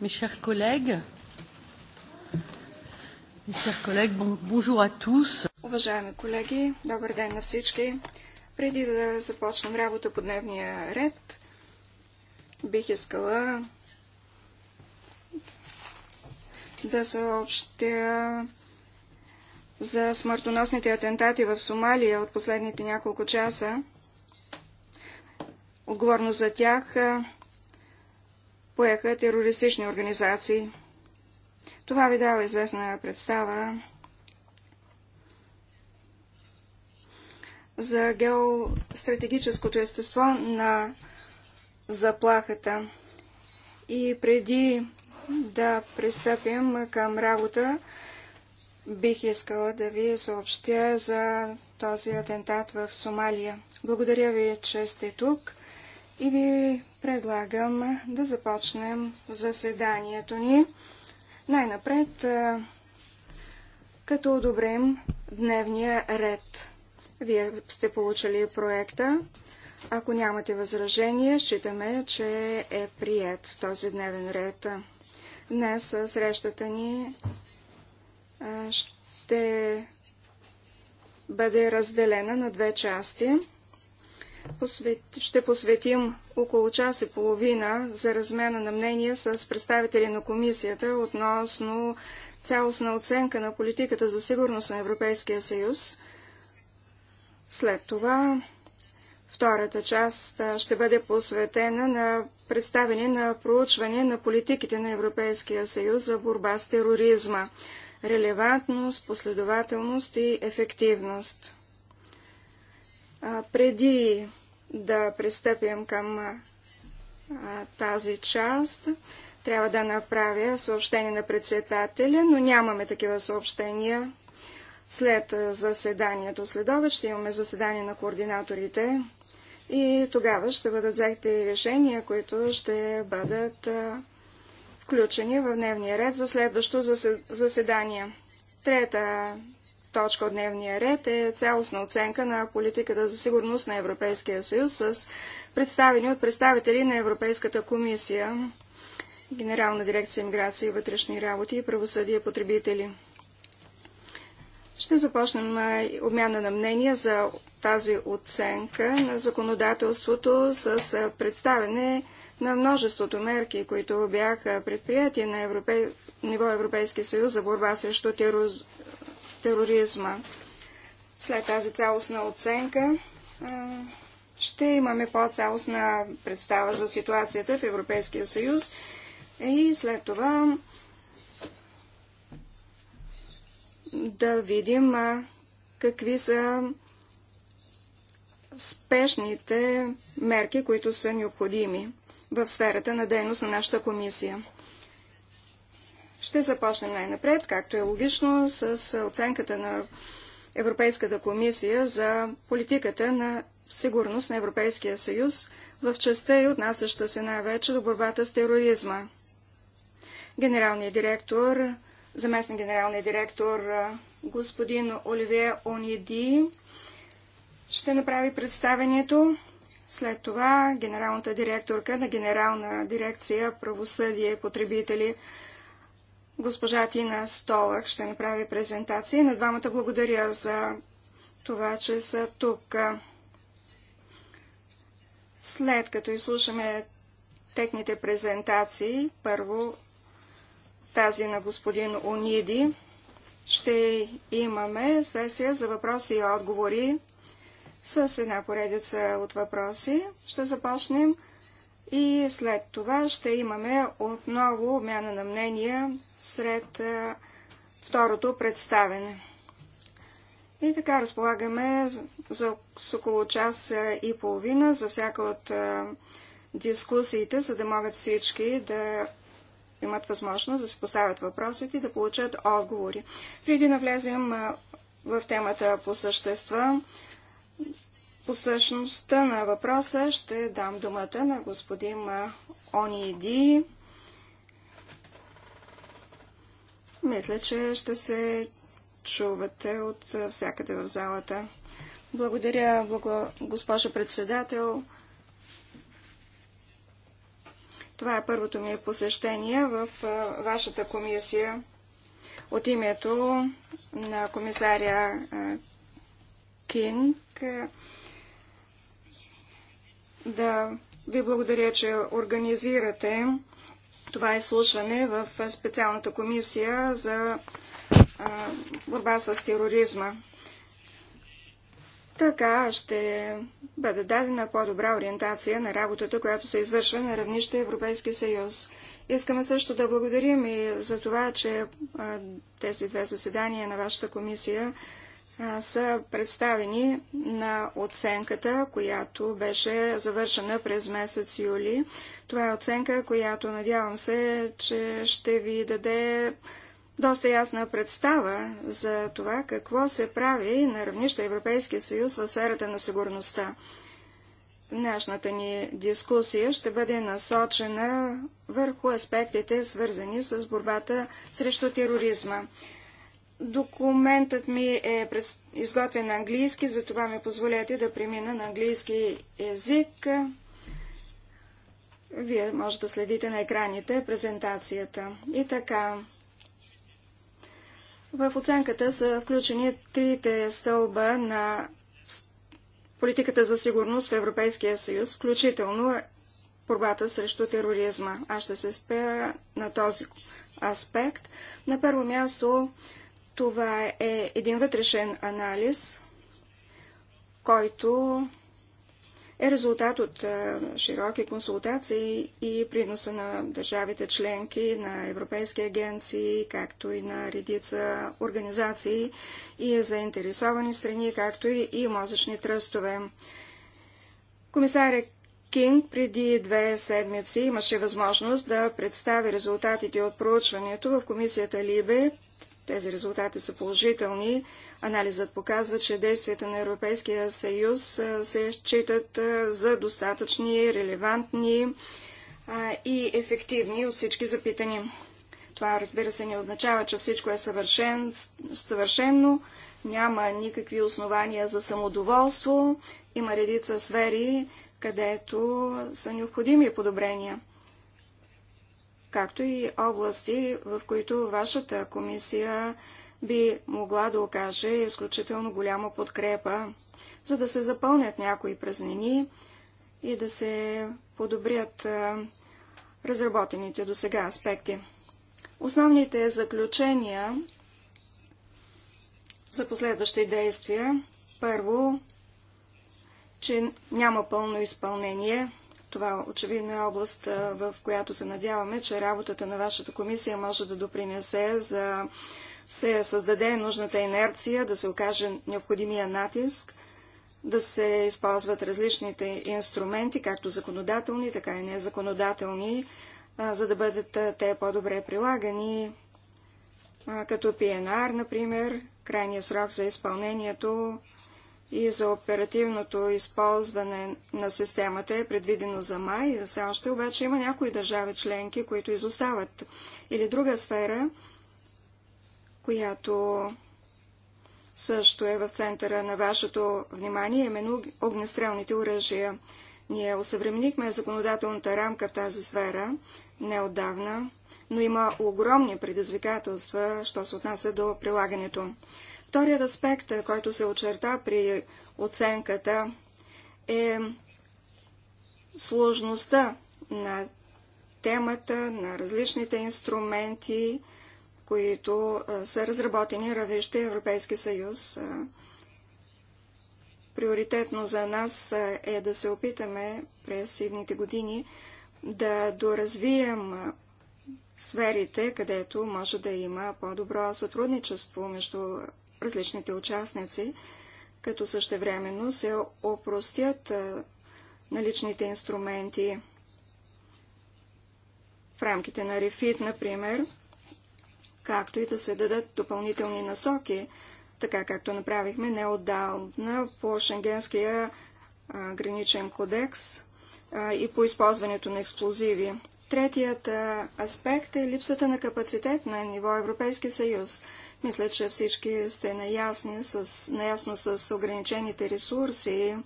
Mes chers collègues, mes chers collègues, bon, bonjour à tous. Уважаеми колеги, добър ден на всички. Преди да започнем работа по дневния ред, бих искала да съобщя за смъртоносните атентати в Сомалия от последните няколко часа. Отговорно за тях поеха терористични организации. Това ви дава известна представа за геостратегическото естество на заплахата. И преди да пристъпим към работа, бих искала да ви съобщя за този атентат в Сомалия. Благодаря ви, че сте тук и ви предлагам да започнем заседанието ни. Най-напред, като одобрим дневния ред. Вие сте получили проекта. Ако нямате възражения, считаме, че е прият този дневен ред. Днес срещата ни ще бъде разделена на две части ще посветим около час и половина за размена на мнения с представители на комисията относно цялостна оценка на политиката за сигурност на Европейския съюз. След това втората част ще бъде посветена на представени на проучване на политиките на Европейския съюз за борба с тероризма, релевантност, последователност и ефективност. А, преди да пристъпим към а, тази част, трябва да направя съобщение на председателя, но нямаме такива съобщения. След заседанието следове ще имаме заседание на координаторите и тогава ще бъдат взехте решения, които ще бъдат а, включени в дневния ред за следващо заседание. Трета точка от дневния ред е цялостна оценка на политиката за сигурност на Европейския съюз с представени от представители на Европейската комисия, Генерална дирекция Миграция и вътрешни работи и правосъдие потребители. Ще започнем обмяна на мнения за тази оценка на законодателството с представене на множеството мерки, които бяха предприяти на Европе... ниво Европейски съюз за борба срещу тероризма тероризма. След тази цялостна оценка ще имаме по-цялостна представа за ситуацията в Европейския съюз и след това да видим какви са спешните мерки, които са необходими в сферата на дейност на нашата комисия. Ще започнем най-напред, както е логично, с оценката на Европейската комисия за политиката на сигурност на Европейския съюз в частта и отнасяща се най-вече до борбата с тероризма. Генералният директор, заместник генералният директор господин Оливие Ониди ще направи представението. След това генералната директорка на Генерална дирекция правосъдие и потребители Госпожа Тина Столък ще направи презентация. На двамата благодаря за това, че са тук. След като изслушаме техните презентации, първо тази на господин Ониди, ще имаме сесия за въпроси и отговори с една поредица от въпроси. Ще започнем и след това ще имаме отново обмяна на мнения сред е, второто представене. И така разполагаме за, около час е, и половина за всяка от е, дискусиите, за да могат всички да имат възможност да се поставят въпросите и да получат отговори. Преди да влезем в темата по същества, по същността на въпроса ще дам думата на господин Ониди. Мисля, че ще се чувате от всякъде в залата. Благодаря, благо... госпожа председател. Това е първото ми посещение в вашата комисия от името на комисаря Кинг да ви благодаря, че организирате това изслушване в специалната комисия за борба с тероризма. Така ще бъде дадена по-добра ориентация на работата, която се извършва на равнище Европейски съюз. Искаме също да благодарим и за това, че а, тези две заседания на вашата комисия са представени на оценката, която беше завършена през месец юли. Това е оценка, която надявам се, че ще ви даде доста ясна представа за това какво се прави на равнище Европейския съюз в сферата на сигурността. Днешната ни дискусия ще бъде насочена върху аспектите, свързани с борбата срещу тероризма. Документът ми е изготвен на английски, затова ми позволете да премина на английски език. Вие може да следите на екраните презентацията. И така, в оценката са включени трите стълба на политиката за сигурност в Европейския съюз, включително борбата срещу тероризма. Аз ще се спя на този аспект. На първо място това е един вътрешен анализ, който е резултат от широки консултации и приноса на държавите членки, на европейски агенции, както и на редица организации и е заинтересовани страни, както и мозъчни тръстове. Комисаря Кинг преди две седмици имаше възможност да представи резултатите от проучването в комисията Либе тези резултати са положителни. Анализът показва, че действията на Европейския съюз се считат за достатъчни, релевантни и ефективни от всички запитани. Това, разбира се, не означава, че всичко е съвършен, съвършено, няма никакви основания за самодоволство, има редица сфери, където са необходими подобрения както и области, в които вашата комисия би могла да окаже изключително голяма подкрепа, за да се запълнят някои празнини и да се подобрят разработените до сега аспекти. Основните заключения за последващи действия. Първо, че няма пълно изпълнение това очевидно е област, в която се надяваме, че работата на вашата комисия може да допринесе за се създаде нужната инерция, да се окаже необходимия натиск, да се използват различните инструменти, както законодателни, така и незаконодателни, за да бъдат те по-добре прилагани, като ПНР, например, крайния срок за изпълнението и за оперативното използване на системата е предвидено за май. Все още обаче има някои държави членки, които изостават. Или друга сфера, която също е в центъра на вашето внимание, именно огнестрелните оръжия. Ние осъвременихме законодателната рамка в тази сфера неотдавна, но има огромни предизвикателства, що се отнася до прилагането. Вторият аспект, който се очерта при оценката, е сложността на темата, на различните инструменти, които са разработени равище Европейски съюз. приоритетно за нас е да се опитаме през едните години да доразвием сферите, където може да има по-добро сътрудничество между различните участници, като същевременно се опростят наличните инструменти. В рамките на Рефит, например, както и да се дадат допълнителни насоки, така както направихме неотдавна по Шенгенския граничен кодекс и по използването на експлозиви. Третият аспект е липсата на капацитет на ниво Европейски съюз. Мисля, че всички сте наясни с, наясно с ограничените ресурси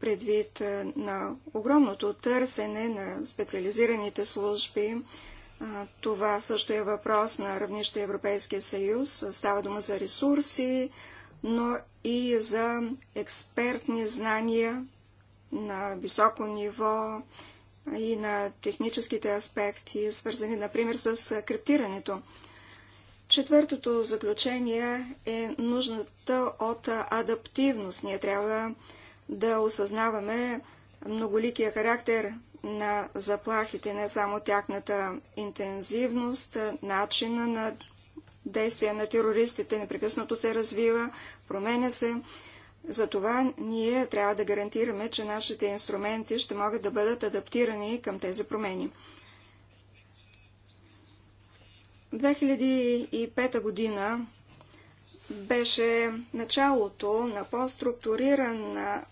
предвид е, на огромното търсене на специализираните служби. Е, това също е въпрос на равнище Европейския съюз. Става дума за ресурси, но и за експертни знания на високо ниво е, и на техническите аспекти, свързани, например, с криптирането. Четвъртото заключение е нужната от адаптивност. Ние трябва да осъзнаваме многоликия характер на заплахите, не само тяхната интензивност, начина на действие на терористите непрекъснато се развива, променя се. Затова ние трябва да гарантираме, че нашите инструменти ще могат да бъдат адаптирани към тези промени. 2005 година беше началото на по-структурирана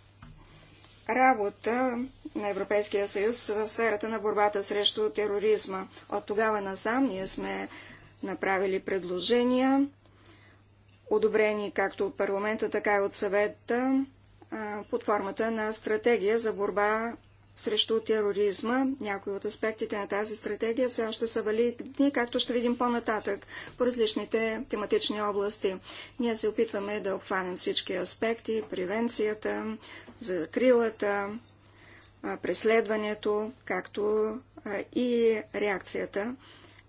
работа на Европейския съюз в сферата на борбата срещу тероризма. От тогава насам ние сме направили предложения, одобрени както от парламента, така и от съвета, под формата на стратегия за борба срещу тероризма. Някои от аспектите на тази стратегия все още са валидни, както ще видим по-нататък по различните тематични области. Ние се опитваме да обхванем всички аспекти, превенцията, закрилата, преследването, както и реакцията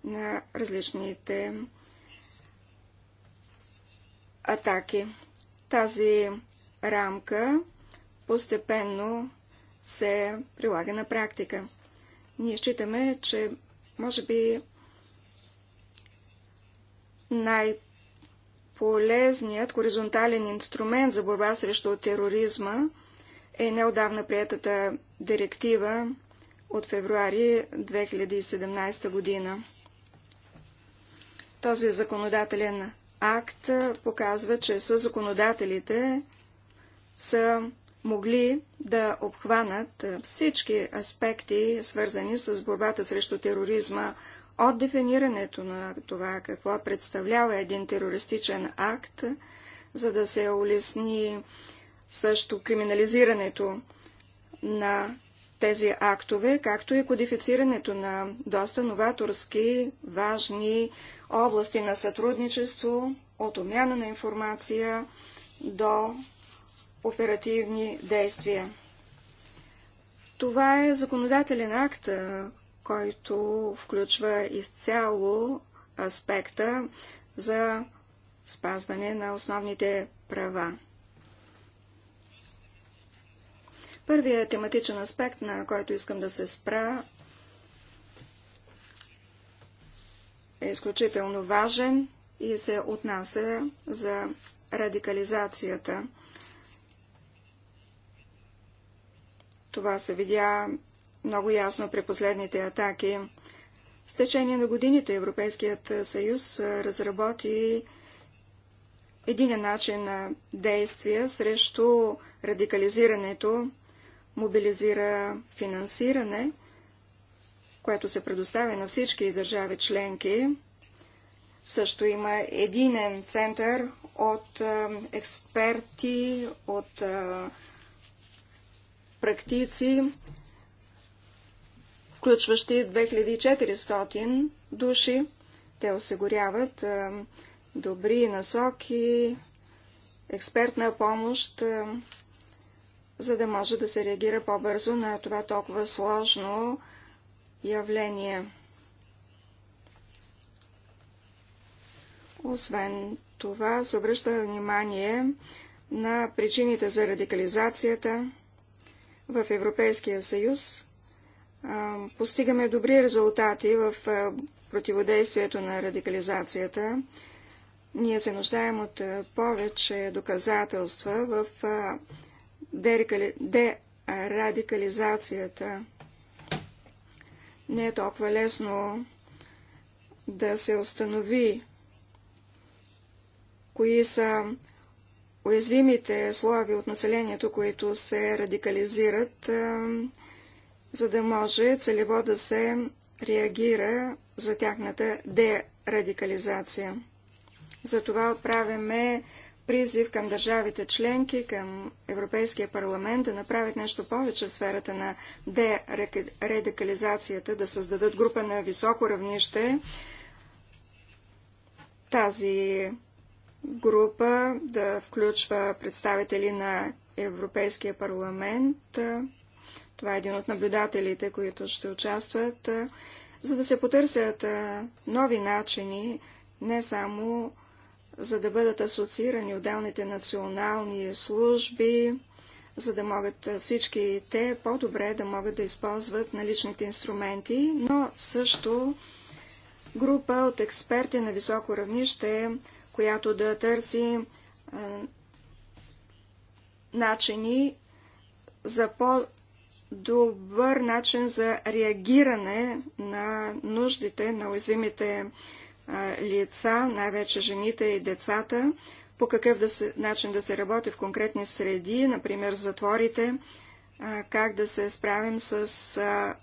на различните атаки. Тази рамка постепенно се прилага на практика. Ние считаме, че може би най-полезният хоризонтален инструмент за борба срещу тероризма е неодавна приятата директива от февруари 2017 година. Този законодателен акт показва, че със законодателите са могли да обхванат всички аспекти, свързани с борбата срещу тероризма, от дефинирането на това какво представлява един терористичен акт, за да се улесни също криминализирането на тези актове, както и кодифицирането на доста новаторски важни области на сътрудничество, от обмяна на информация до оперативни действия. Това е законодателен акт, който включва изцяло аспекта за спазване на основните права. Първият тематичен аспект, на който искам да се спра, е изключително важен и се отнася за радикализацията. Това се видя много ясно при последните атаки. С течение на годините Европейският съюз разработи един начин на действие срещу радикализирането, мобилизира финансиране, което се предоставя на всички държави членки. Също има единен център от експерти, от практици, включващи 2400 души. Те осигуряват добри насоки, експертна помощ, за да може да се реагира по-бързо на това толкова сложно явление. Освен това, се обръща внимание на причините за радикализацията, в Европейския съюз постигаме добри резултати в противодействието на радикализацията. Ние се нуждаем от повече доказателства в дерадикализацията. Не е толкова лесно да се установи кои са уязвимите слави от населението, които се радикализират, за да може целево да се реагира за тяхната дерадикализация. Затова отправяме призив към държавите членки, към Европейския парламент да направят нещо повече в сферата на дерадикализацията, да създадат група на високо равнище. Тази група да включва представители на Европейския парламент. Това е един от наблюдателите, които ще участват, за да се потърсят нови начини, не само за да бъдат асоциирани отделните национални служби, за да могат всички те по-добре да могат да използват наличните инструменти, но също група от експерти на високо равнище която да търси начини за по-добър начин за реагиране на нуждите на уязвимите лица, най-вече жените и децата, по какъв да се, начин да се работи в конкретни среди, например затворите, как да се справим с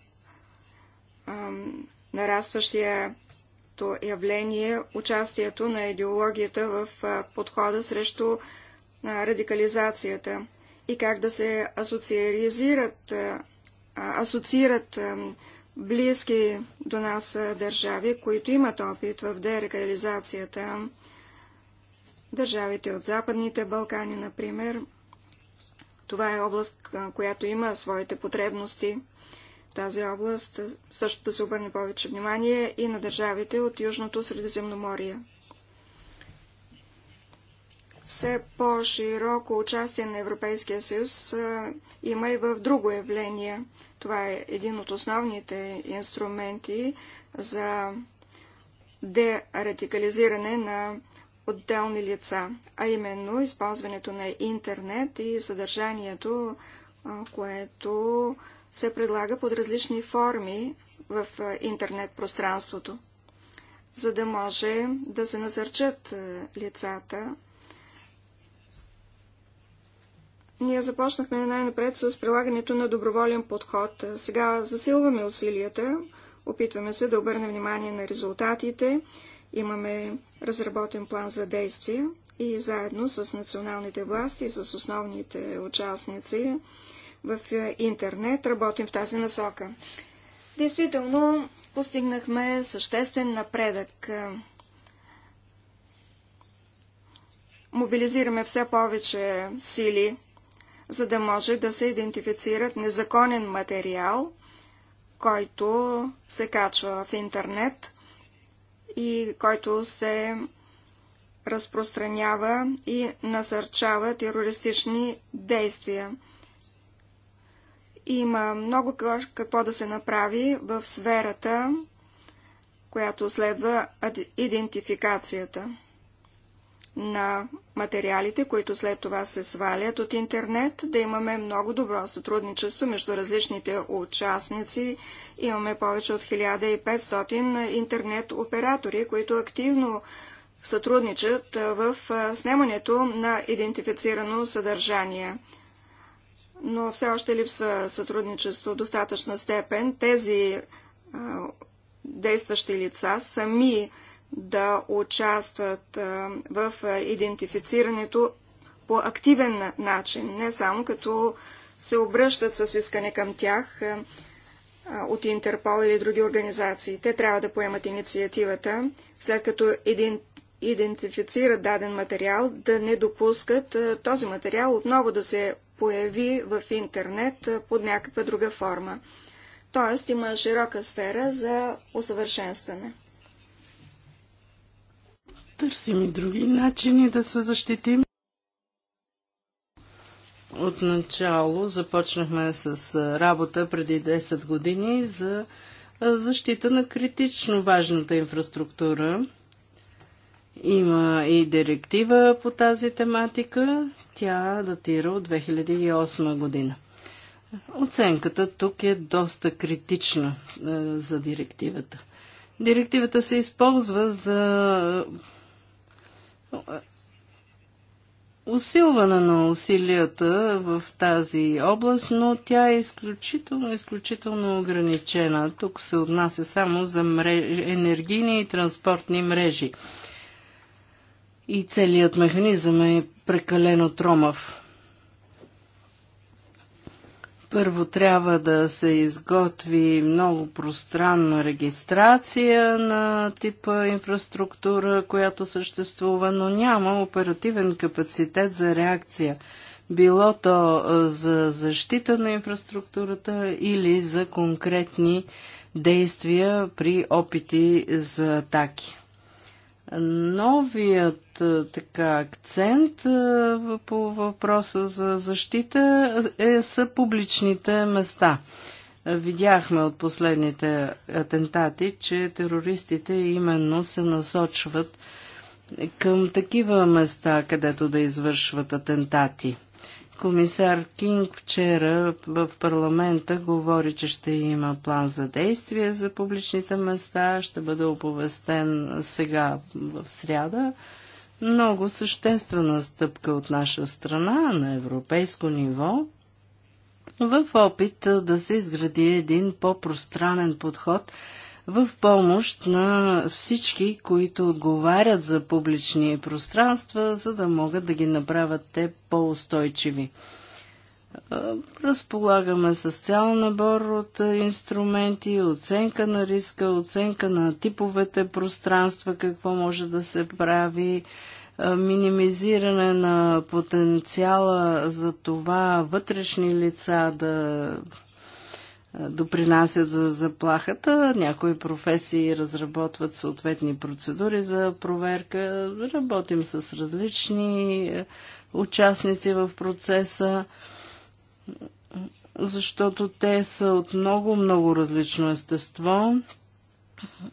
нарастващия като явление участието на идеологията в подхода срещу радикализацията и как да се асоциализират, асоциират близки до нас държави, които имат опит в дерекализацията. Държавите от Западните Балкани, например. Това е област, която има своите потребности – тази област, е, също да се обърне повече внимание и на държавите от Южното Средиземноморие. Все по-широко участие на Европейския съюз е, има и в друго явление. Това е един от основните инструменти за дерадикализиране на отделни лица, а именно използването на интернет и съдържанието, което се предлага под различни форми в интернет пространството, за да може да се насърчат лицата. Ние започнахме най-напред с прилагането на доброволен подход. Сега засилваме усилията, опитваме се да обърнем внимание на резултатите, имаме разработен план за действие и заедно с националните власти и с основните участници в е, интернет, работим в тази насока. Действително, постигнахме съществен напредък. Мобилизираме все повече сили, за да може да се идентифицират незаконен материал, който се качва в интернет и който се разпространява и насърчава терористични действия. Има много какво да се направи в сферата, която следва идентификацията на материалите, които след това се свалят от интернет, да имаме много добро сътрудничество между различните участници. Имаме повече от 1500 интернет оператори, които активно сътрудничат в снимането на идентифицирано съдържание но все още липсва сътрудничество в достатъчна степен. Тези а, действащи лица сами да участват а, в идентифицирането по активен начин, не само като се обръщат с искане към тях а, от Интерпол или други организации. Те трябва да поемат инициативата, след като един идентифицират даден материал, да не допускат този материал отново да се появи в интернет под някаква друга форма. Тоест има широка сфера за усъвършенстване. Търсим и други начини да се защитим. Отначало започнахме с работа преди 10 години за защита на критично важната инфраструктура има и директива по тази тематика. Тя датира от 2008 година. Оценката тук е доста критична е, за директивата. Директивата се използва за е, усилване на усилията в тази област, но тя е изключително, изключително ограничена. Тук се отнася само за мреж... енергийни и транспортни мрежи и целият механизъм е прекалено тромав. Първо трябва да се изготви много пространна регистрация на типа инфраструктура, която съществува, но няма оперативен капацитет за реакция. Било то за защита на инфраструктурата или за конкретни действия при опити за атаки. Новият така акцент по въпроса за защита е, са публичните места. Видяхме от последните атентати, че терористите именно се насочват към такива места, където да извършват атентати – Комисар Кинг вчера в парламента говори, че ще има план за действие за публичните места, ще бъде оповестен сега в сряда. Много съществена стъпка от наша страна на европейско ниво в опит да се изгради един по-пространен подход – в помощ на всички, които отговарят за публични пространства, за да могат да ги направят те по-устойчиви. Разполагаме с цял набор от инструменти, оценка на риска, оценка на типовете пространства, какво може да се прави, минимизиране на потенциала за това вътрешни лица да допринасят за заплахата. Някои професии разработват съответни процедури за проверка. Работим с различни участници в процеса, защото те са от много-много различно естество,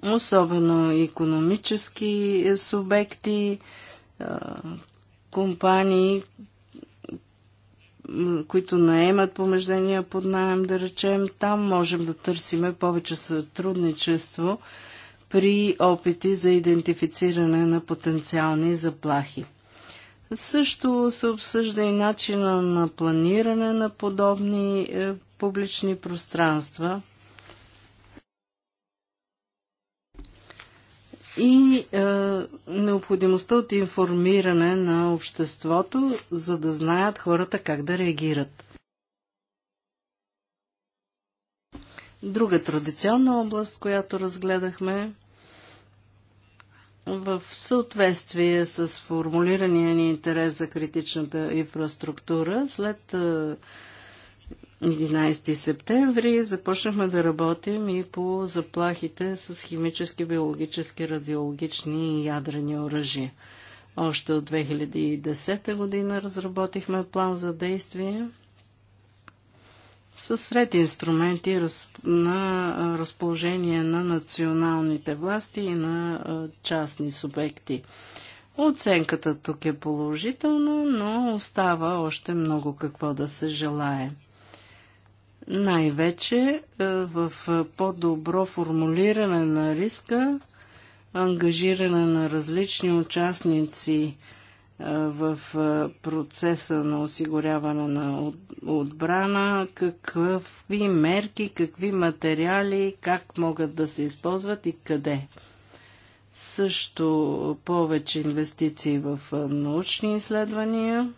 особено економически субекти, компании, които наемат помеждения под найем, да речем, там можем да търсиме повече сътрудничество при опити за идентифициране на потенциални заплахи. Също се обсъжда и начина на планиране на подобни е, публични пространства. и е, необходимостта от информиране на обществото, за да знаят хората как да реагират. Друга традиционна област, която разгледахме в съответствие с формулирания ни интерес за критичната инфраструктура, след е, 11 септември започнахме да работим и по заплахите с химически, биологически, радиологични и ядрени оръжия. Още от 2010 година разработихме план за действие с ред инструменти на разположение на националните власти и на частни субекти. Оценката тук е положителна, но остава още много какво да се желае най-вече е, в по-добро формулиране на риска, ангажиране на различни участници е, в е, процеса на осигуряване на отбрана, какви мерки, какви материали, как могат да се използват и къде. Също повече инвестиции в научни изследвания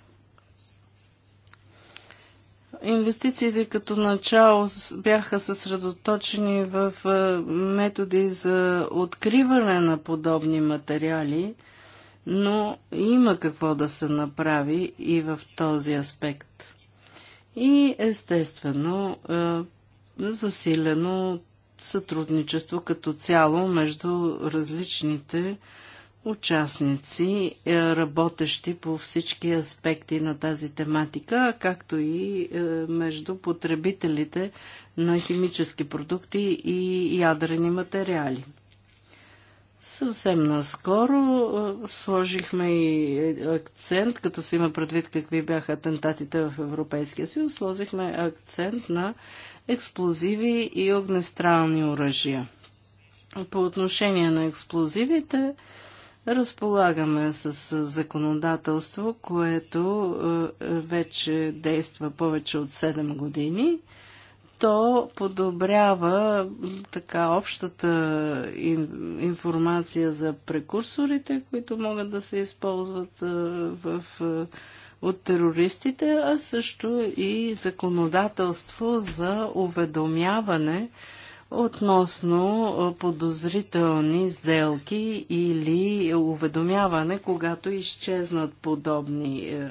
Инвестициите като начало бяха съсредоточени в методи за откриване на подобни материали, но има какво да се направи и в този аспект. И естествено, засилено сътрудничество като цяло между различните участници, е, работещи по всички аспекти на тази тематика, както и е, между потребителите на химически продукти и ядрени материали. Съвсем наскоро е, сложихме и акцент, като се има предвид какви бяха атентатите в Европейския съюз, сложихме акцент на експлозиви и огнестрални оръжия. По отношение на експлозивите, Разполагаме с законодателство, което е, вече действа повече от 7 години. То подобрява така общата информация за прекурсорите, които могат да се използват е, в, е, от терористите, а също и законодателство за уведомяване относно подозрителни сделки или уведомяване, когато изчезнат подобни е,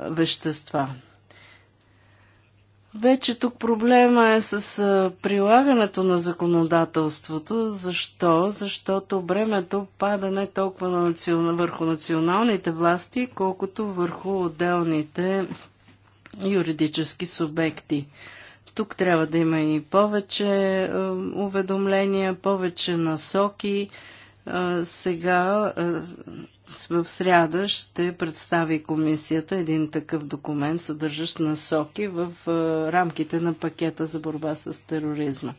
вещества. Вече тук проблема е с прилагането на законодателството. Защо? Защото бремето пада не толкова на национ... върху националните власти, колкото върху отделните юридически субекти. Тук трябва да има и повече е, уведомления, повече насоки. Е, сега е, в сряда ще представи комисията един такъв документ, съдържащ насоки в рамките на пакета за борба с тероризма.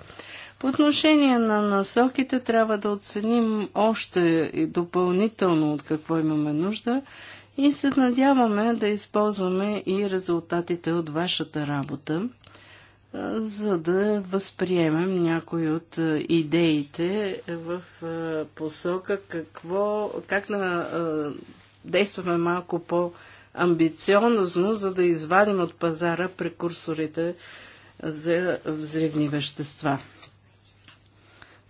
По отношение на насоките трябва да оценим още и допълнително от какво имаме нужда и се надяваме да използваме и резултатите от вашата работа за да възприемем някои от идеите в посока какво, как на, действаме малко по-амбициозно, за да извадим от пазара прекурсорите за взривни вещества.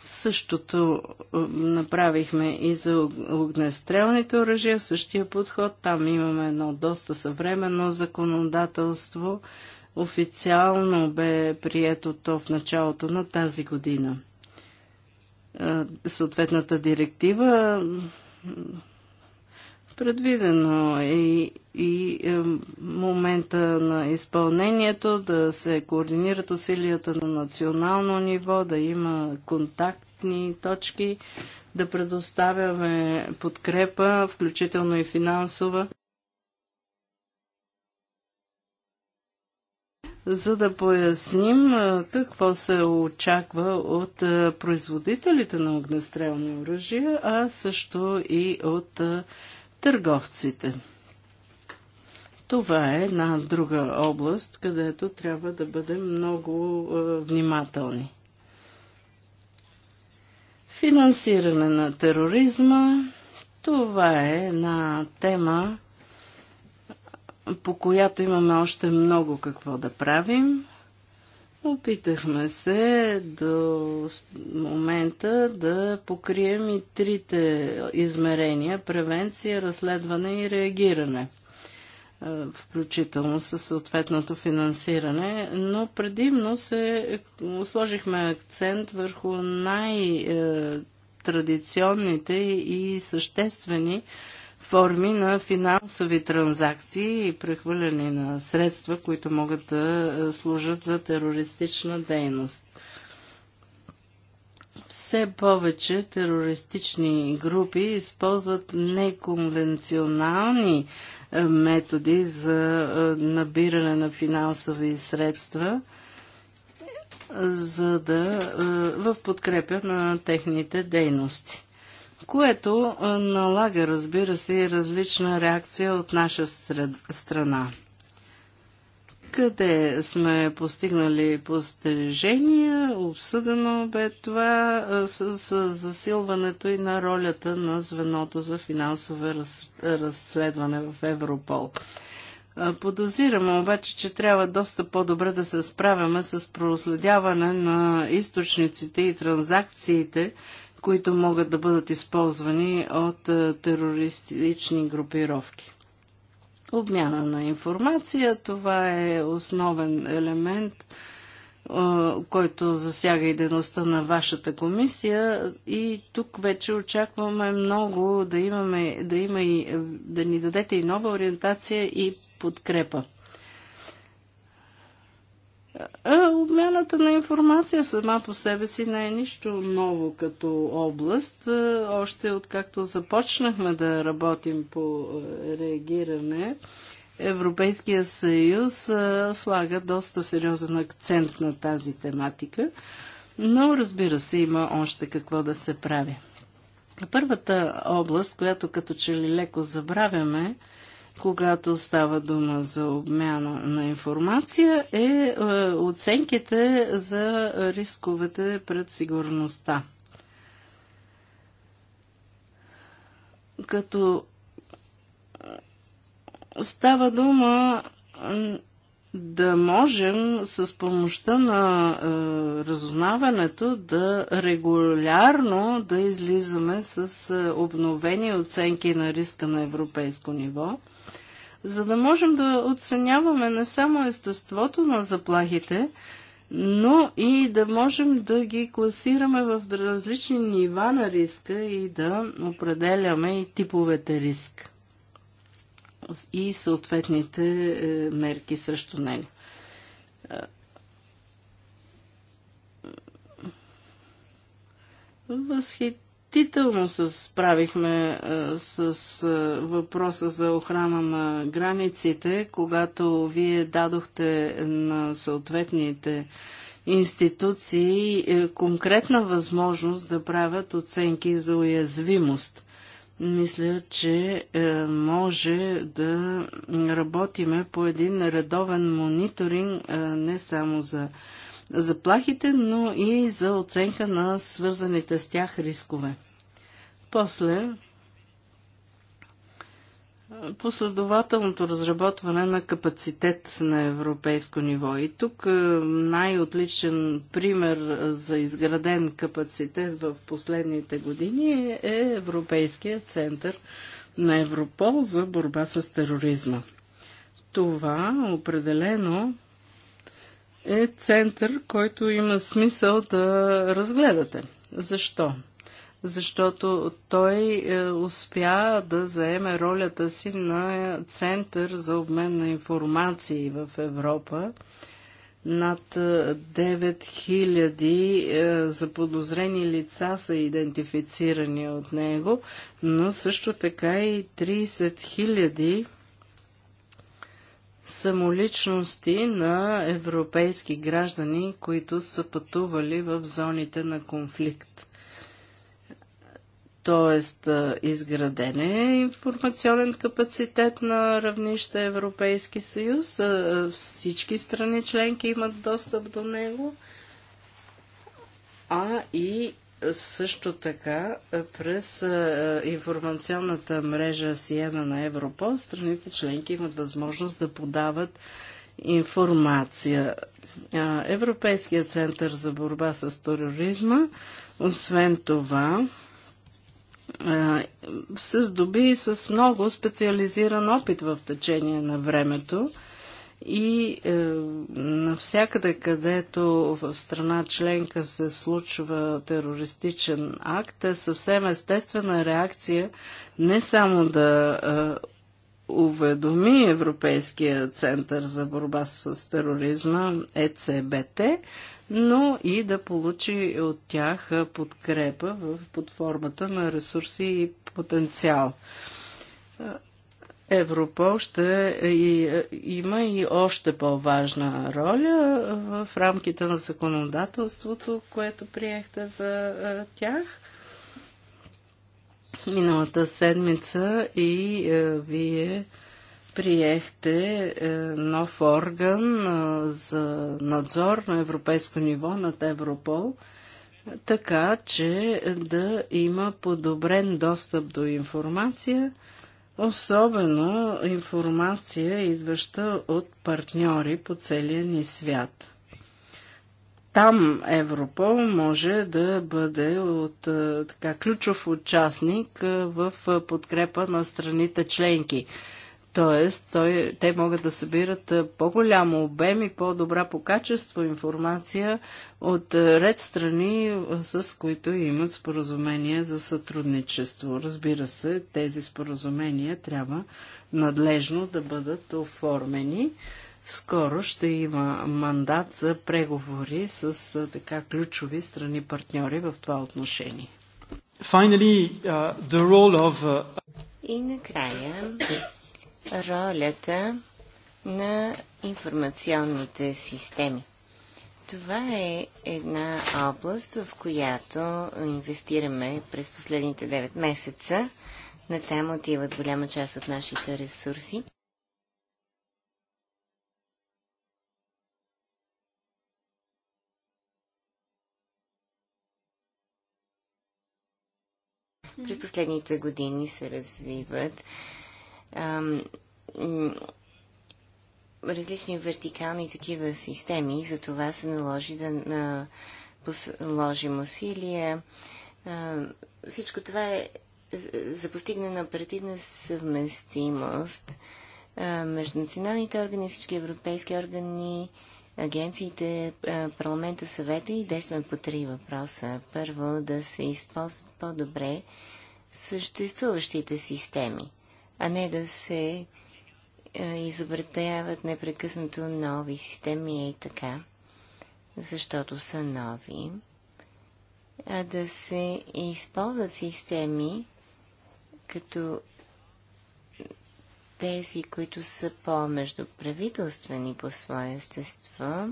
Същото направихме и за огнестрелните оръжия, същия подход. Там имаме едно доста съвременно законодателство, официално бе прието то в началото на тази година. Съответната директива предвидено е и, и е, момента на изпълнението да се координират усилията на национално ниво, да има контактни точки, да предоставяме подкрепа, включително и финансова, за да поясним какво се очаква от производителите на огнестрелни оръжия, а също и от търговците. Това е една друга област, където трябва да бъдем много внимателни. Финансиране на тероризма. Това е една тема, по която имаме още много какво да правим. Опитахме се до момента да покрием и трите измерения превенция, разследване и реагиране, включително със съответното финансиране, но предимно се е, сложихме акцент върху най-традиционните е, и съществени форми на финансови транзакции и прехвърляне на средства, които могат да е, служат за терористична дейност. Все повече терористични групи използват неконвенционални е, методи за е, набиране на финансови средства за да, в подкрепя на техните дейности което налага, разбира се, и различна реакция от наша сред... страна. Къде сме постигнали постижения, обсъдено бе това с, с засилването и на ролята на звеното за финансове раз, разследване в Европол. Подозираме обаче, че трябва доста по-добре да се справяме с проследяване на източниците и транзакциите, които могат да бъдат използвани от е, терористични групировки. Обмяна на информация, това е основен елемент, е, който засяга и дейността на вашата комисия и тук вече очакваме много да, имаме, да, има и, е, да ни дадете и нова ориентация и подкрепа. А обмяната на информация сама по себе си не е нищо ново като област. Още откакто започнахме да работим по реагиране, Европейския съюз а, слага доста сериозен акцент на тази тематика, но разбира се, има още какво да се прави. Първата област, която като че ли леко забравяме, когато става дума за обмяна на информация, е, е оценките за рисковете пред сигурността. Като става дума да можем с помощта на е, разузнаването да регулярно да излизаме с е, обновени оценки на риска на европейско ниво за да можем да оценяваме не само естеството на заплахите, но и да можем да ги класираме в различни нива на риска и да определяме и типовете риск и съответните е, мерки срещу него. Е, възхит Действително се справихме е, с е, въпроса за охрана на границите, когато вие дадохте на съответните институции е, конкретна възможност да правят оценки за уязвимост. Мисля, че може да работиме по един редовен мониторинг не само за заплахите, но и за оценка на свързаните с тях рискове. После последователното разработване на капацитет на европейско ниво. И тук е, най-отличен пример за изграден капацитет в последните години е Европейския център на Европол за борба с тероризма. Това определено е център, който има смисъл да разгледате. Защо? Защото той е, успя да заеме ролята си на център за обмен на информации в Европа. Над 9000 е, е, заподозрени лица са идентифицирани от него, но също така и 30 000 самоличности на европейски граждани, които са пътували в зоните на конфликт. Тоест, изграден е информационен капацитет на равнище Европейски съюз. Всички страни членки имат достъп до него. А и също така, през информационната мрежа Сиена на Европол, страните членки имат възможност да подават информация. Европейският център за борба с тероризма, освен това, се здоби с много специализиран опит в течение на времето и е, навсякъде, където в страна членка се случва терористичен акт, е съвсем естествена реакция не само да е, уведоми Европейския център за борба с тероризма, ЕЦБТ, но и да получи от тях е, подкрепа в, под формата на ресурси и потенциал. Е, Европол ще е, и, е, има и още по-важна роля в рамките на законодателството, което приехте за е, тях. Миналата седмица и вие приехте нов орган за надзор на европейско ниво над Европол – така че да има подобрен достъп до информация особено информация, идваща от партньори по целия ни свят. Там Европол може да бъде от така, ключов участник в подкрепа на страните членки Тоест, той, те могат да събират по-голям обем и по-добра по качество информация от ред страни, с които имат споразумение за сътрудничество. Разбира се, тези споразумения трябва надлежно да бъдат оформени. Скоро ще има мандат за преговори с така ключови страни партньори в това отношение. Finally, uh, the role of, uh... И накрая ролята на информационните системи. Това е една област, в която инвестираме през последните 9 месеца. На там отиват голяма част от нашите ресурси. През последните години се развиват различни вертикални такива системи, за това се наложи да на, положим усилия. А, всичко това е за постигане на оперативна съвместимост между националните органи, всички европейски органи, агенциите, парламента, съвета и действаме по три въпроса. Първо, да се използват по-добре съществуващите системи а не да се изобретяват непрекъснато нови системи и така, защото са нови, а да се използват системи като тези, които са по-междуправителствени по своя естество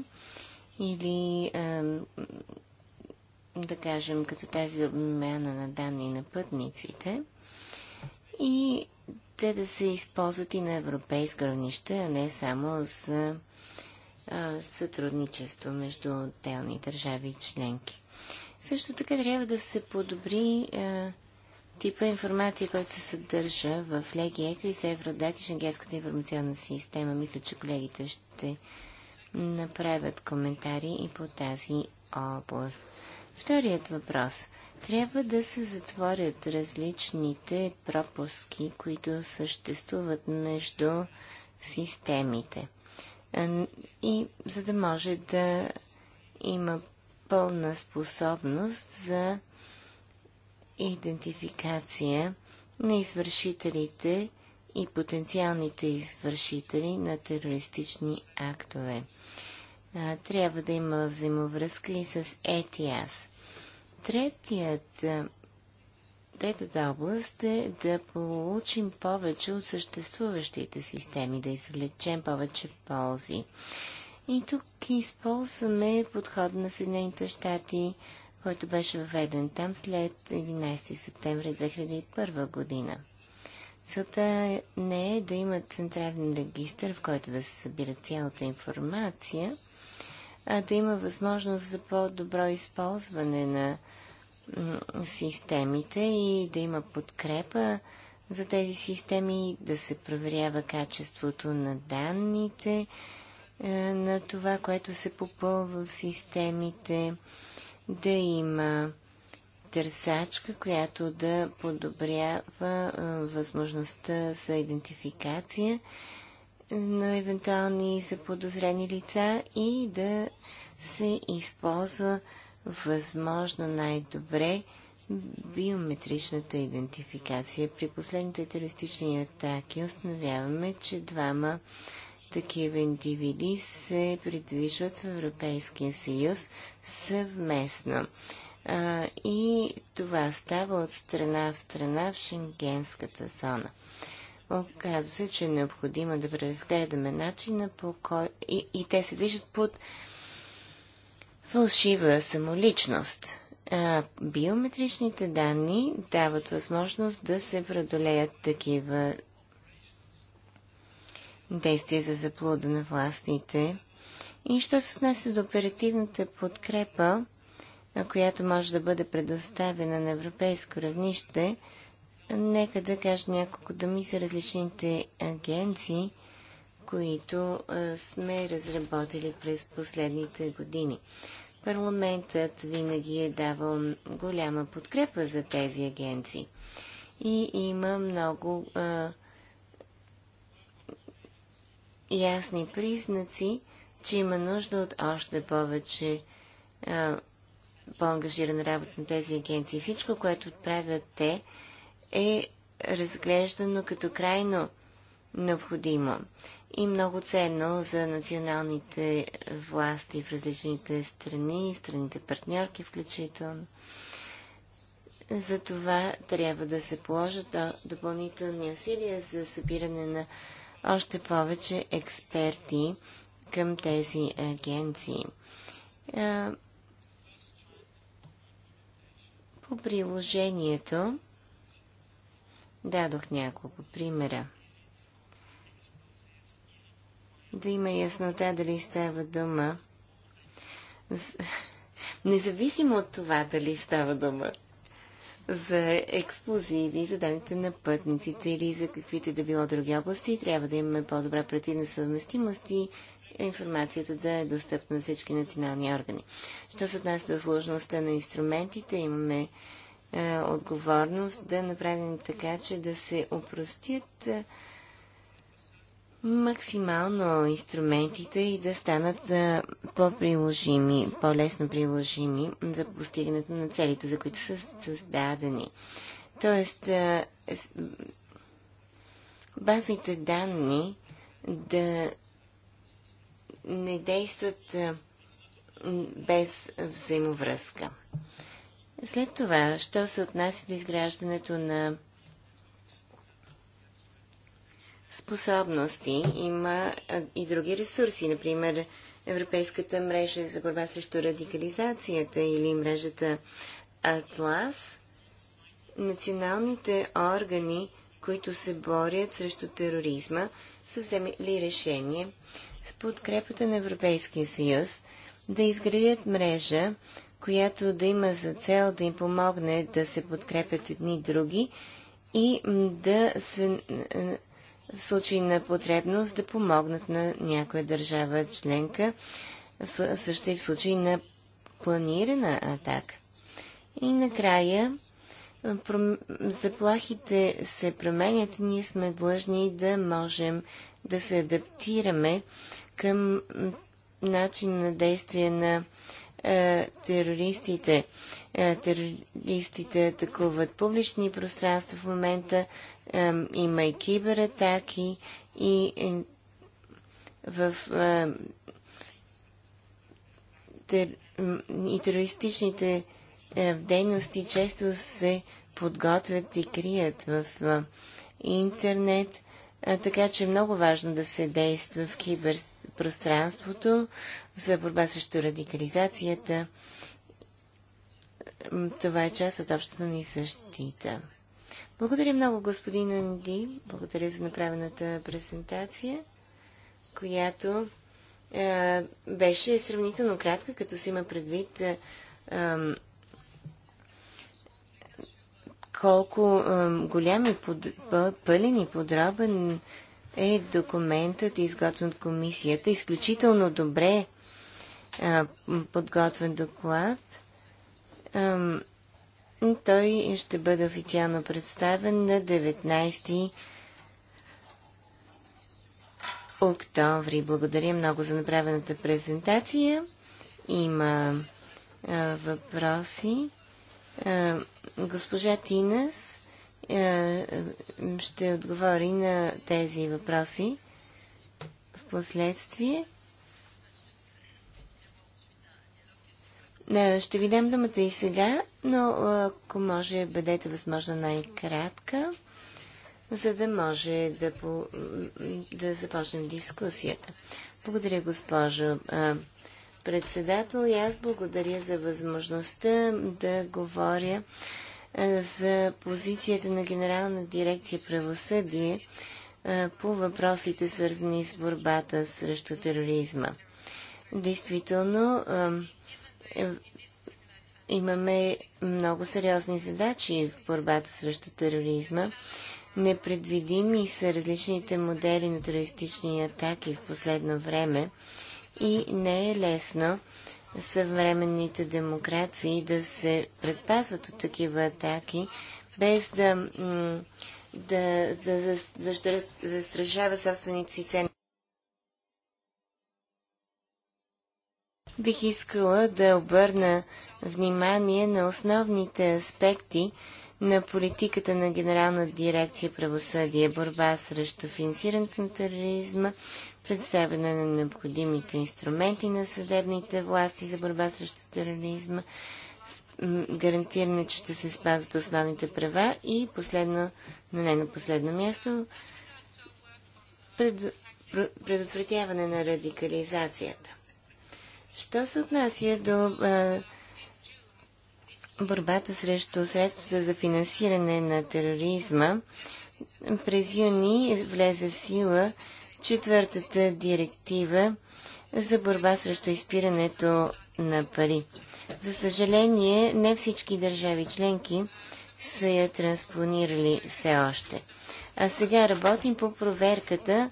или да кажем като тази обмяна на данни на пътниците и те да се използват и на европейско равнище, а не само за а, сътрудничество между отделни държави и членки. Също така трябва да се подобри а, типа информация, който се съдържа в Леги Екри, Евродак и Шенгенската информационна система. Мисля, че колегите ще направят коментари и по тази област. Вторият въпрос – трябва да се затворят различните пропуски, които съществуват между системите. И за да може да има пълна способност за идентификация на извършителите и потенциалните извършители на терористични актове. Трябва да има взаимовръзка и с ЕТИАС. Третият, е, третата област е да получим повече от съществуващите системи, да извлечем повече ползи. И тук използваме подход на Съединените щати, който беше въведен там след 11 септември 2001 година. Целта е, не е да има централен регистр, в който да се събира цялата информация, да има възможност за по-добро използване на системите и да има подкрепа за тези системи, да се проверява качеството на данните, на това, което се попълва в системите, да има търсачка, която да подобрява възможността за идентификация на евентуални заподозрени лица и да се използва възможно най-добре биометричната идентификация. При последните терористични атаки установяваме, че двама такива индивиди се придвижват в Европейския съюз съвместно. и това става от страна в страна в шенгенската зона. Оказва се, че е необходимо да преразгледаме начина по кой... И, и те се движат под фалшива самоличност. А, биометричните данни дават възможност да се преодолеят такива действия за заплуда на властните, И що се отнася до оперативната подкрепа, която може да бъде предоставена на европейско равнище, Нека да кажа няколко думи за различните агенции, които сме разработили през последните години. Парламентът винаги е давал голяма подкрепа за тези агенции. И има много а, ясни признаци, че има нужда от още повече а, по-ангажирана работа на тези агенции. Всичко, което правят те, е разглеждано като крайно необходимо и много ценно за националните власти в различните страни, страните партньорки включително. За това трябва да се положат допълнителни усилия за събиране на още повече експерти към тези агенции. По приложението Дадох няколко примера. Да има яснота дали става дума. Независимо от това дали става дума за експлозиви, за данните на пътниците или за каквито да било други области, трябва да имаме по-добра противна съвместимост и информацията да е достъпна на всички национални органи. Що се отнася до сложността на инструментите, имаме е, отговорност да направим така, че да се опростят е, максимално инструментите и да станат е, по-приложими, по-лесно приложими за постигането на целите, за които са създадени. Тоест, е, базите данни да не действат без взаимовръзка. След това, що се отнася до изграждането на способности, има и други ресурси, например Европейската мрежа за борба срещу радикализацията или мрежата Атлас, националните органи, които се борят срещу тероризма, са вземали решение с подкрепата на Европейския съюз да изградят мрежа която да има за цел да им помогне да се подкрепят едни други и да се в случай на потребност да помогнат на някоя държава членка, също и в случай на планирана атака. И накрая заплахите се променят, ние сме длъжни да можем да се адаптираме към начин на действие на е, терористите. Е, терористите атакуват публични пространства в момента, има и кибератаки и е, в и терористичните дейности често се подготвят и крият в интернет, така че е много важно да се действа в киберспорта пространството за борба срещу радикализацията. Това е част от общата ни защита. Благодаря много, господин Анди. Благодаря за направената презентация, която е, беше сравнително кратка, като си има предвид е, е, колко е, голям и под, пълен и подробен е документът, изготвен от комисията. Изключително добре а, подготвен доклад. А, той ще бъде официално представен на 19 октомври. Благодаря много за направената презентация. Има а, въпроси. А, госпожа Тинас е, ще отговори на тези въпроси в последствие. Е, ще ви дам думата и сега, но е, ако може, бъдете възможно най-кратка, за да може да, по... да започнем дискусията. Благодаря, госпожо председател, и аз благодаря за възможността да говоря за позицията на Генерална дирекция правосъдие по въпросите свързани с борбата срещу тероризма. Действително, е, имаме много сериозни задачи в борбата срещу тероризма. Непредвидими са различните модели на терористични атаки в последно време и не е лесно съвременните демокрации да се предпазват от такива атаки, без да, да, да, да застрашава собствените си ценности. Бих искала да обърна внимание на основните аспекти на политиката на Генерална дирекция правосъдие, борба срещу финансирането на тероризма, предоставяне на необходимите инструменти на съдебните власти за борба срещу тероризма, гарантиране, че ще се спазват основните права и последно, но не на последно място, пред, предотвратяване на радикализацията. Що се отнася до а, борбата срещу средствата за финансиране на тероризма, през юни влезе в сила четвъртата директива за борба срещу изпирането на пари. За съжаление, не всички държави членки са я транспонирали все още. А сега работим по проверката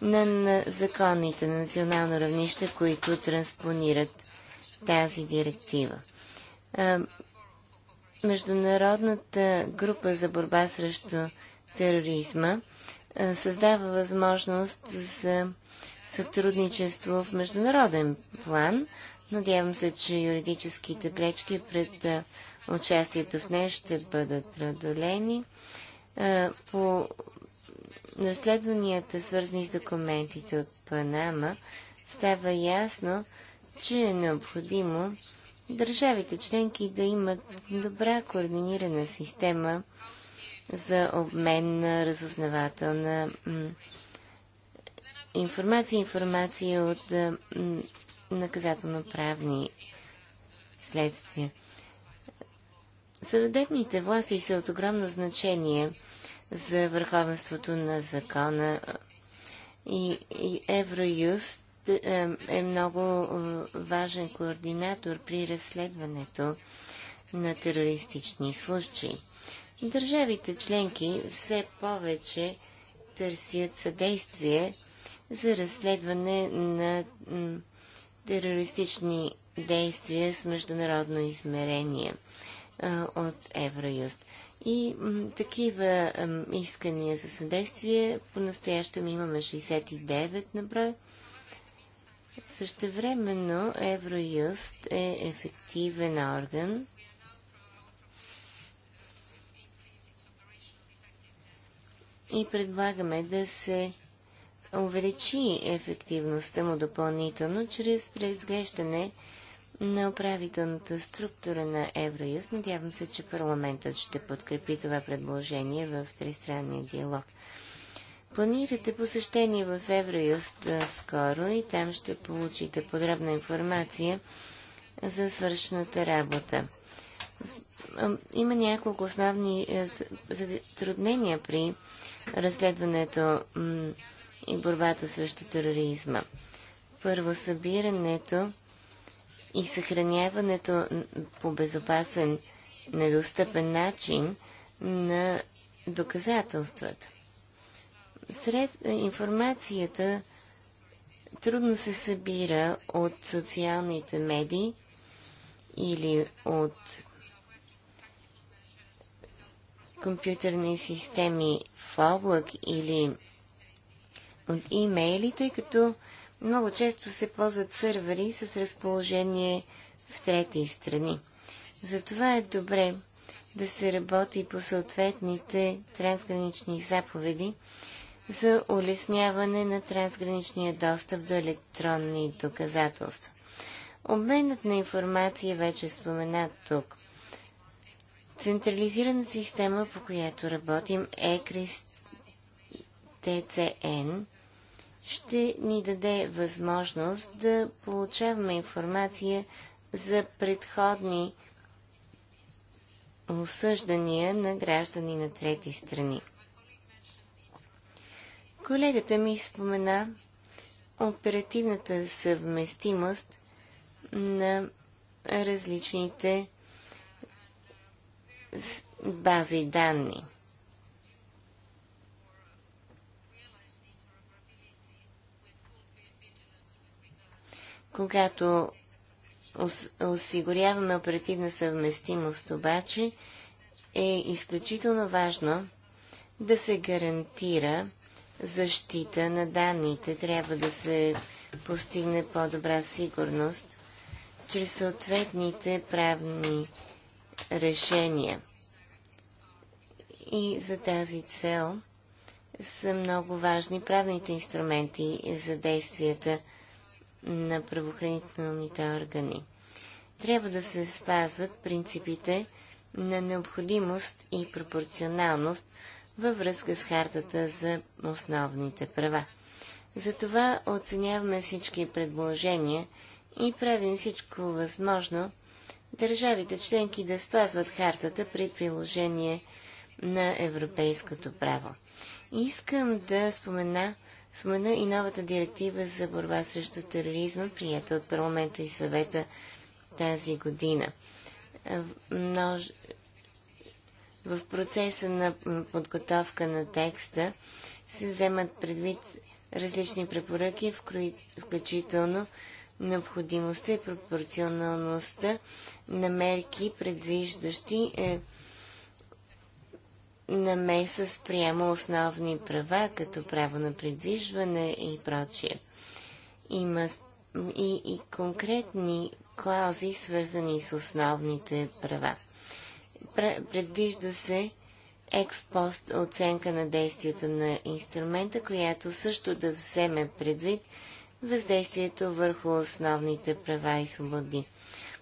на, законните законите на национално равнище, които транспонират тази директива. международната група за борба срещу тероризма е, създава възможност за сътрудничество в международен план. Надявам се, че юридическите пречки пред е, участието в нея ще бъдат преодолени. Е, по разследванията, свързани с документите от Панама, става ясно, че е необходимо държавите членки да имат добра координирана система за обмен на разузнавателна информация, информация от наказателно-правни следствия. Съдебните власти са от огромно значение за върховенството на закона и, и Евроюст е, е много важен координатор при разследването на терористични случаи. Държавите членки все повече търсят съдействие за разследване на терористични действия с международно измерение от Евроюст. И такива искания за съдействие по-настоящем имаме 69 на брой. Същевременно Евроюст е ефективен орган, и предлагаме да се увеличи ефективността му допълнително чрез преизглеждане на управителната структура на Евроюз. Надявам се, че парламентът ще подкрепи това предложение в тристранния диалог. Планирате посещение в Евроюст скоро и там ще получите подробна информация за свършената работа. Има няколко основни затруднения при разследването и борбата срещу тероризма. Първо, събирането и съхраняването по безопасен, недостъпен начин на доказателствата. Сред е, информацията трудно се събира от социалните медии или от компютърни системи в облак или от имейли, тъй като много често се ползват сървъри с разположение в трети страни. Затова е добре да се работи по съответните трансгранични заповеди за улесняване на трансграничния достъп до електронни доказателства. Обменът на информация вече е споменат тук. Централизирана система, по която работим, е ТЦН, ще ни даде възможност да получаваме информация за предходни осъждания на граждани на трети страни. Колегата ми спомена оперативната съвместимост на различните бази данни. Когато осигуряваме оперативна съвместимост, обаче е изключително важно да се гарантира защита на данните. Трябва да се постигне по-добра сигурност чрез съответните правни решения. И за тази цел са много важни правните инструменти за действията на правоохранителните органи. Трябва да се спазват принципите на необходимост и пропорционалност във връзка с хартата за основните права. Затова оценяваме всички предложения и правим всичко възможно държавите членки да спазват хартата при приложение на европейското право. Искам да спомена, спомена и новата директива за борба срещу тероризма, прията от парламента и съвета тази година. В процеса на подготовка на текста се вземат предвид различни препоръки, включително необходимостта и пропорционалността на мерки, предвиждащи е, намеса спрямо основни права, като право на предвижване и прочие. Има и, и конкретни клаузи, свързани с основните права. Предвижда се експост оценка на действието на инструмента, която също да вземе предвид въздействието върху основните права и свободи.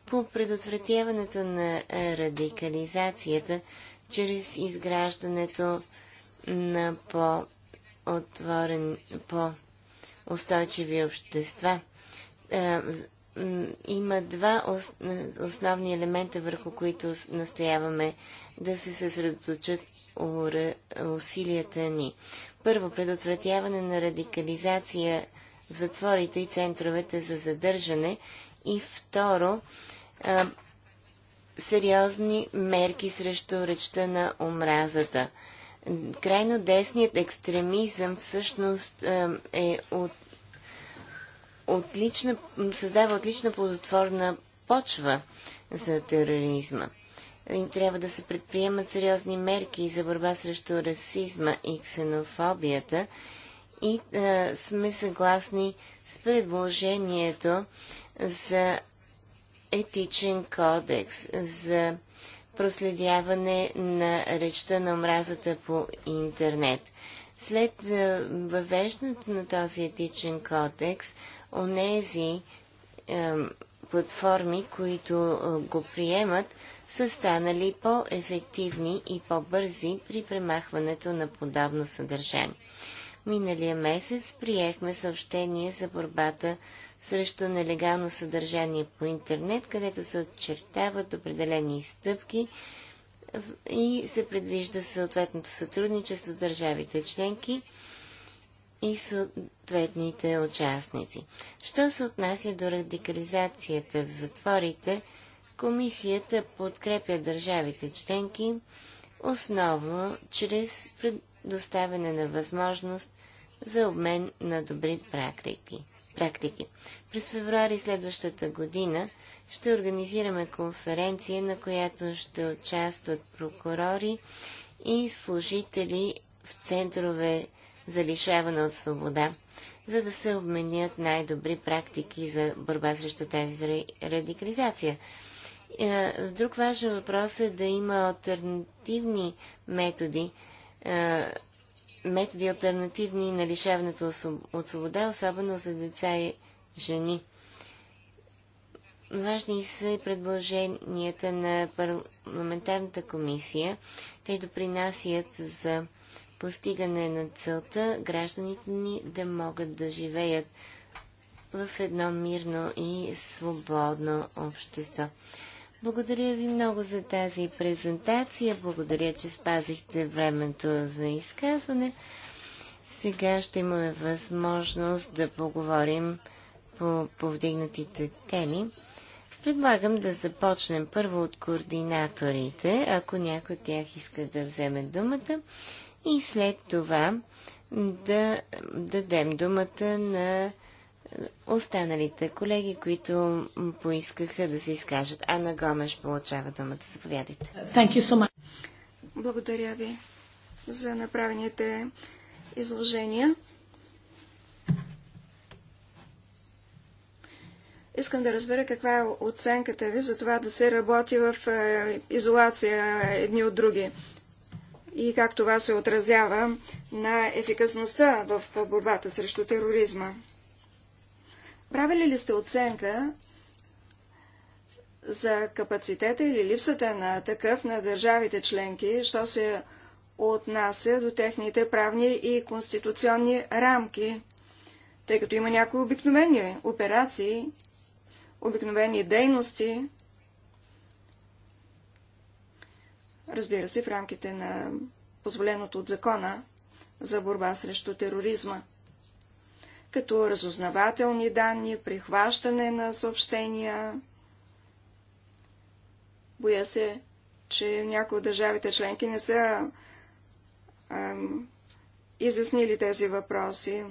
По предотвратяването на радикализацията чрез изграждането на по-отворен, по-устойчиви общества. Е, има два основни елемента, върху които настояваме да се съсредоточат усилията ни. Първо, предотвратяване на радикализация в затворите и центровете за задържане. И второ, а, сериозни мерки срещу речта на омразата. Крайно десният екстремизъм всъщност а, е от, отлична, създава отлична плодотворна почва за тероризма. Им трябва да се предприемат сериозни мерки за борба срещу расизма и ксенофобията и а, е, сме съгласни с предложението за етичен кодекс, за проследяване на речта на омразата по интернет. След е, въвеждането на този етичен кодекс, онези е, платформи, които е, го приемат, са станали по-ефективни и по-бързи при премахването на подобно съдържание. Миналия месец приехме съобщение за борбата срещу нелегално съдържание по интернет, където се отчертават определени стъпки и се предвижда съответното сътрудничество с държавите членки и съответните участници. Що се отнася до радикализацията в затворите, комисията подкрепя държавите членки основно чрез предоставяне на възможност за обмен на добри практики. практики. През февруари следващата година ще организираме конференция, на която ще участват прокурори и служители в центрове за лишаване от свобода, за да се обменят най-добри практики за борба срещу тази радикализация. Е, друг важен въпрос е да има альтернативни методи е, методи альтернативни на лишаването от свобода, особено за деца и жени. Важни са и предложенията на парламентарната комисия. Те допринасят за постигане на целта гражданите ни да могат да живеят в едно мирно и свободно общество. Благодаря ви много за тази презентация. Благодаря, че спазихте времето за изказване. Сега ще имаме възможност да поговорим по повдигнатите теми. Предлагам да започнем първо от координаторите, ако някой от тях иска да вземе думата и след това да дадем думата на останалите колеги, които поискаха да се изкажат. Ана Гомеш получава думата. Заповядайте. Thank you so much. Благодаря ви за направените изложения. Искам да разбера каква е оценката ви за това да се работи в е, изолация едни от други и как това се отразява на ефикасността в борбата срещу тероризма. Правили ли сте оценка за капацитета или липсата на такъв на държавите членки, що се отнася до техните правни и конституционни рамки, тъй като има някои обикновени операции, обикновени дейности, разбира се, в рамките на позволеното от закона за борба срещу тероризма като разузнавателни данни, прихващане на съобщения. Боя се, че някои от държавите членки не са ам, изяснили тези въпроси,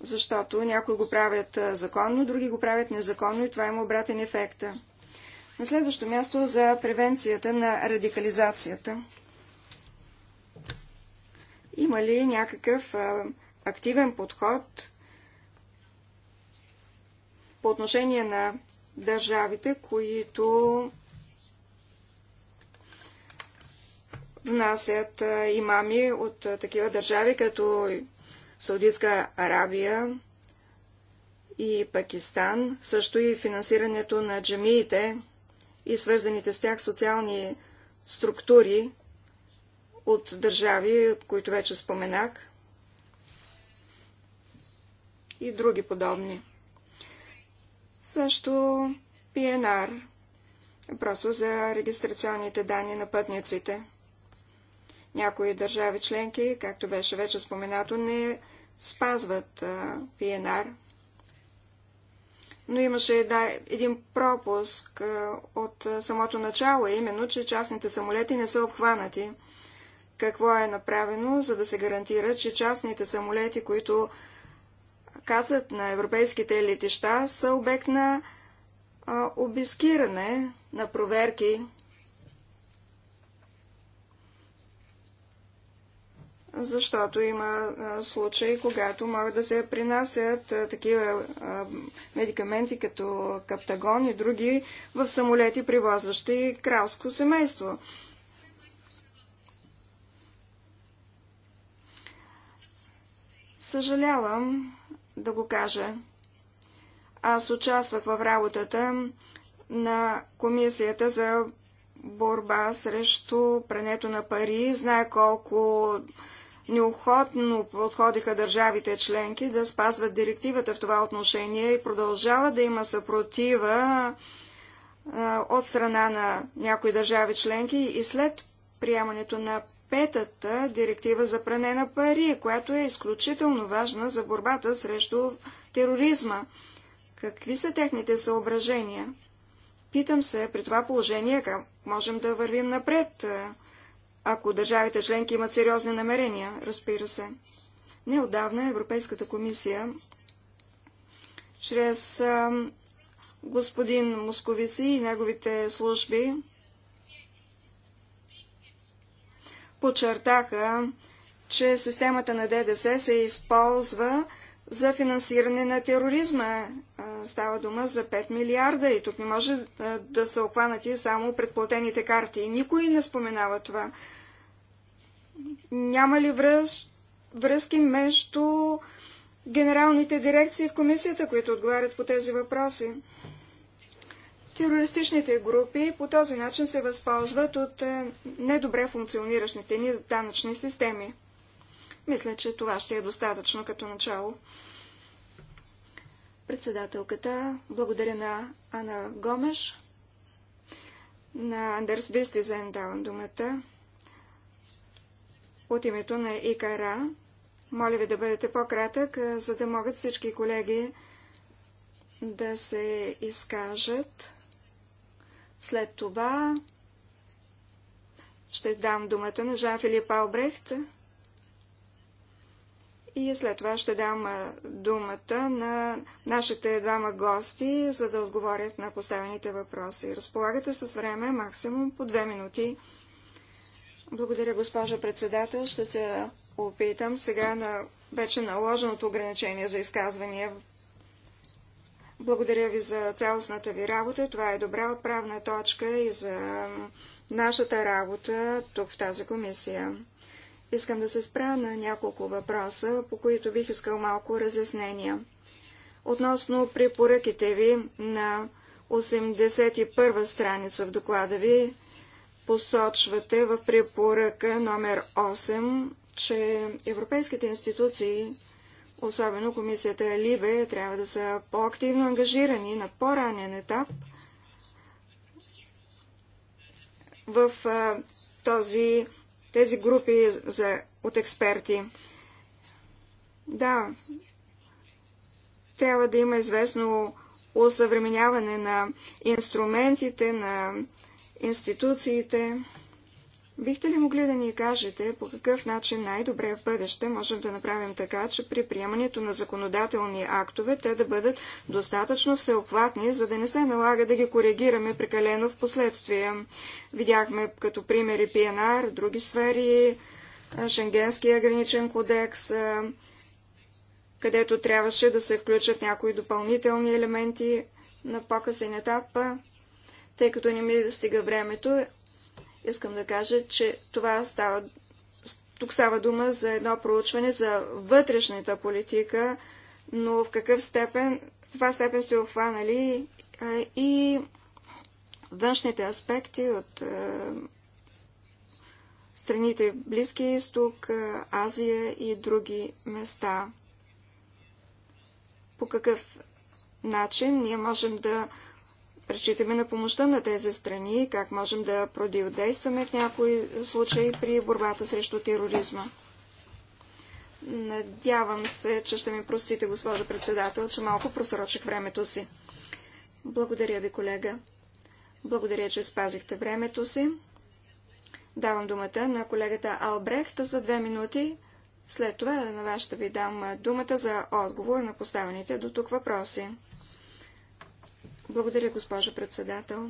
защото някои го правят законно, други го правят незаконно и това има обратен ефект. На следващо място за превенцията на радикализацията. Има ли някакъв ам, активен подход по отношение на държавите, които внасят имами от такива държави, като Саудитска Арабия и Пакистан, също и финансирането на джамиите и свързаните с тях социални структури от държави, които вече споменах и други подобни. Също ПНР, въпроса за регистрационните данни на пътниците. Някои държави членки, както беше вече споменато, не спазват ПНР. Но имаше да, един пропуск от самото начало, е именно, че частните самолети не са обхванати. Какво е направено, за да се гарантира, че частните самолети, които Кацат на европейските летища са обект на а, обискиране, на проверки. Защото има а, случаи, когато могат да се принасят а, такива а, медикаменти като каптагон и други в самолети, привозващи кралско семейство. Съжалявам, да го кажа. Аз участвах в работата на Комисията за борба срещу прането на пари. Знае колко неохотно подходиха държавите членки да спазват директивата в това отношение и продължава да има съпротива от страна на някои държави членки и след приемането на петата директива за пране на пари, която е изключително важна за борбата срещу тероризма. Какви са техните съображения? Питам се, при това положение как можем да вървим напред, ако държавите членки имат сериозни намерения, разбира се. Неодавна Европейската комисия чрез господин Московици и неговите служби подчертаха, че системата на ДДС се използва за финансиране на тероризма. Става дума за 5 милиарда и тук не може да са обхванати само предплатените карти. никой не споменава това. Няма ли връз... връзки между генералните дирекции в комисията, които отговарят по тези въпроси? Терористичните групи по този начин се възползват от е, недобре функциониращите ни данъчни системи. Мисля, че това ще е достатъчно като начало. Председателката, благодаря на Ана Гомеш, на Андерс Вистизен давам думата. От името на ИКРА, моля ви да бъдете по-кратък, е, за да могат всички колеги да се изкажат. След това ще дам думата на Жан-Филип Албрехт и след това ще дам думата на нашите двама гости, за да отговорят на поставените въпроси. Разполагате с време максимум по две минути. Благодаря, госпожа председател. Ще се опитам сега на вече наложеното ограничение за изказвания благодаря ви за цялостната ви работа. Това е добра отправна точка и за нашата работа тук в тази комисия. Искам да се спра на няколко въпроса, по които бих искал малко разяснения. Относно препоръките ви на 81 страница в доклада ви, посочвате в препоръка номер 8, че европейските институции особено комисията Либе, трябва да са по-активно ангажирани на по-ранен етап в а, този, тези групи за, от експерти. Да, трябва да има известно усъвременяване на инструментите, на институциите. Бихте ли могли да ни кажете по какъв начин най-добре в бъдеще можем да направим така, че при приемането на законодателни актове те да бъдат достатъчно всеобхватни, за да не се налага да ги коригираме прекалено в последствие? Видяхме като примери ПНР, други сфери, Шенгенския граничен кодекс, където трябваше да се включат някои допълнителни елементи на по-късен етап, тъй като не ми стига времето, искам да кажа, че това става, тук става дума за едно проучване за вътрешната политика, но в какъв степен, в каква степен сте обхванали и външните аспекти от е, страните Близкия изток, Азия и други места. По какъв начин ние можем да разчитаме на помощта на тези страни, и как можем да противодействаме в някои случаи при борбата срещу тероризма. Надявам се, че ще ми простите, госпожо председател, че малко просрочих времето си. Благодаря ви, колега. Благодаря, че спазихте времето си. Давам думата на колегата Албрехт за две минути. След това на вас ще ви дам думата за отговор на поставените до тук въпроси. Благодаря, госпожо председател.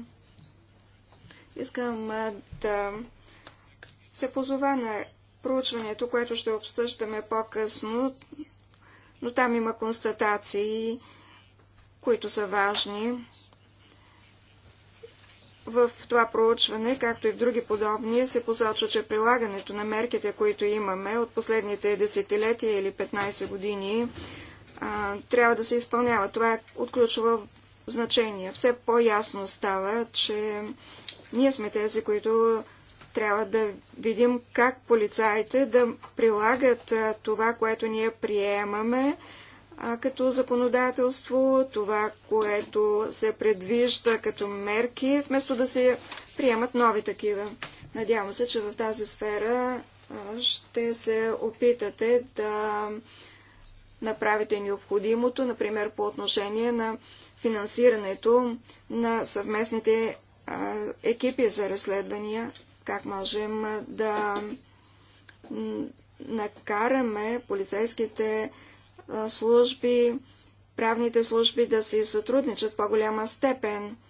Искам да се позова на проучването, което ще обсъждаме по-късно, но там има констатации, които са важни. В това проучване, както и в други подобни, се посочва, че прилагането на мерките, които имаме от последните десетилетия или 15 години, трябва да се изпълнява. Това е от ключова значение. Все по-ясно става, че ние сме тези, които трябва да видим как полицаите да прилагат това, което ние приемаме като законодателство, това, което се предвижда като мерки, вместо да се приемат нови такива. Надявам се, че в тази сфера ще се опитате да направите необходимото, например по отношение на финансирането на съвместните екипи за разследвания, как можем да накараме полицейските служби, правните служби да си сътрудничат в по-голяма степен –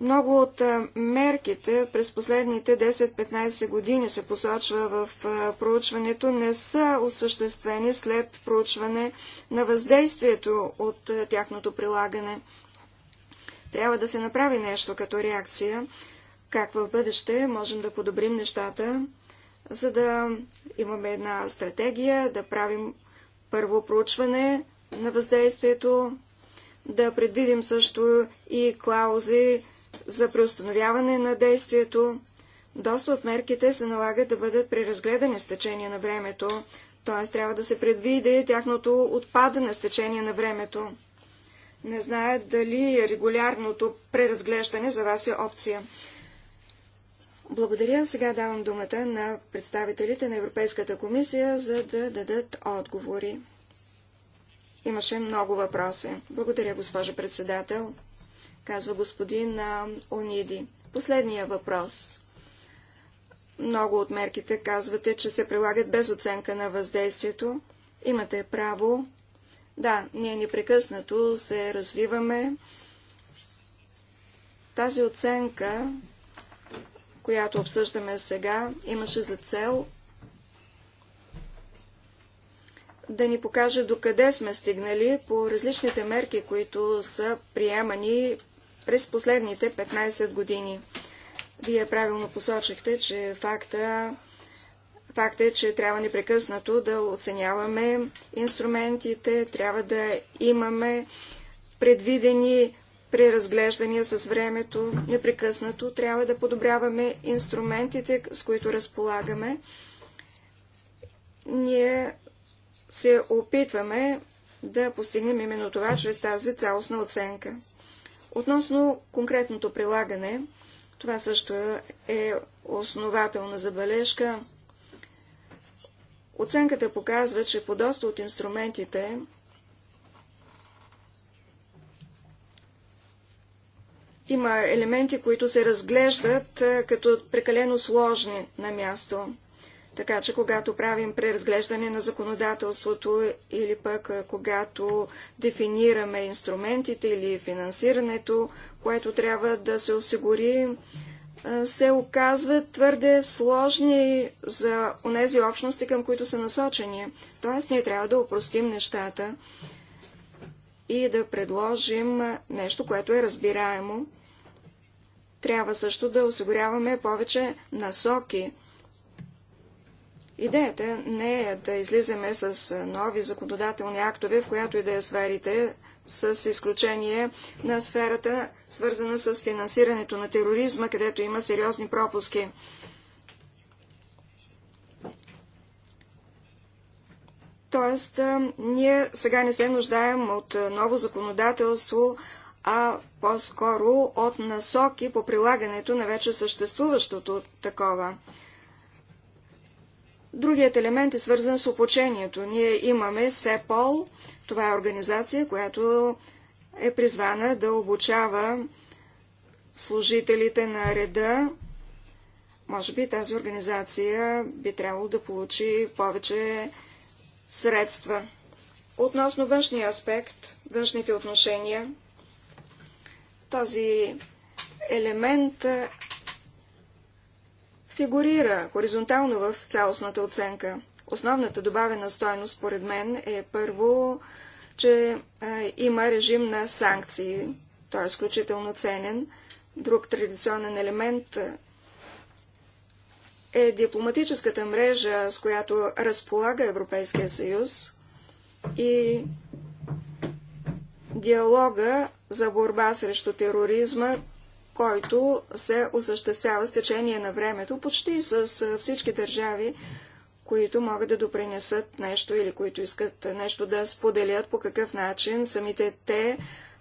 много от мерките през последните 10-15 години се посочва в проучването не са осъществени след проучване на въздействието от тяхното прилагане. Трябва да се направи нещо като реакция, как в бъдеще можем да подобрим нещата, за да имаме една стратегия, да правим първо проучване на въздействието, да предвидим също и клаузи за преустановяване на действието. Доста от мерките се налагат да бъдат преразгледани с течение на времето, т.е. трябва да се предвиди тяхното отпадане с течение на времето. Не зная дали е регулярното преразглеждане за вас е опция. Благодаря. Сега давам думата на представителите на Европейската комисия, за да дадат отговори. Имаше много въпроси. Благодаря, госпожо председател казва господин Ониди. Последния въпрос. Много от мерките казвате, че се прилагат без оценка на въздействието. Имате право. Да, ние непрекъснато се развиваме. Тази оценка, която обсъждаме сега, имаше за цел да ни покаже докъде сме стигнали по различните мерки, които са приемани през последните 15 години. Вие правилно посочихте, че факта, факта е, че трябва непрекъснато да оценяваме инструментите, трябва да имаме предвидени преразглеждания с времето, непрекъснато трябва да подобряваме инструментите, с които разполагаме. Ние се опитваме да постигнем именно това чрез тази цялостна оценка. Относно конкретното прилагане, това също е основателна забележка. Оценката показва, че по доста от инструментите има елементи, които се разглеждат като прекалено сложни на място. Така че когато правим преразглеждане на законодателството или пък когато дефинираме инструментите или финансирането, което трябва да се осигури, се оказват твърде сложни за онези общности, към които са насочени. Тоест, ние трябва да упростим нещата и да предложим нещо, което е разбираемо. Трябва също да осигуряваме повече насоки Идеята не е да излизаме с нови законодателни актове, в която и да е сферите, с изключение на сферата, свързана с финансирането на тероризма, където има сериозни пропуски. Тоест, ние сега не се нуждаем от ново законодателство, а по-скоро от насоки по прилагането на вече съществуващото такова. Другият елемент е свързан с обучението. Ние имаме СЕПОЛ, това е организация, която е призвана да обучава служителите на реда. Може би тази организация би трябвало да получи повече средства. Относно външния аспект, външните отношения, този елемент фигурира хоризонтално в цялостната оценка. Основната добавена стоеност, според мен, е първо, че а, има режим на санкции. Той е изключително ценен. Друг традиционен елемент е дипломатическата мрежа, с която разполага Европейския съюз и диалога за борба срещу тероризма който се осъществява с течение на времето почти с всички държави, които могат да допринесат нещо или които искат нещо да споделят, по какъв начин самите те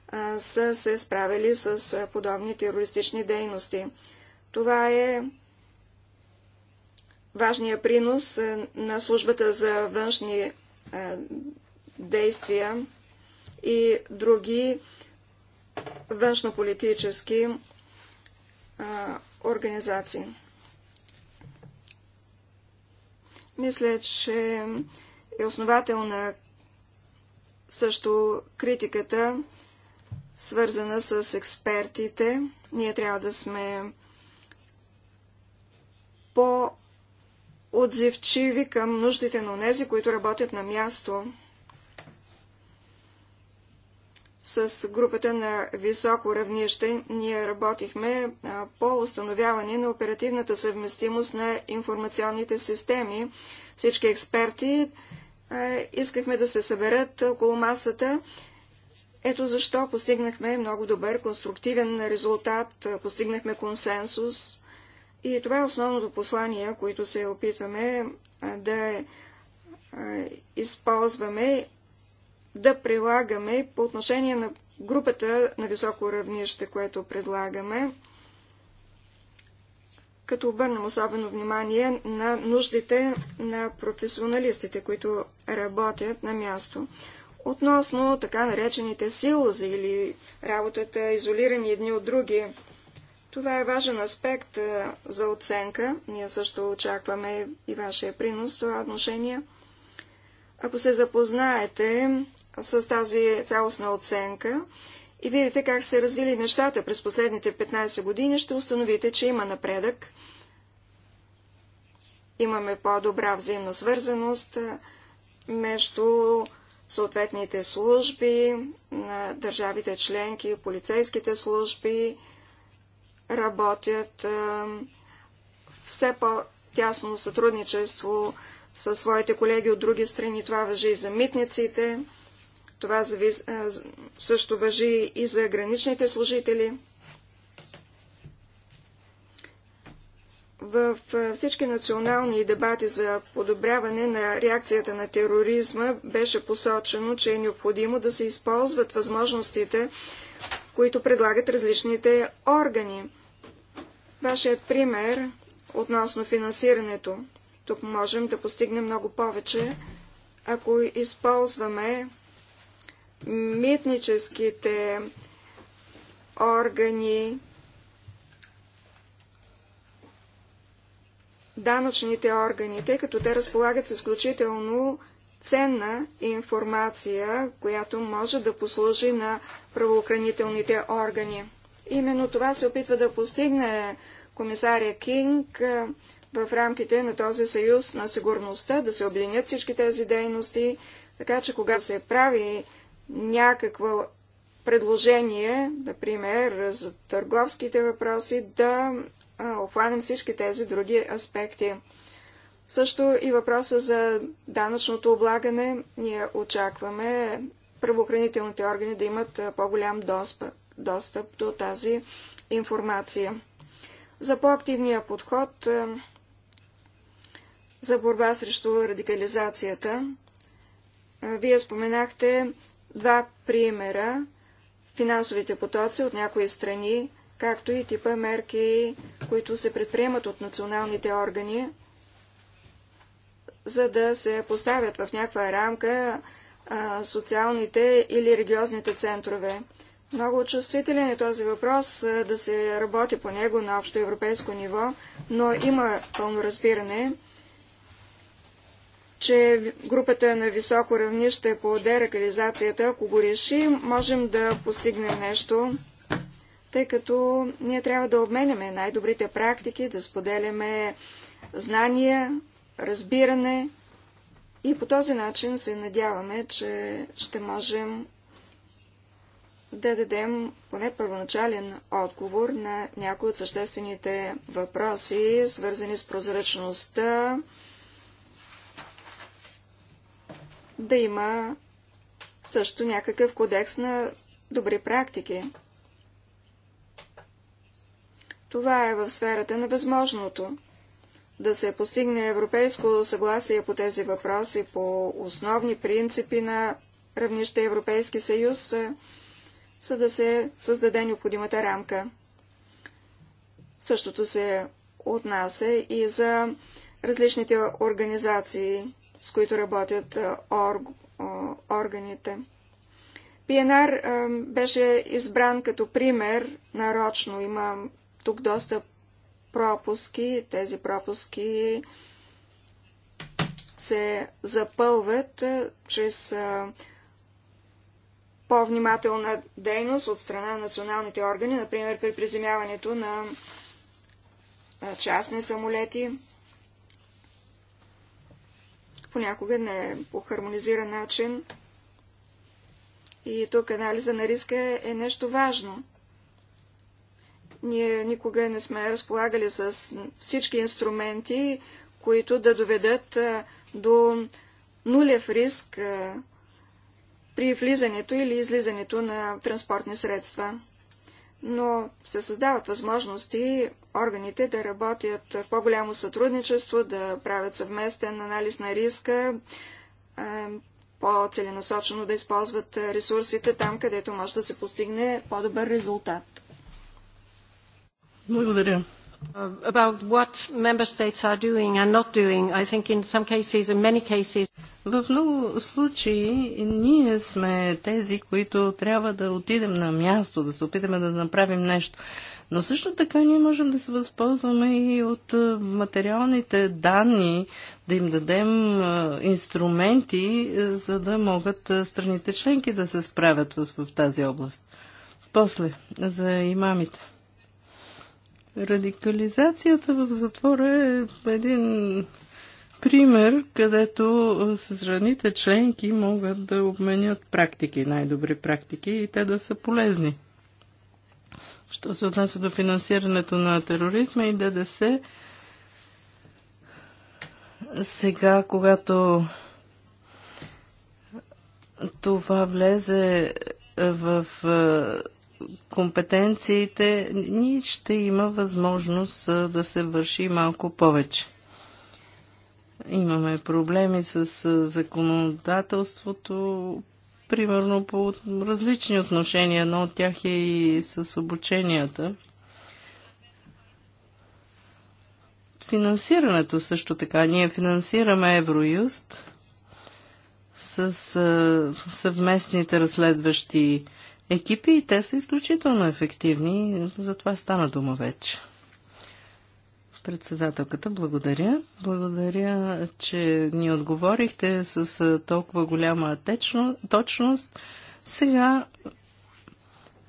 а, са се справили с подобни терористични дейности. Това е важния принос на службата за външни а, действия и други външнополитически организации. Мисля, че е основателна също критиката, свързана с експертите. Ние трябва да сме по-отзивчиви към нуждите на тези, които работят на място с групата на високо равнище ние работихме по установяване на оперативната съвместимост на информационните системи. Всички експерти искахме да се съберат около масата. Ето защо постигнахме много добър конструктивен резултат, постигнахме консенсус. И това е основното послание, което се опитваме да използваме да прилагаме по отношение на групата на високо равнище, което предлагаме, като обърнем особено внимание на нуждите на професионалистите, които работят на място. Относно така наречените силози или работата изолирани едни от други, това е важен аспект за оценка. Ние също очакваме и вашия принос в това отношение. Ако се запознаете с тази цялостна оценка и видите как се развили нещата през последните 15 години, ще установите, че има напредък. Имаме по-добра взаимна свързаност между съответните служби на държавите членки, полицейските служби работят все по-тясно сътрудничество със своите колеги от други страни. Това въжи и за митниците. Това също въжи и за граничните служители. В всички национални дебати за подобряване на реакцията на тероризма беше посочено, че е необходимо да се използват възможностите, които предлагат различните органи. Вашият пример относно финансирането. Тук можем да постигнем много повече, ако използваме митническите органи, данъчните органи, тъй като те разполагат с изключително ценна информация, която може да послужи на правоохранителните органи. Именно това се опитва да постигне комисаря Кинг в рамките на този съюз на сигурността, да се объединят всички тези дейности, така че когато се прави някакво предложение, например, за търговските въпроси, да обхванем всички тези други аспекти. Също и въпроса за данъчното облагане. Ние очакваме правоохранителните органи да имат по-голям достъп до тази информация. За по-активния подход за борба срещу радикализацията. Вие споменахте два примера финансовите потоци от някои страни, както и типа мерки, които се предприемат от националните органи, за да се поставят в някаква рамка а, социалните или религиозните центрове. Много чувствителен е този въпрос а, да се работи по него на общо европейско ниво, но има пълно разбиране че групата на високо равнище по дерекализацията, ако го реши, можем да постигнем нещо, тъй като ние трябва да обменяме най-добрите практики, да споделяме знания, разбиране и по този начин се надяваме, че ще можем да дадем поне първоначален отговор на някои от съществените въпроси, свързани с прозрачността, да има също някакъв кодекс на добри практики. Това е в сферата на възможното. Да се постигне европейско съгласие по тези въпроси, по основни принципи на равнище Европейски съюз, е, за да се създаде необходимата рамка. Същото се отнася и за различните организации с които работят органите. ПНР беше избран като пример нарочно. Има тук доста пропуски. Тези пропуски се запълват чрез по-внимателна дейност от страна на националните органи, например при приземяването на частни самолети понякога не е по хармонизиран начин. И тук анализа на риска е нещо важно. Ние никога не сме разполагали с всички инструменти, които да доведат до нулев риск при влизането или излизането на транспортни средства но се създават възможности органите да работят в по-голямо сътрудничество, да правят съвместен анализ на риска, по-целенасочено да използват ресурсите там, където може да се постигне по-добър резултат. Благодаря. В много случаи ние сме тези, които трябва да отидем на място, да се опитаме да направим нещо. Но също така ние можем да се възползваме и от материалните данни, да им дадем инструменти, за да могат страните членки да се справят в, в тази област. После, за имамите. Радикализацията в затвора е един пример, където страните членки могат да обменят практики, най-добри практики и те да са полезни. Що се отнася до финансирането на тероризма и ДДС, сега, когато това влезе в компетенциите ни ще има възможност да се върши малко повече. Имаме проблеми с законодателството, примерно по различни отношения. но от тях е и с обученията. Финансирането също така. Ние финансираме Евроюст с съвместните разследващи екипи и те са изключително ефективни, за това стана дума вече. Председателката, благодаря. Благодаря, че ни отговорихте с толкова голяма течно, точност. Сега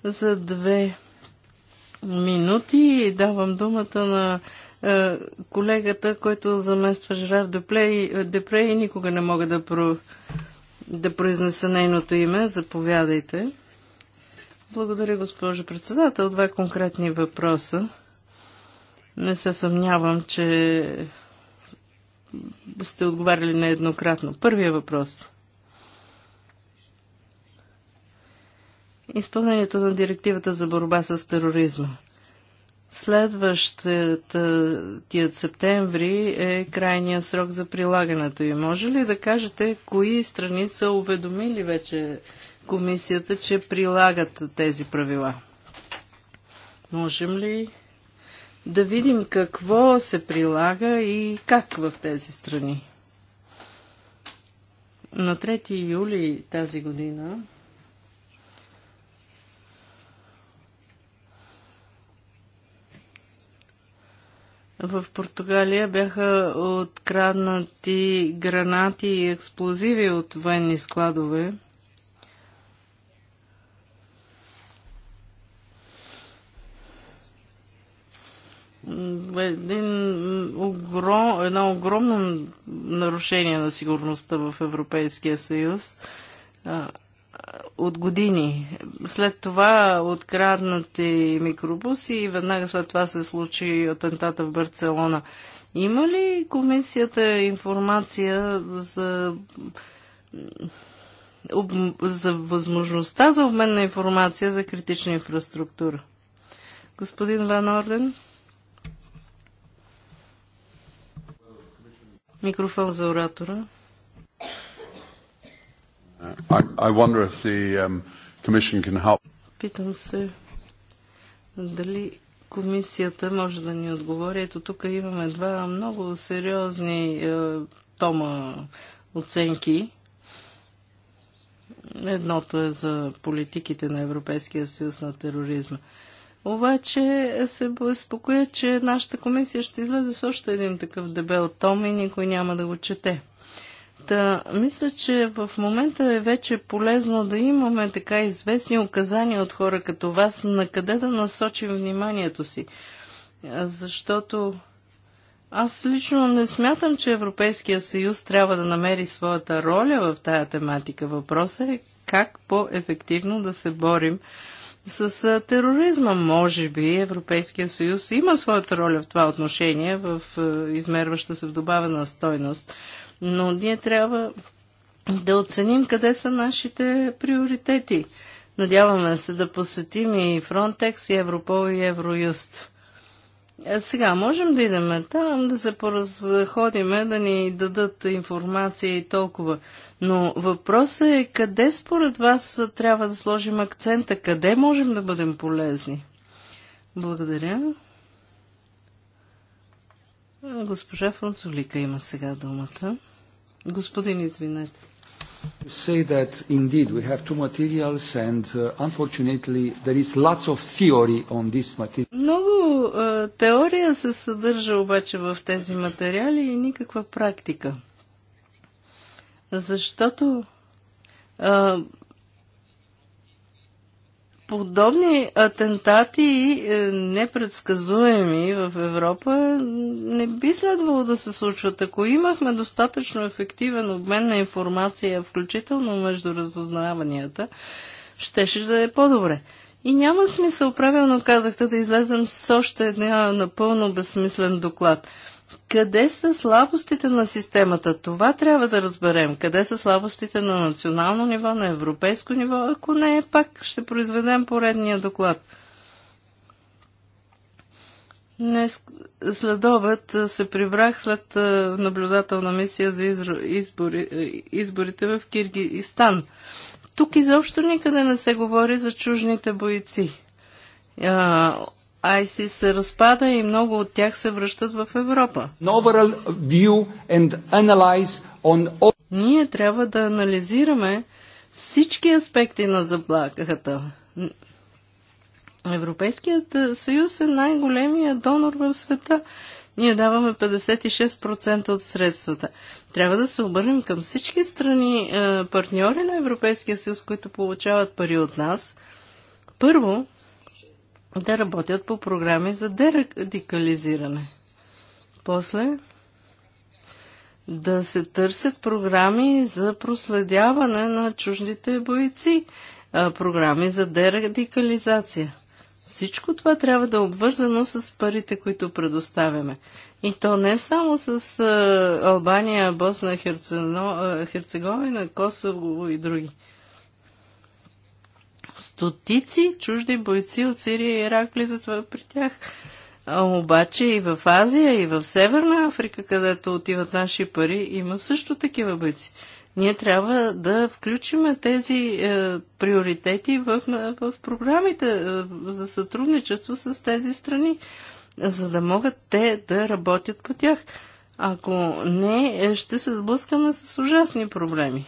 за две минути давам думата на е, колегата, който замества Жерар Депре, Депре и никога не мога да, про, да произнеса нейното име. Заповядайте. Благодаря, госпожо председател. Два конкретни въпроса. Не се съмнявам, че сте отговаряли нееднократно. Първия въпрос. Изпълнението на директивата за борба с тероризма. Следващият септември е крайния срок за прилагането и може ли да кажете кои страни са уведомили вече комисията, че прилагат тези правила. Можем ли да видим какво се прилага и как в тези страни? На 3 юли тази година В Португалия бяха откраднати гранати и експлозиви от военни складове. един огром, едно огромно нарушение на сигурността в Европейския съюз от години. След това откраднати микробуси и веднага след това се случи атентата в Барселона. Има ли комисията информация за за възможността за обмен на информация за критична инфраструктура. Господин Ван Орден. Микрофон за оратора. I, I if the um, can help. Питам се дали комисията може да ни отговори. Ето тук имаме два много сериозни е, тома оценки. Едното е за политиките на Европейския съюз на тероризма. Обаче се безпокоя, че нашата комисия ще излезе с още един такъв дебел том и никой няма да го чете. Та, мисля, че в момента е вече полезно да имаме така известни указания от хора като вас, на къде да насочим вниманието си. Защото аз лично не смятам, че Европейския съюз трябва да намери своята роля в тая тематика. Въпросът е как по-ефективно да се борим с тероризма. Може би Европейския съюз има своята роля в това отношение, в измерваща се в добавена стойност. Но ние трябва да оценим къде са нашите приоритети. Надяваме се да посетим и Фронтекс, и Европол, и Евроюст. Е, сега можем да идем там, да се поразходиме, да ни дадат информация и толкова. Но въпросът е къде според вас трябва да сложим акцента, къде можем да бъдем полезни? Благодаря. Госпожа Францулика има сега думата. Господин, извинете. You say that indeed we have two materials and uh, unfortunately there is lots of theory on this material. Много uh, теория се съдържа обаче в тези материали и никаква практика. Защото uh, подобни атентати, е, непредсказуеми в Европа, не би следвало да се случват. Ако имахме достатъчно ефективен обмен на информация, включително между разузнаванията, щеше да е по-добре. И няма смисъл, правилно казахте, да излезем с още една напълно безсмислен доклад. Къде са слабостите на системата? Това трябва да разберем. Къде са слабостите на национално ниво, на европейско ниво? Ако не, пак ще произведем поредния доклад. Днес след обед се прибрах след е, наблюдателна мисия за избори, е, изборите в Киргизстан. Тук изобщо никъде не се говори за чужните бойци. Е, ISIS се разпада и много от тях се връщат в Европа. On... Ние трябва да анализираме всички аспекти на заплахата. Европейският е, съюз е най-големия донор в света. Ние даваме 56% от средствата. Трябва да се обърнем към всички страни, е, партньори на Европейския съюз, които получават пари от нас. Първо, да работят по програми за дерадикализиране. После да се търсят програми за проследяване на чуждите бойци, програми за дерадикализация. Всичко това трябва да е обвързано с парите, които предоставяме. И то не само с Албания, Босна, Херцеговина, Косово и други. Стотици чужди бойци от Сирия и Ирак влизат при тях. А, обаче и в Азия, и в Северна Африка, където отиват наши пари, има също такива бойци. Ние трябва да включим тези е, приоритети в, в програмите е, за сътрудничество с тези страни, за да могат те да работят по тях. Ако не, е, ще се сблъскаме с ужасни проблеми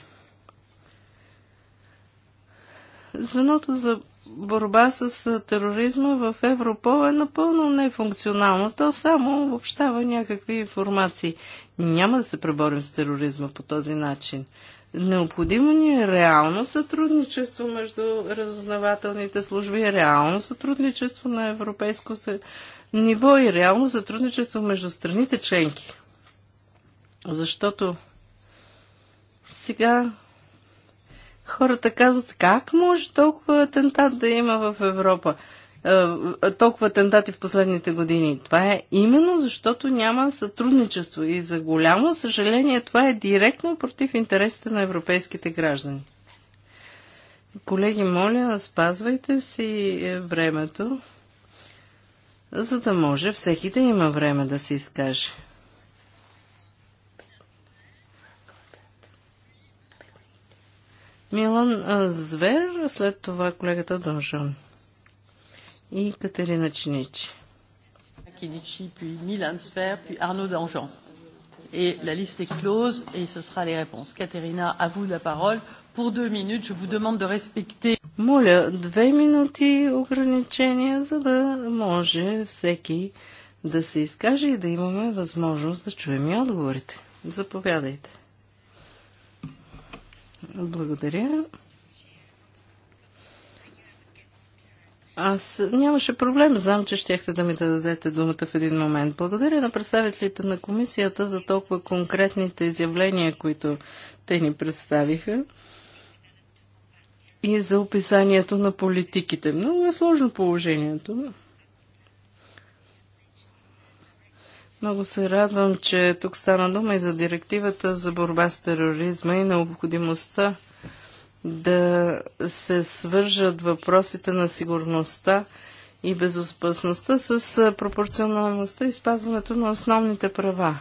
звеното за борба с тероризма в Европол е напълно нефункционално. То само обобщава някакви информации. Няма да се преборим с тероризма по този начин. Необходимо ни е реално сътрудничество между разузнавателните служби, реално сътрудничество на европейско ниво и реално сътрудничество между страните членки. Защото сега Хората казват, как може толкова атентат да има в Европа? Е, е, толкова атентати в последните години. Това е именно защото няма сътрудничество и за голямо съжаление това е директно против интересите на европейските граждани. Колеги, моля, спазвайте си е, времето, за да може всеки да има време да се изкаже. Милан Звер, след това колегата Донжон и Катерина Чиничи. Кеничи, Et la liste est close et ce sera les réponses. à vous la parole. Pour deux minutes, je vous demande de respecter. Моля, две минути ограничения, за да може всеки да се изкаже и да имаме възможност да чуем и отговорите. Заповядайте. Благодаря. Аз нямаше проблем. Знам, че щехте да ми дадете думата в един момент. Благодаря на представителите на комисията за толкова конкретните изявления, които те ни представиха и за описанието на политиките. Много е сложно положението. Много се радвам, че тук стана дума и за директивата за борба с тероризма и необходимостта да се свържат въпросите на сигурността и безопасността с пропорционалността и спазването на основните права.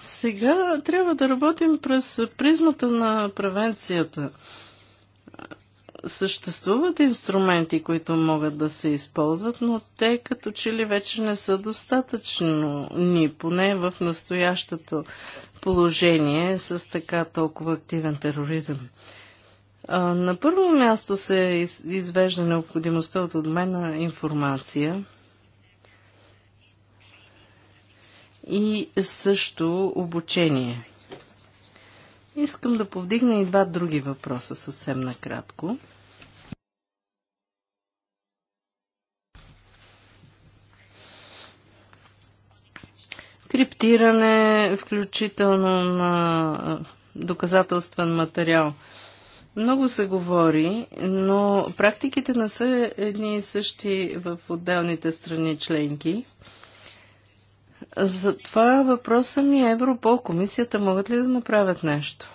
Сега трябва да работим през призмата на превенцията. Съществуват инструменти, които могат да се използват, но те като че ли вече не са достатъчно ни, поне в настоящото положение с така толкова активен тероризъм. А, на първо място се извежда необходимостта от отмена информация и също обучение. Искам да повдигна и два други въпроса съвсем накратко. криптиране, включително на доказателствен материал. Много се говори, но практиките не са едни и същи в отделните страни членки. Затова въпросът ми е Европол. Комисията могат ли да направят нещо?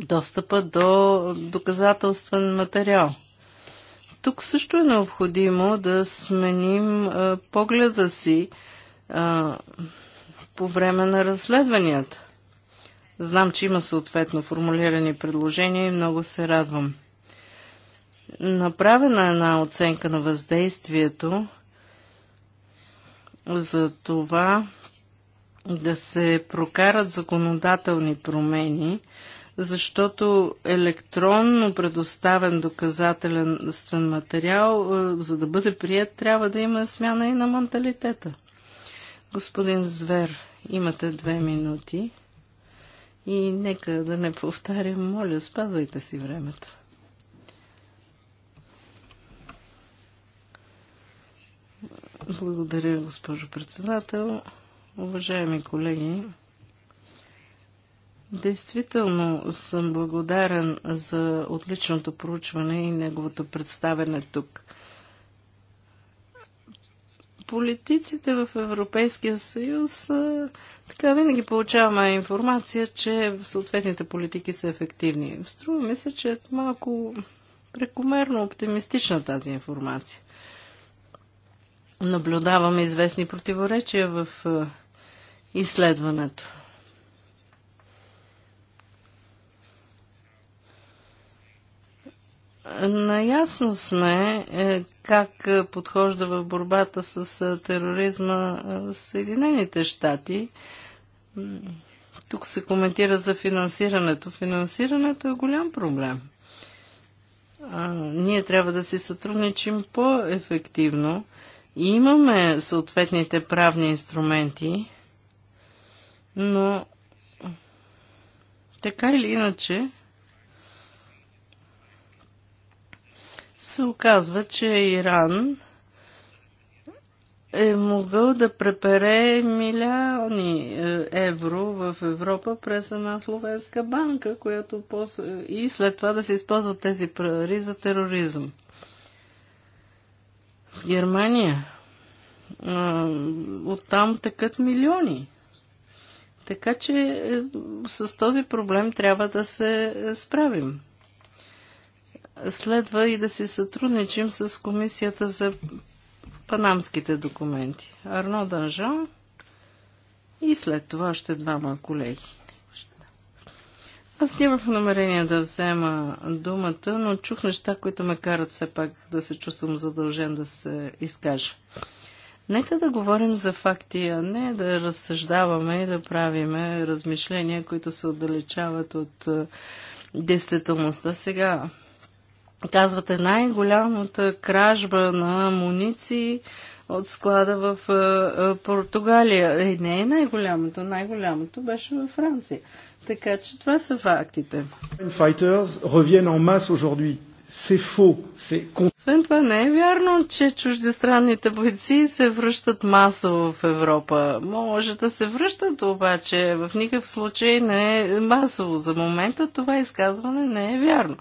Достъпа до доказателствен материал. Тук също е необходимо да сменим а, погледа си по време на разследванията. Знам, че има съответно формулирани предложения и много се радвам. Направена е една оценка на въздействието за това да се прокарат законодателни промени, защото електронно предоставен доказателен материал, за да бъде прият, трябва да има смяна и на менталитета. Господин Звер, имате две минути. И нека да не повтарям, моля, спазвайте си времето. Благодаря, госпожо председател. Уважаеми колеги, действително съм благодарен за отличното проучване и неговото представене тук политиците в Европейския съюз така винаги получаваме информация, че съответните политики са ефективни. Струва ми се, че е малко прекомерно оптимистична тази информация. Наблюдаваме известни противоречия в изследването. Наясно сме е, как е, подхожда в борбата с е, тероризма Съединените щати. Тук се коментира за финансирането. Финансирането е голям проблем. ние трябва да си сътрудничим по-ефективно. Имаме съответните правни инструменти, но така или иначе, се оказва, че Иран е могъл да препере милиони е, евро в Европа през една словенска банка, която пос... и след това да се използват тези пари за тероризъм. В Германия оттам такът милиони. Така че е, с този проблем трябва да се е, справим следва и да си сътрудничим с Комисията за панамските документи. Арно Данжан и след това ще двама колеги. Аз нямах намерение да взема думата, но чух неща, които ме карат все пак да се чувствам задължен да се изкажа. Нека да говорим за факти, а не да разсъждаваме и да правиме размишления, които се отдалечават от е, действителността. Сега, Казвате най-голямата кражба на амуниции от склада в е, е, Португалия. Е, не е най-голямото. Най-голямото беше във Франция. Така че това са фактите. Освен това не е вярно, че чуждестранните бойци се връщат масово в Европа. Може да се връщат, обаче в никакъв случай не е масово. За момента това изказване не е вярно.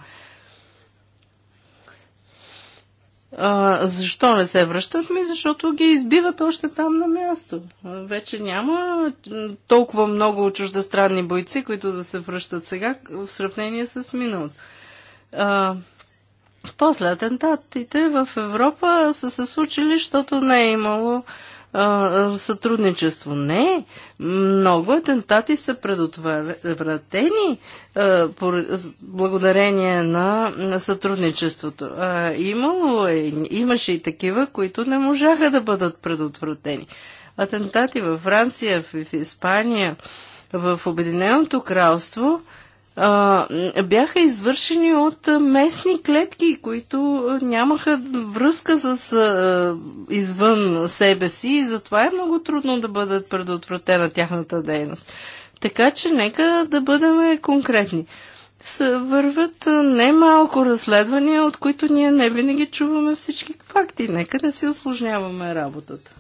А, защо не се връщат? Ми, защото ги избиват още там на място. Вече няма толкова много чуждестранни бойци, които да се връщат сега в сравнение с миналото. после атентатите в Европа са се случили, защото не е имало а, сътрудничество. Не, много атентати са предотвратени благодарение на, на сътрудничеството. А, имало е, имаше и такива, които не можаха да бъдат предотвратени. Атентати във Франция, в, в Испания, в Обединеното кралство – бяха извършени от местни клетки, които нямаха връзка с извън себе си и затова е много трудно да бъдат предотвратена тяхната дейност. Така че нека да бъдем конкретни. Върват немалко разследвания, от които ние не винаги чуваме всички факти. Нека не си осложняваме работата.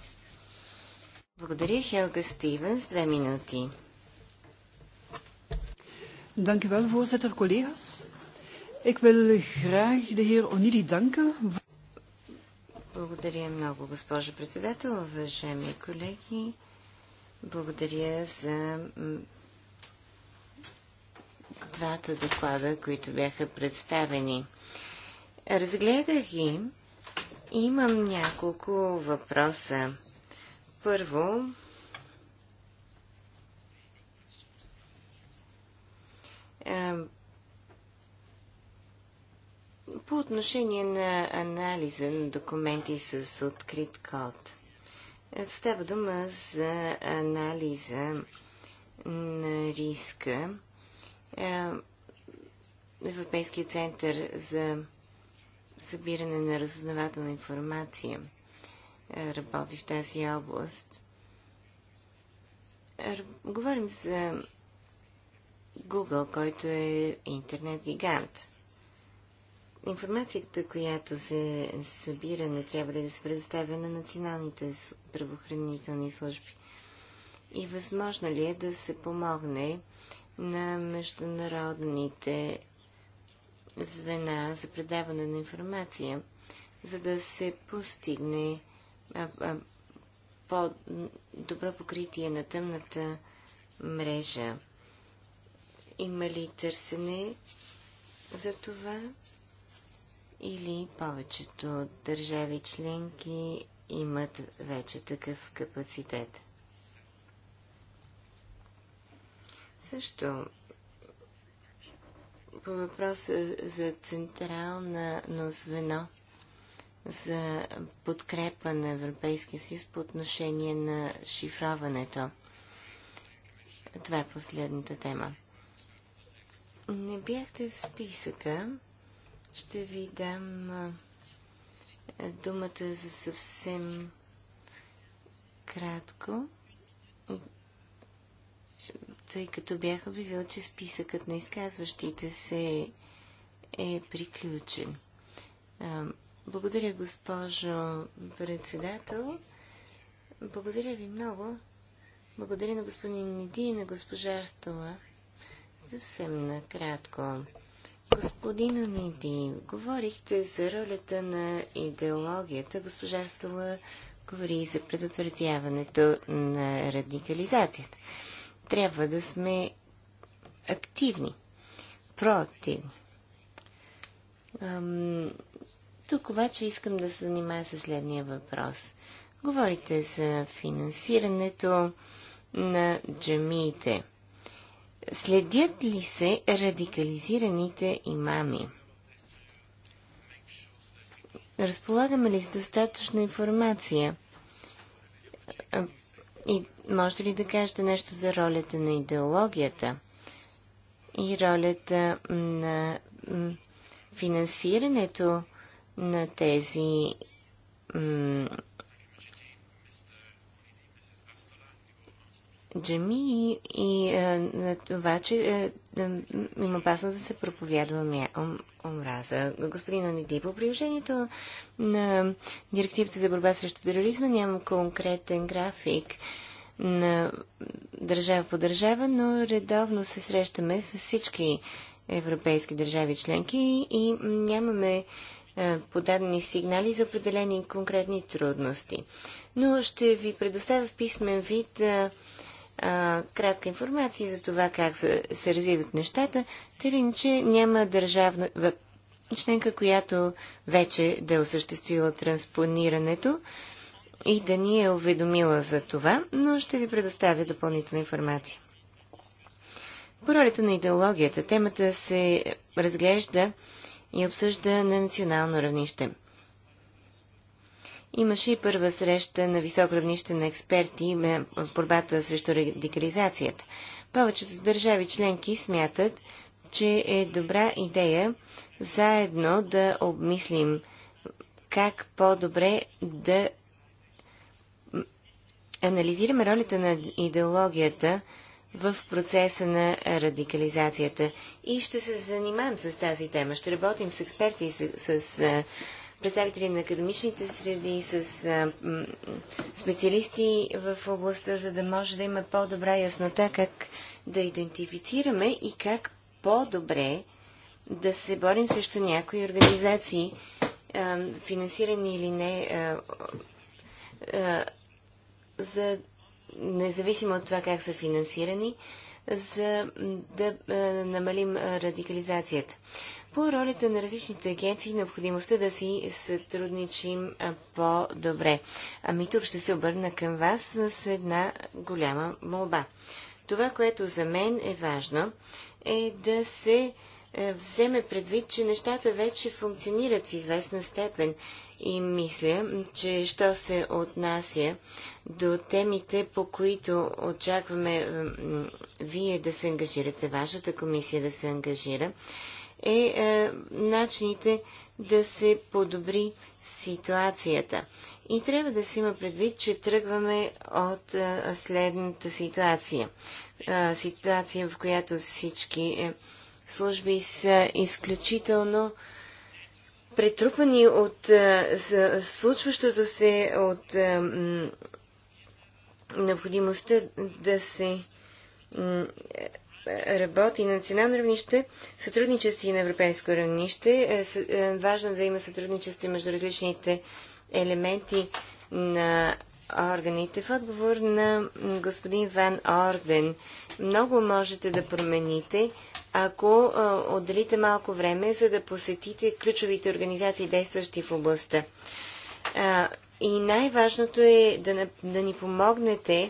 Благодаря, Хелга Стивенс. Две минути. Dank u wel, voorzitter, collega's. Ik wil graag de heer Onili danken. Благодаря много, госпожо председател, уважаеми колеги. Благодаря за двата доклада, които бяха представени. Разгледах ги. Имам няколко въпроса. Първо, по отношение на анализа на документи с открит код. Става дума за анализа на риска. Европейския център за събиране на разузнавателна информация работи в тази област. Говорим за Google, който е интернет гигант. Информацията, която се събира, не трябва ли да се предоставя на националните правоохранителни служби? И възможно ли е да се помогне на международните звена за предаване на информация, за да се постигне по-добро покритие на тъмната мрежа? Има ли търсене за това? Или повечето държави членки имат вече такъв капацитет? Също по въпроса за централна но звено за подкрепа на Европейския съюз по отношение на шифроването. Това е последната тема не бяхте в списъка. Ще ви дам думата за съвсем кратко, тъй като бях обявил, че списъкът на изказващите се е приключен. Благодаря, госпожо председател. Благодаря ви много. Благодаря на господин Ниди и на госпожа Арстола Съвсем накратко. Господин Ониди, говорихте за ролята на идеологията. Госпожа Стола говори и за предотвратяването на радикализацията. Трябва да сме активни, проактивни. Ам, тук обаче искам да се занимая с следния въпрос. Говорите за финансирането на джамиите – Следят ли се радикализираните имами? Разполагаме ли с достатъчно информация? И можете ли да кажете нещо за ролята на идеологията и ролята на финансирането на тези джами и, и е, на това, че е, има опасност да се проповядва ом, омраза. Господин Аниди, по приложението на директивата за борба срещу тероризма няма конкретен график на държава по държава, но редовно се срещаме с всички европейски държави членки и нямаме е, подадени сигнали за определени конкретни трудности. Но ще ви предоставя в писмен вид а, кратка информация за това как се, се развиват нещата, тъй че няма държавна членка, която вече да е осъществила транспонирането и да ни е уведомила за това, но ще ви предоставя допълнителна информация. По ролята на идеологията темата се разглежда и обсъжда на национално равнище – Имаше и първа среща на високо равнище на експерти в борбата срещу радикализацията. Повечето държави членки смятат, че е добра идея заедно да обмислим как по-добре да анализираме ролята на идеологията в процеса на радикализацията. И ще се занимаем с тази тема. Ще работим с експерти, с, с представители на академичните среди, с а, специалисти в областта, за да може да има по-добра яснота как да идентифицираме и как по-добре да се борим срещу някои организации, а, финансирани или не, а, за независимо от това как са финансирани, за да намалим радикализацията по ролята на различните агенции и необходимостта да си сътрудничим по-добре. Ами тук ще се обърна към вас с една голяма молба. Това, което за мен е важно, е да се е, вземе предвид, че нещата вече функционират в известна степен и мисля, че що се отнася до темите, по които очакваме вие да се ангажирате, вашата комисия да се ангажира, е, а, е, начините да се подобри ситуацията. И трябва да си има предвид, че тръгваме от а, е, следната ситуация. А, е, ситуация, в която всички служби са изключително претрупани от а, случващото се, от необходимостта да се работи на национално равнище, сътрудничество и на европейско равнище. Е, е, важно е да има сътрудничество между различните елементи на органите. В отговор на господин Ван Орден, много можете да промените, ако отделите малко време, за да посетите ключовите организации, действащи в областта. И най-важното е да, да ни помогнете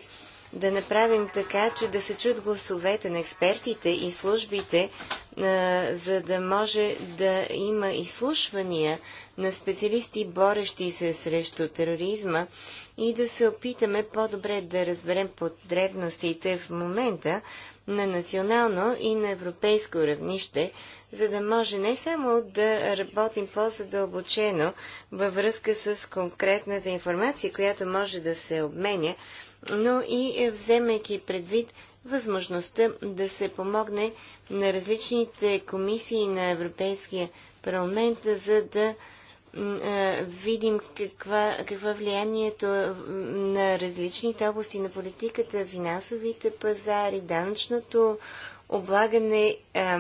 да направим така, че да се чуят гласовете на експертите и службите, за да може да има изслушвания на специалисти, борещи се срещу тероризма и да се опитаме по-добре да разберем потребностите в момента на национално и на европейско равнище, за да може не само да работим по-задълбочено във връзка с конкретната информация, която може да се обменя, но и е, вземайки предвид възможността да се помогне на различните комисии на Европейския парламент, за да е, видим каква, каква влиянието е, на различните области на политиката, финансовите пазари, данъчното облагане а,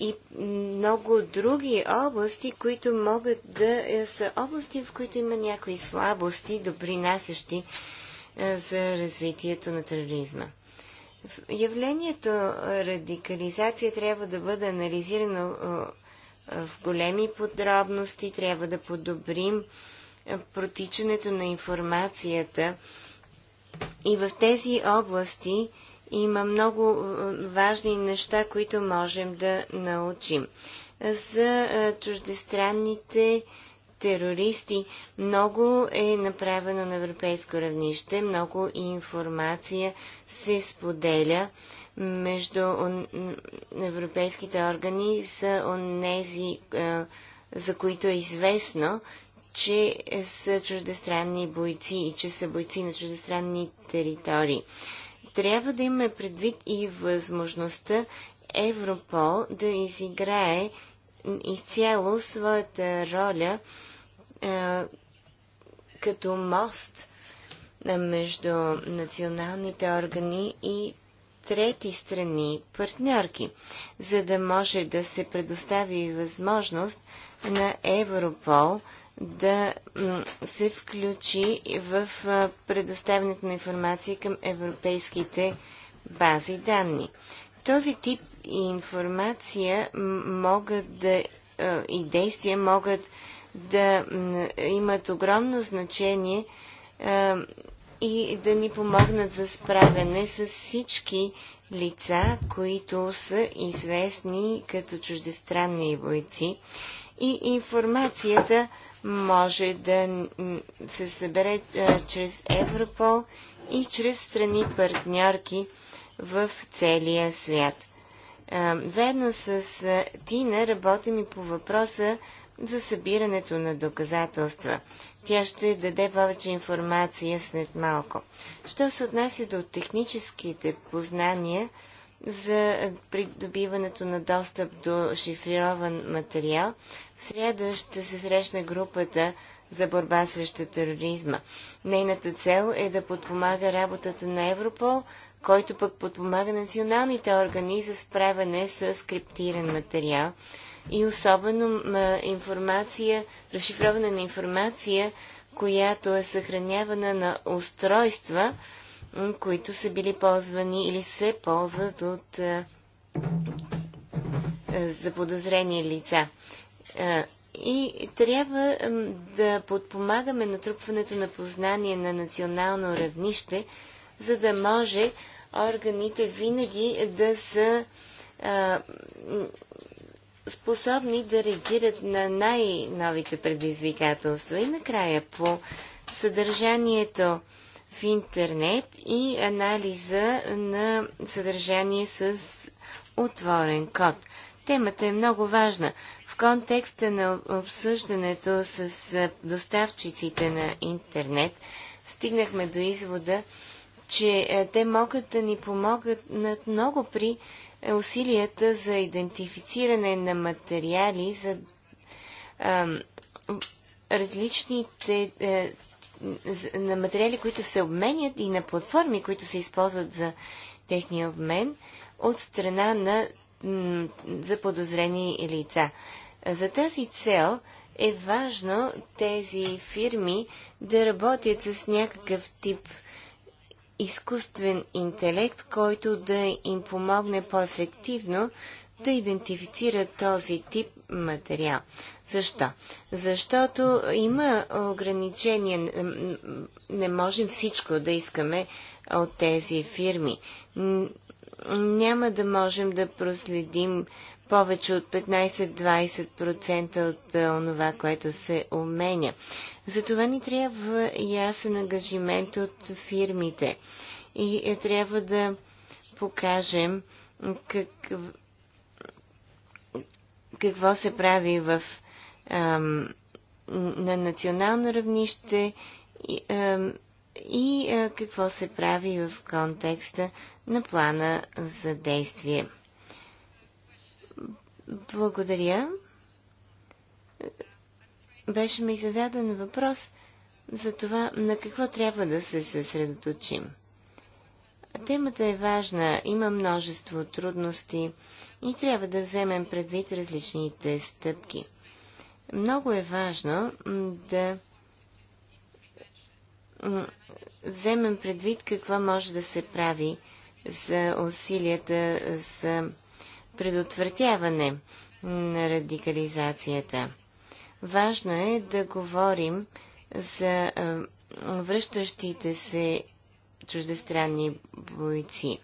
и много други области, които могат да са области, в които има някои слабости, допринасящи е, за развитието на тероризма. Явлението радикализация трябва да бъде анализирано е, в големи подробности, трябва да подобрим е, протичането на информацията. И в тези области има много важни неща, които можем да научим. За чуждестранните терористи. Много е направено на европейско равнище, много информация се споделя между европейските органи за онези, за които е известно, че са чуждестранни бойци и че са бойци на чуждестранни територии. Трябва да имаме предвид и възможността Европол да изиграе изцяло своята роля е, като мост е, между националните органи и трети страни партньорки, за да може да се предостави възможност на Европол да се включи в предоставянето на информация към европейските бази данни. Този тип информация могат да и действия могат да имат огромно значение и да ни помогнат за справяне с всички лица, които са известни като чуждестранни бойци. И информацията може да се събере чрез Европол и чрез страни партньорки в целия свят. Заедно с Тина работим и по въпроса за събирането на доказателства. Тя ще даде повече информация след малко. Що се отнася до техническите познания за придобиването на достъп до шифрирован материал, в среда ще се срещне групата за борба срещу тероризма. Нейната цел е да подпомага работата на Европол, който пък подпомага националните органи за справяне с криптиран материал и особено информация, разшифроване на информация, която е съхранявана на устройства, които са били ползвани или се ползват от заподозрени лица. И трябва да подпомагаме натрупването на познание на национално равнище, за да може органите винаги да са а, способни да реагират на най-новите предизвикателства. И накрая по съдържанието в интернет и анализа на съдържание с отворен код. Темата е много важна. В контекста на обсъждането с доставчиците на интернет стигнахме до извода, че е, те могат да ни помогнат много при е усилията за идентифициране на материали за а, различните а, е, на материали, които се обменят и на платформи, които се използват за техния обмен от страна на заподозрени лица. За тази цел е важно тези фирми да работят с някакъв тип изкуствен интелект, който да им помогне по-ефективно да идентифицират този тип материал. Защо? Защото има ограничения. Не можем всичко да искаме от тези фирми. Няма да можем да проследим повече от 15-20% от е, онова, което се уменя. Затова ни трябва ясен ангажимент от фирмите и е, трябва да покажем как, какво се прави в, ам, на национално равнище и, ам, и а, е, какво се прави в контекста на плана за действие. Благодаря. Беше ми зададен въпрос за това на какво трябва да се съсредоточим. Темата е важна, има множество трудности и трябва да вземем предвид различните стъпки. Много е важно да вземем предвид какво може да се прави за усилията за предотвратяване на радикализацията. Важно е да говорим за връщащите се чуждестранни бойци,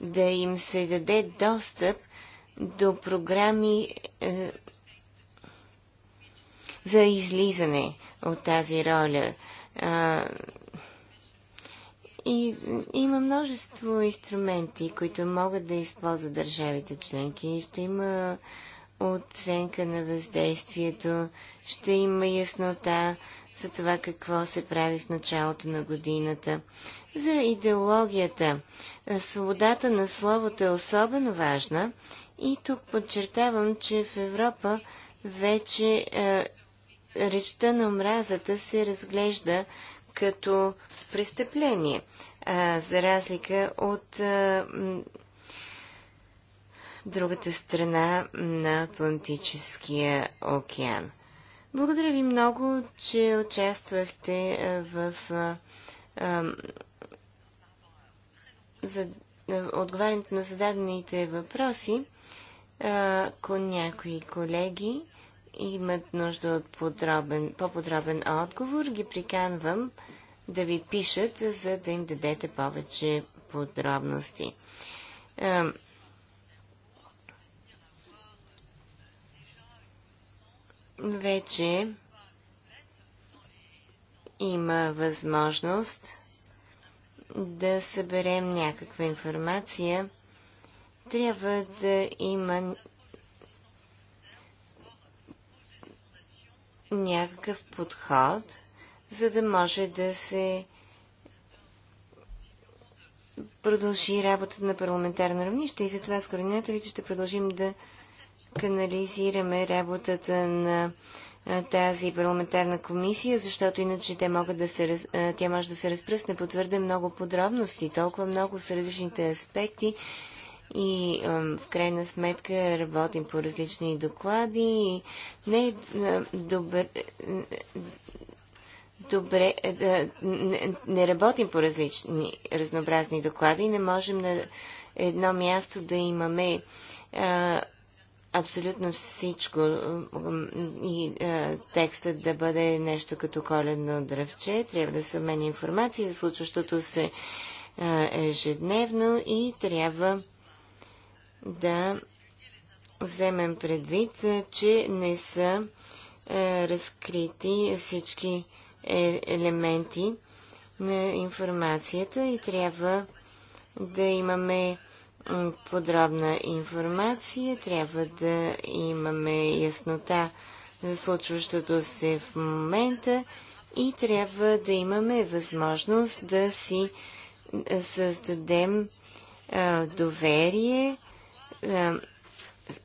да им се даде достъп до програми за излизане от тази роля, и има множество инструменти, които могат да използват държавите членки. Ще има оценка на въздействието, ще има яснота за това какво се прави в началото на годината. За идеологията. Свободата на словото е особено важна и тук подчертавам, че в Европа вече е, речта на омразата се разглежда като престъпление, а, за разлика от а, другата страна на Атлантическия океан. Благодаря ви много, че участвахте в. А, а, за отговарянето на зададените въпроси, ако някои колеги имат нужда от подробен, по-подробен отговор, ги приканвам да ви пишат, за да им дадете повече подробности. Вече има възможност да съберем някаква информация. Трябва да има някакъв подход, за да може да се продължи работата на парламентарно равнище и затова с координаторите ще продължим да канализираме работата на тази парламентарна комисия, защото иначе те могат да се, тя може да се разпръсне по твърде много подробности. Толкова много са различните аспекти, и в крайна сметка работим по различни доклади и не е добър добре, да, не, не работим по различни разнообразни доклади, не можем на едно място да имаме а, абсолютно всичко и а, текстът да бъде нещо като коледно дръвче. Трябва да се обменя информация за случващото се а, ежедневно и трябва да вземем предвид, е, че не са е, разкрити всички е, елементи на информацията и трябва да имаме подробна информация, трябва да имаме яснота за случващото се в момента и трябва да имаме възможност да си създадем доверие е,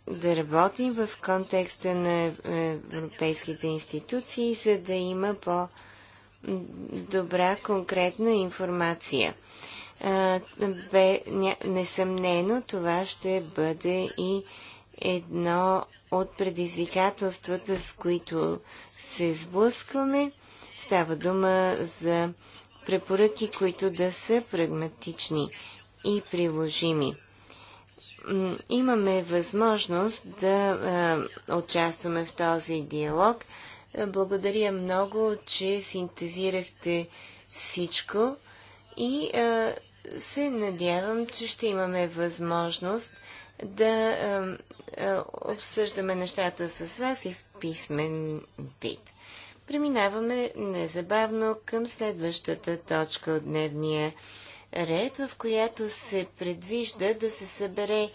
да работим в контекста на европейските институции, за да има по-добра конкретна информация. Е, несъмнено това ще бъде и едно от предизвикателствата, с които се сблъскваме. Става дума за препоръки, които да са прагматични и приложими имаме възможност да участваме в този диалог. Е, благодаря много, че синтезирахте всичко и се надявам, че ще имаме възможност да обсъждаме нещата с вас и в писмен вид. Преминаваме незабавно към следващата точка от дневния ред, в която се предвижда да се събере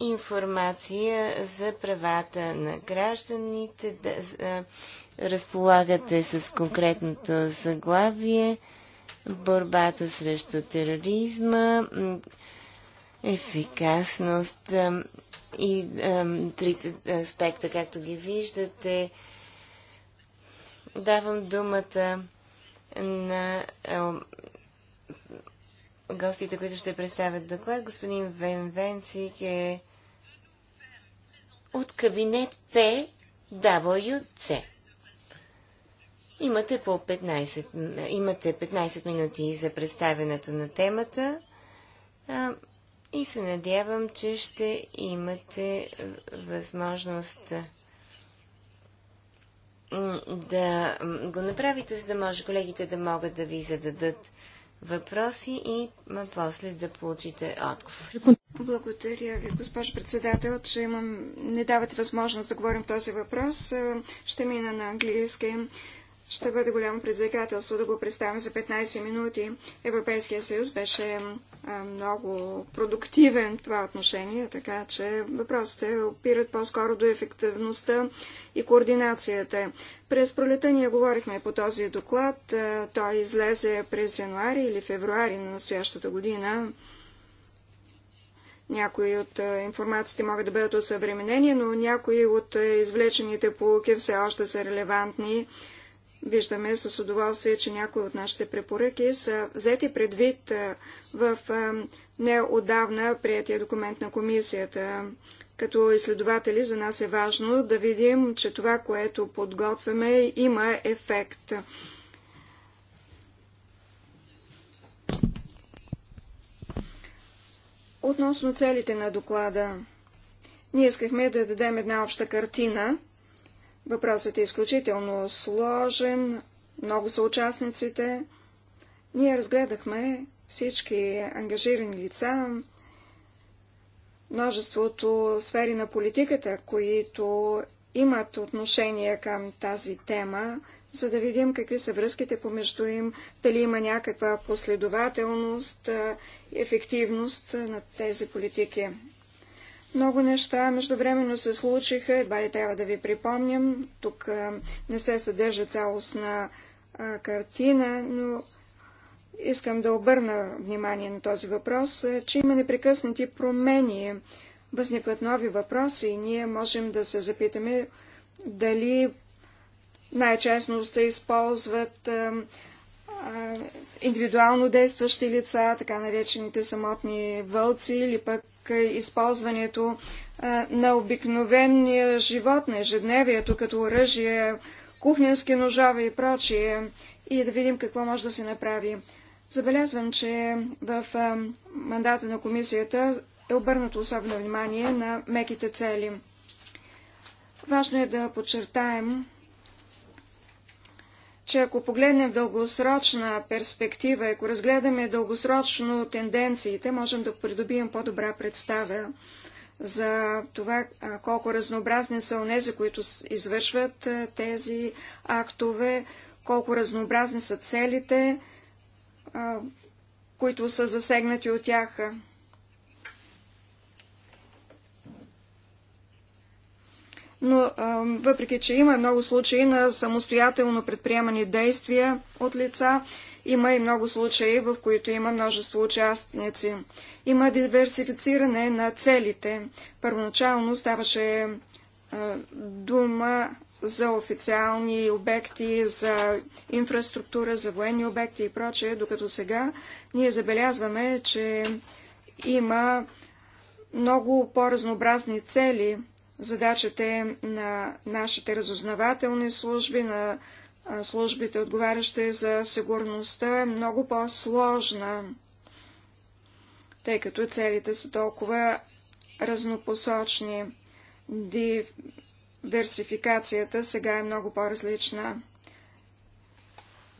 информация за правата на гражданите, да а, разполагате с конкретното заглавие, борбата срещу тероризма, ефикасност а, и три трите аспекта, както ги виждате. Давам думата на гостите, които ще представят доклад. Господин Вен Венцик е от кабинет PWC. Имате по 15, имате 15 минути за представянето на темата а, и се надявам, че ще имате възможност да го направите, за да може колегите да могат да ви зададат въпроси и после да получите отговор. Благодаря ви, госпожо председател, че имам... не давате възможност да говорим този въпрос. Ще мина на английски ще бъде голямо предизвикателство да го представим за 15 минути. Европейския съюз беше много продуктивен в това отношение, така че въпросите опират по-скоро до ефективността и координацията. През пролета ние говорихме по този доклад. Той излезе през януари или февруари на настоящата година. Някои от информациите могат да бъдат осъвременени, но някои от извлечените полуки все още са релевантни. Виждаме с удоволствие, че някои от нашите препоръки са взети предвид в неодавна приятия документ на комисията. Като изследователи за нас е важно да видим, че това, което подготвяме, има ефект. Относно целите на доклада, ние искахме да дадем една обща картина – Въпросът е изключително сложен, много са участниците. Ние разгледахме всички ангажирани лица, множеството сфери на политиката, които имат отношение към тази тема, за да видим какви са връзките помежду им, дали има някаква последователност, ефективност на тези политики. Много неща междувременно се случиха, едва и трябва да ви припомням. Тук не се съдържа цялостна картина, но искам да обърна внимание на този въпрос, че има непрекъснати промени. Възникват нови въпроси и ние можем да се запитаме дали най-честно се използват индивидуално действащи лица, така наречените самотни вълци, или пък използването на обикновения живот на ежедневието, като оръжие, кухненски ножове и прочие, и да видим какво може да се направи. Забелязвам, че в мандата на комисията е обърнато особено внимание на меките цели. Важно е да подчертаем, че ако погледнем в дългосрочна перспектива, ако разгледаме дългосрочно тенденциите, можем да придобием по-добра представа за това колко разнообразни са онези, които извършват тези актове, колко разнообразни са целите, които са засегнати от тях. но въпреки, че има много случаи на самостоятелно предприемани действия от лица, има и много случаи, в които има множество участници. Има диверсифициране на целите. Първоначално ставаше дума за официални обекти, за инфраструктура, за военни обекти и прочее, докато сега ние забелязваме, че има много по-разнообразни цели е на нашите разузнавателни служби, на службите, отговарящи за сигурността, е много по-сложна, тъй като целите са толкова разнопосочни. Диверсификацията сега е много по-различна.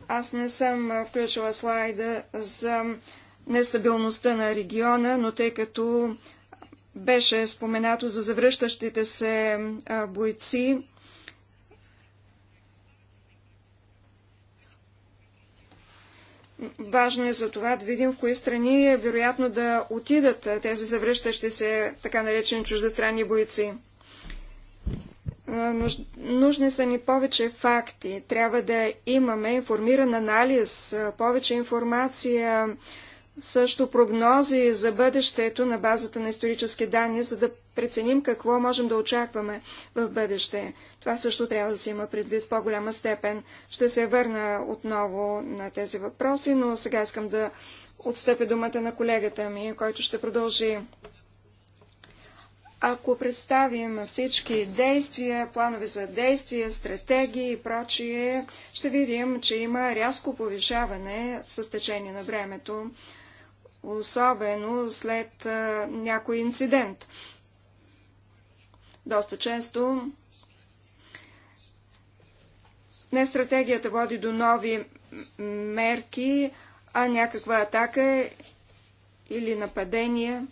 Аз не съм включила слайда за нестабилността на региона, но тъй като беше споменато за завръщащите се бойци. Важно е за това да видим в кои страни е вероятно да отидат тези завръщащи се така наречени чуждестранни бойци. Нужни са ни повече факти. Трябва да имаме информиран анализ, повече информация, също прогнози за бъдещето на базата на исторически данни, за да преценим какво можем да очакваме в бъдеще. Това също трябва да се има предвид в по-голяма степен. Ще се върна отново на тези въпроси, но сега искам да отстъпя думата на колегата ми, който ще продължи. Ако представим всички действия, планове за действия, стратегии и прочие, ще видим, че има рязко повишаване с течение на времето особено след а, някой инцидент. Доста често не стратегията води до нови мерки, а някаква атака или нападение.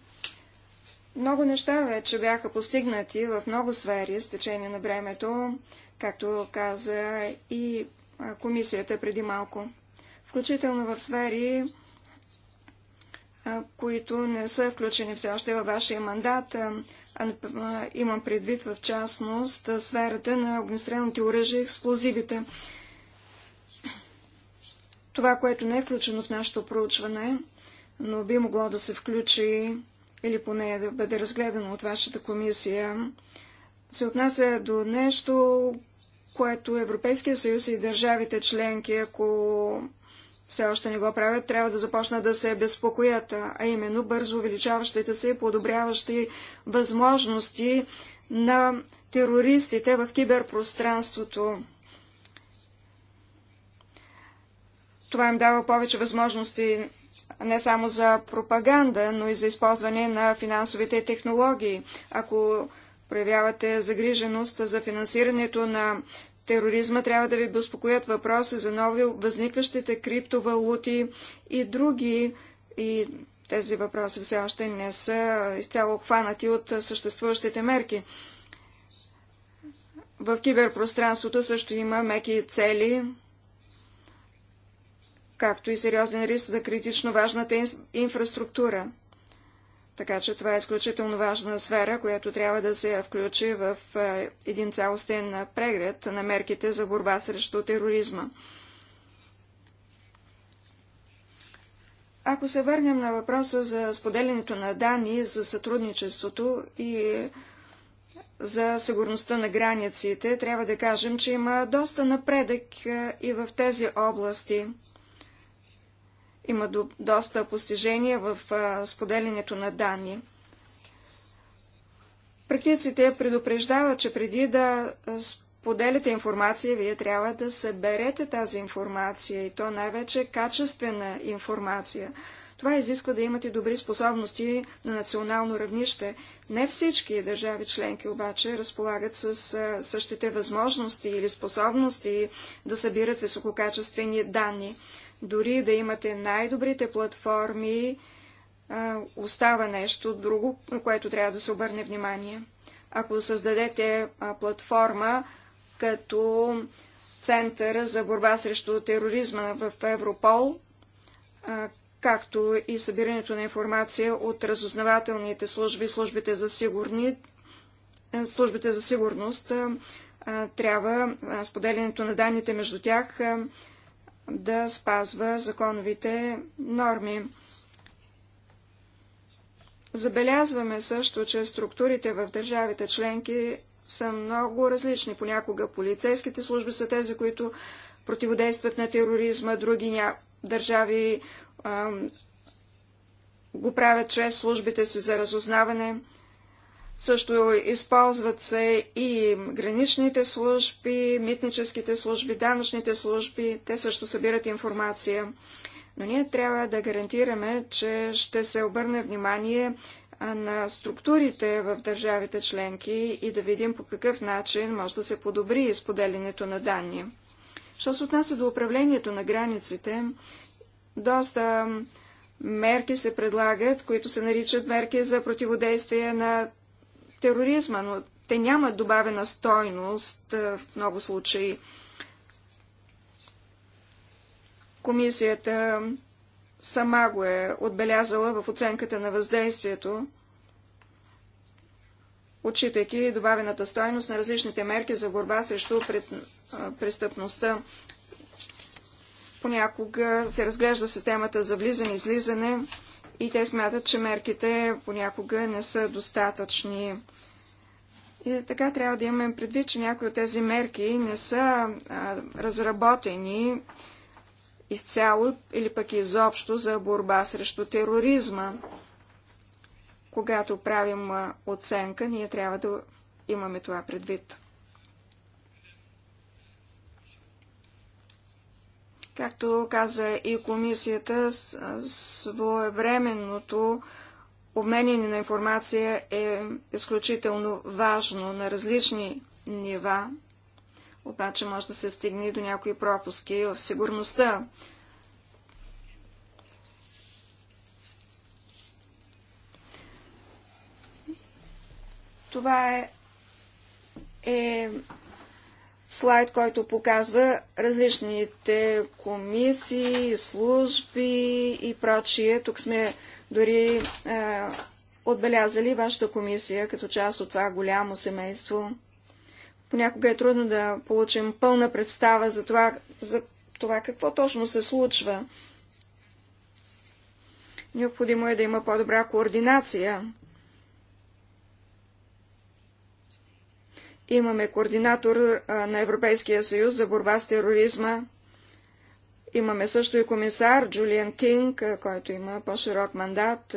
Много неща вече бяха постигнати в много сфери с течение на времето, както каза и комисията преди малко. Включително в сфери, които не са включени все още във вашия мандат. Имам предвид в частност сферата на огнестрелните оръжия и експлозивите. Това, което не е включено в нашето проучване, но би могло да се включи или поне да бъде разгледано от вашата комисия, се отнася до нещо, което Европейския съюз и държавите членки, ако все още не го правят, трябва да започнат да се безпокоят, а именно бързо увеличаващите се и подобряващи възможности на терористите в киберпространството. Това им дава повече възможности не само за пропаганда, но и за използване на финансовите технологии. Ако проявявате загриженост за финансирането на тероризма трябва да ви безпокоят въпроси за нови възникващите криптовалути и други. И тези въпроси все още не са изцяло обхванати от съществуващите мерки. В киберпространството също има меки цели, както и сериозен риск за критично важната инфраструктура. Така че това е изключително важна сфера, която трябва да се включи в е, един цялостен преглед на мерките за борба срещу тероризма. Ако се върнем на въпроса за споделянето на данни, за сътрудничеството и за сигурността на границите, трябва да кажем, че има доста напредък е, и в тези области. Има до, доста постижения в а, споделянето на данни. Практиците предупреждават, че преди да споделите информация, вие трябва да съберете тази информация и то най-вече качествена информация. Това изисква да имате добри способности на национално равнище. Не всички държави членки обаче разполагат с същите възможности или способности да събират висококачествени данни. Дори да имате най-добрите платформи, остава нещо друго, на което трябва да се обърне внимание. Ако създадете платформа като Център за борба срещу тероризма в Европол, както и събирането на информация от разузнавателните служби, службите за, сигурни, службите за сигурност, трябва споделянето на данните между тях да спазва законовите норми. Забелязваме също, че структурите в държавите членки са много различни. Понякога полицейските служби са тези, които противодействат на тероризма, други ня... държави а, го правят чрез службите си за разузнаване. Също използват се и граничните служби, митническите служби, данъчните служби. Те също събират информация. Но ние трябва да гарантираме, че ще се обърне внимание на структурите в държавите членки и да видим по какъв начин може да се подобри изподелянето на данни. Що се отнася до управлението на границите, доста мерки се предлагат, които се наричат мерки за противодействие на тероризма, но те нямат добавена стойност в много случаи. Комисията сама го е отбелязала в оценката на въздействието, отчитайки добавената стойност на различните мерки за борба срещу пред, престъпността. Понякога се разглежда системата за влизане и излизане и те смятат, че мерките понякога не са достатъчни. И така трябва да имаме предвид, че някои от тези мерки не са а, разработени изцяло или пък изобщо за борба срещу тероризма. Когато правим оценка, ние трябва да имаме това предвид. Както каза и комисията, своевременното обменяне на информация е изключително важно на различни нива, обаче може да се стигне до някои пропуски в сигурността. Това е, е слайд, който показва различните комисии, служби и прочие. Тук сме дори е, отбелязали вашата комисия като част от това голямо семейство. Понякога е трудно да получим пълна представа за това, за това какво точно се случва. Необходимо е да има по-добра координация Имаме координатор на Европейския съюз за борба с тероризма. Имаме също и комисар Джулиан Кинг, който има по-широк мандат,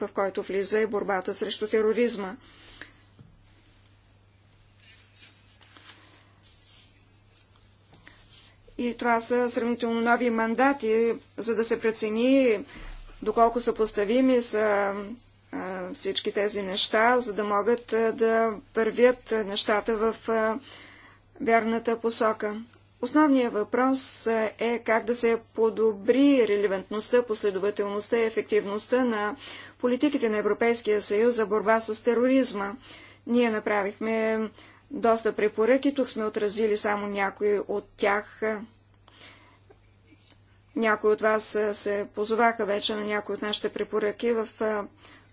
в който влиза и борбата срещу тероризма. И това са сравнително нови мандати, за да се прецени доколко са поставими са всички тези неща, за да могат да вървят нещата в вярната посока. Основният въпрос е как да се подобри релевантността, последователността и ефективността на политиките на Европейския съюз за борба с тероризма. Ние направихме доста препоръки, тук сме отразили само някои от тях. Някои от вас се позоваха вече на някои от нашите препоръки в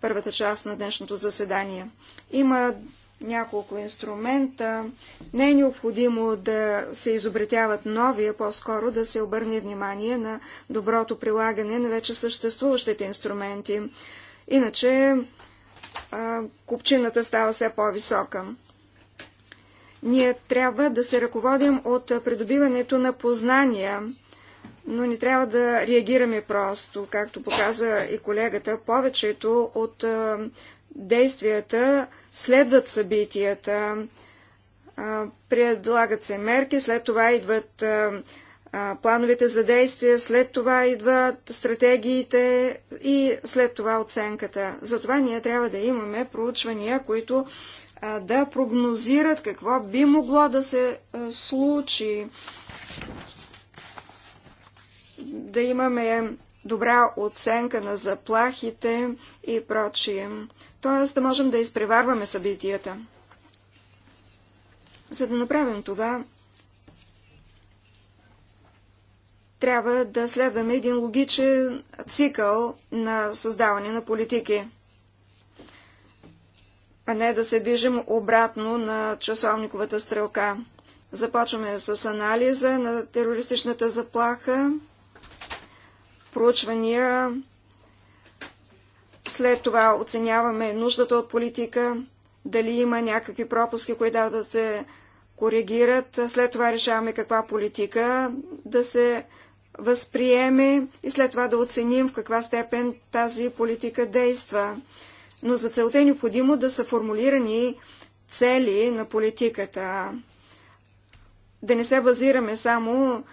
първата част на днешното заседание. Има няколко инструмента. Не е необходимо да се изобретяват нови, а по-скоро да се обърне внимание на доброто прилагане на вече съществуващите инструменти. Иначе а, купчината става все по-висока. Ние трябва да се ръководим от придобиването на познания но не трябва да реагираме просто, както показа и колегата. Повечето от действията следват събитията, предлагат се мерки, след това идват плановете за действие, след това идват стратегиите и след това оценката. Затова ние трябва да имаме проучвания, които да прогнозират какво би могло да се случи да имаме добра оценка на заплахите и прочие. Тоест да можем да изпреварваме събитията. За да направим това, трябва да следваме един логичен цикъл на създаване на политики, а не да се движим обратно на часовниковата стрелка. Започваме с анализа на терористичната заплаха, проучвания. След това оценяваме нуждата от политика, дали има някакви пропуски, които да, да се коригират. След това решаваме каква политика да се възприеме и след това да оценим в каква степен тази политика действа. Но за целта е необходимо да са формулирани цели на политиката. Да не се базираме само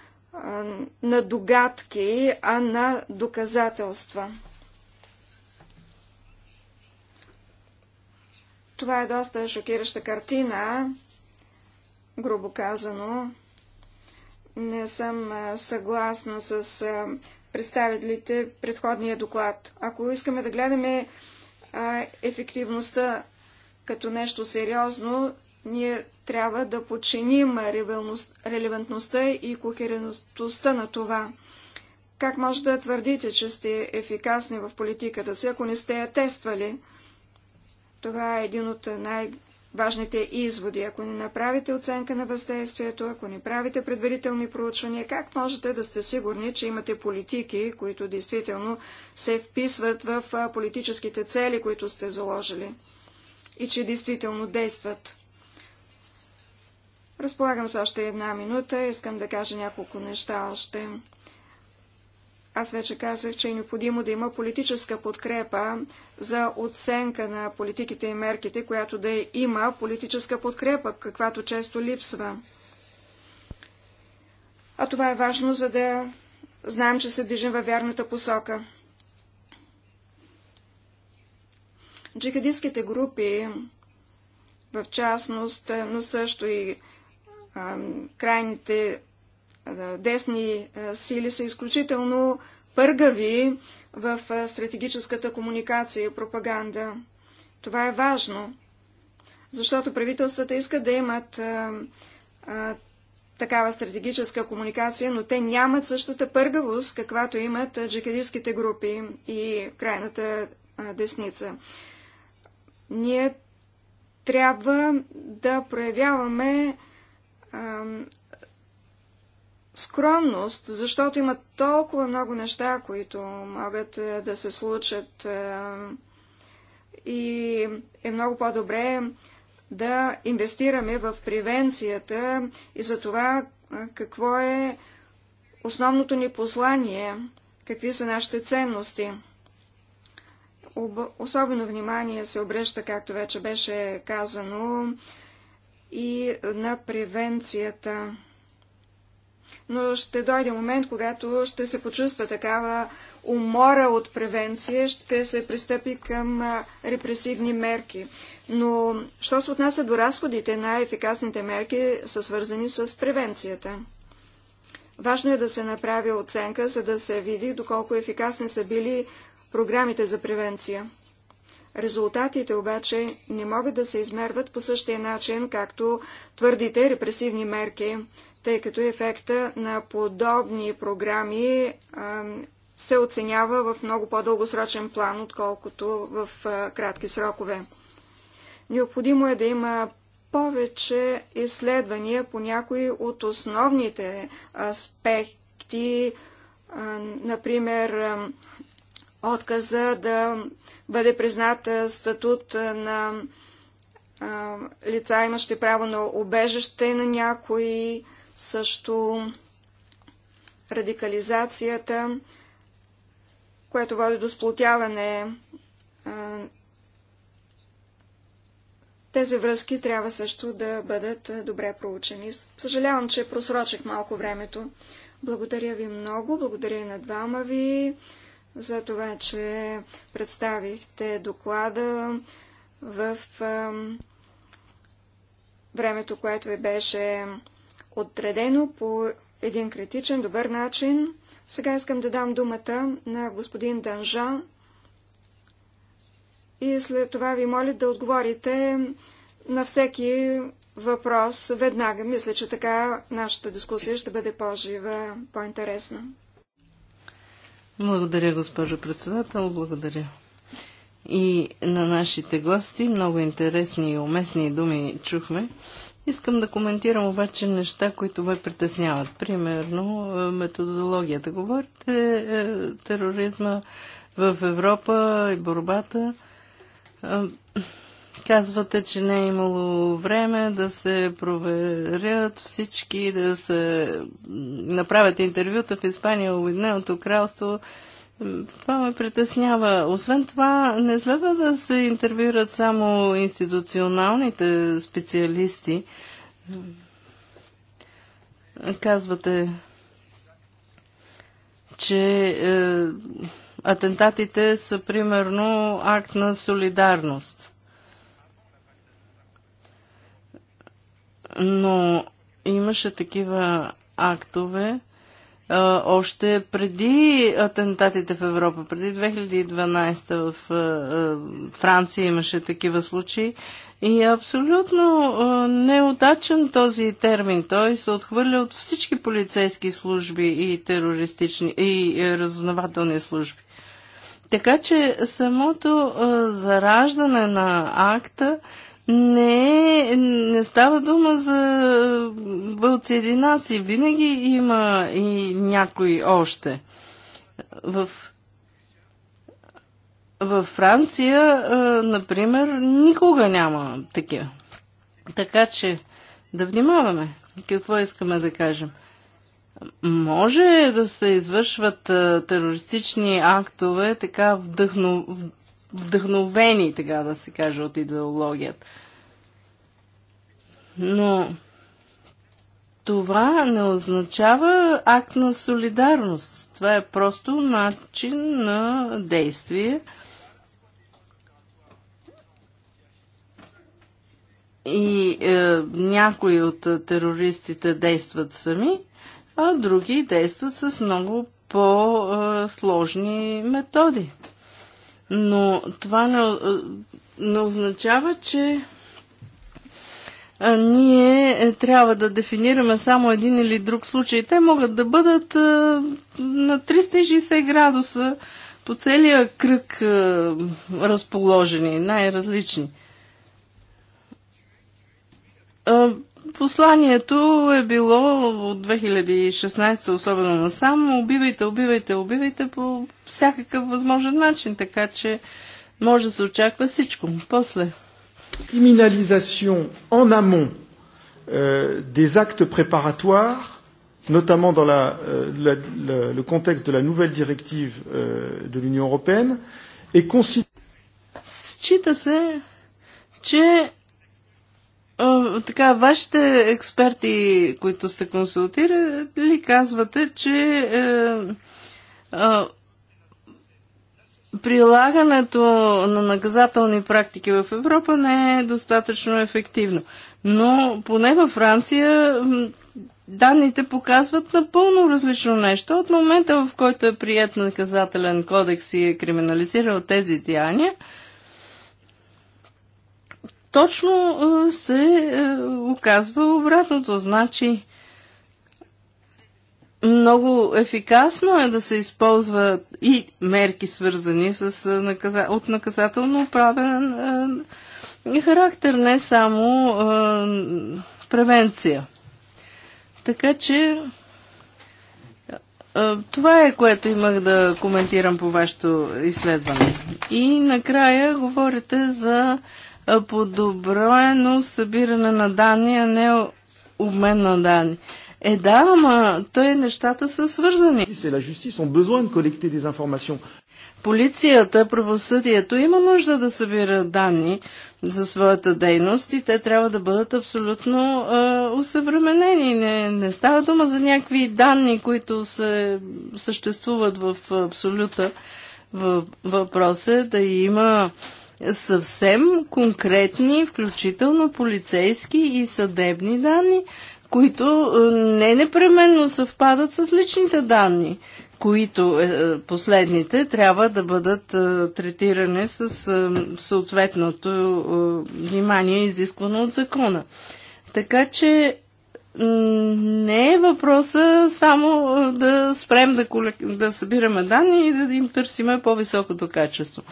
на догадки, а на доказателства. Това е доста шокираща картина, грубо казано. Не съм съгласна с представителите предходния доклад. Ако искаме да гледаме ефективността като нещо сериозно, ние трябва да подчиним релевантността и кохерентността на това. Как може да твърдите, че сте ефикасни в политиката си, ако не сте я тествали? Това е един от най-важните изводи. Ако не направите оценка на въздействието, ако не правите предварителни проучвания, как можете да сте сигурни, че имате политики, които действително се вписват в политическите цели, които сте заложили и че действително действат? Разполагам с още една минута. Искам да кажа няколко неща още. Аз вече казах, че е необходимо да има политическа подкрепа за оценка на политиките и мерките, която да има политическа подкрепа, каквато често липсва. А това е важно, за да знаем, че се движим във вярната посока. Джихадистските групи, в частност, но също и крайните десни сили са изключително пъргави в стратегическата комуникация и пропаганда. Това е важно, защото правителствата искат да имат а, а, такава стратегическа комуникация, но те нямат същата пъргавост, каквато имат джихадистските групи и крайната а, десница. Ние трябва да проявяваме скромност, защото има толкова много неща, които могат е, да се случат е, и е много по-добре да инвестираме в превенцията и за това е, какво е основното ни послание, какви са нашите ценности. Особено внимание се обръща, както вече беше казано, и на превенцията. Но ще дойде момент, когато ще се почувства такава умора от превенция, ще се пристъпи към репресивни мерки. Но, що се отнася до разходите, най-ефикасните мерки са свързани с превенцията. Важно е да се направи оценка, за да се види доколко ефикасни са били програмите за превенция. Резултатите обаче не могат да се измерват по същия начин, както твърдите репресивни мерки, тъй като ефекта на подобни програми а, се оценява в много по-дългосрочен план, отколкото в а, кратки срокове. Необходимо е да има повече изследвания по някои от основните аспекти, а, например, отказа да бъде признат статут на лица, имащи право на обежище на някои, също радикализацията, което води до сплотяване. Тези връзки трябва също да бъдат добре проучени. Съжалявам, че просрочих малко времето. Благодаря ви много, благодаря и на двама ви за това, че представихте доклада в времето, което ви беше отредено по един критичен, добър начин. Сега искам да дам думата на господин Данжан и след това ви моля да отговорите на всеки въпрос веднага. Мисля, че така нашата дискусия ще бъде по-жива, по-интересна. Благодаря, госпожо председател. Благодаря. И на нашите гости много интересни и уместни думи чухме. Искам да коментирам обаче неща, които ме притесняват. Примерно е, методологията. Говорите е, тероризма в Европа и борбата. Е, Казвате, че не е имало време да се проверят всички, да се направят интервюта в Испания, Уединеното кралство. Това ме притеснява. Освен това, не следва да се интервюират само институционалните специалисти. Казвате, че е, атентатите са примерно акт на солидарност. но имаше такива актове а, още преди атентатите в Европа, преди 2012 в а, а, Франция имаше такива случаи и е абсолютно а, неудачен този термин. Той се отхвърля от всички полицейски служби и терористични и разузнавателни служби. Така че самото а, зараждане на акта не, не става дума за единаци. Винаги има и някой още. В, в Франция, например, никога няма такива. Така че да внимаваме какво искаме да кажем. Може да се извършват терористични актове така вдъхно, вдъхновени, така да се каже, от идеологията. Но това не означава акт на солидарност. Това е просто начин на действие. И е, някои от терористите действат сами, а други действат с много по-сложни е, методи. Но това не, не означава, че ние е, трябва да дефинираме само един или друг случай. Те могат да бъдат на 360 градуса по целия кръг разположени, най-различни Посланието е било от 2016, особено насам, убивайте, убивайте, убивайте по всякакъв възможен начин, така че може да се очаква всичко. После. Криминализация en amont euh, des actes préparatoires, notamment dans la, euh, la, la, le contexte de la nouvelle directive euh, de l'Union européenne, et considérée. Счита се, че така, вашите експерти, които сте консултирали, казвате, че е, е, прилагането на наказателни практики в Европа не е достатъчно ефективно. Но поне във Франция данните показват напълно различно нещо. От момента, в който е прият наказателен кодекс и е криминализирал тези деяния, точно се оказва обратното. Значи, много ефикасно е да се използват и мерки, свързани с наказа... от наказателно правен характер, не само превенция. Така че това е което имах да коментирам по вашето изследване. И накрая говорите за но събиране на данни, а не обмен на данни. Е да, ама той нещата са свързани. Полицията, правосъдието има нужда да събира данни за своята дейност и те трябва да бъдат абсолютно е, усъвременени. Не, не става дума за някакви данни, които се съществуват в абсолюта. Въпросът е да има съвсем конкретни, включително полицейски и съдебни данни, които е, не непременно съвпадат с личните данни, които е, последните трябва да бъдат е, третирани с съответното внимание, изисквано от закона. Така че не е въпроса само да спрем да, колек... да събираме данни и да им търсиме по-високото качество.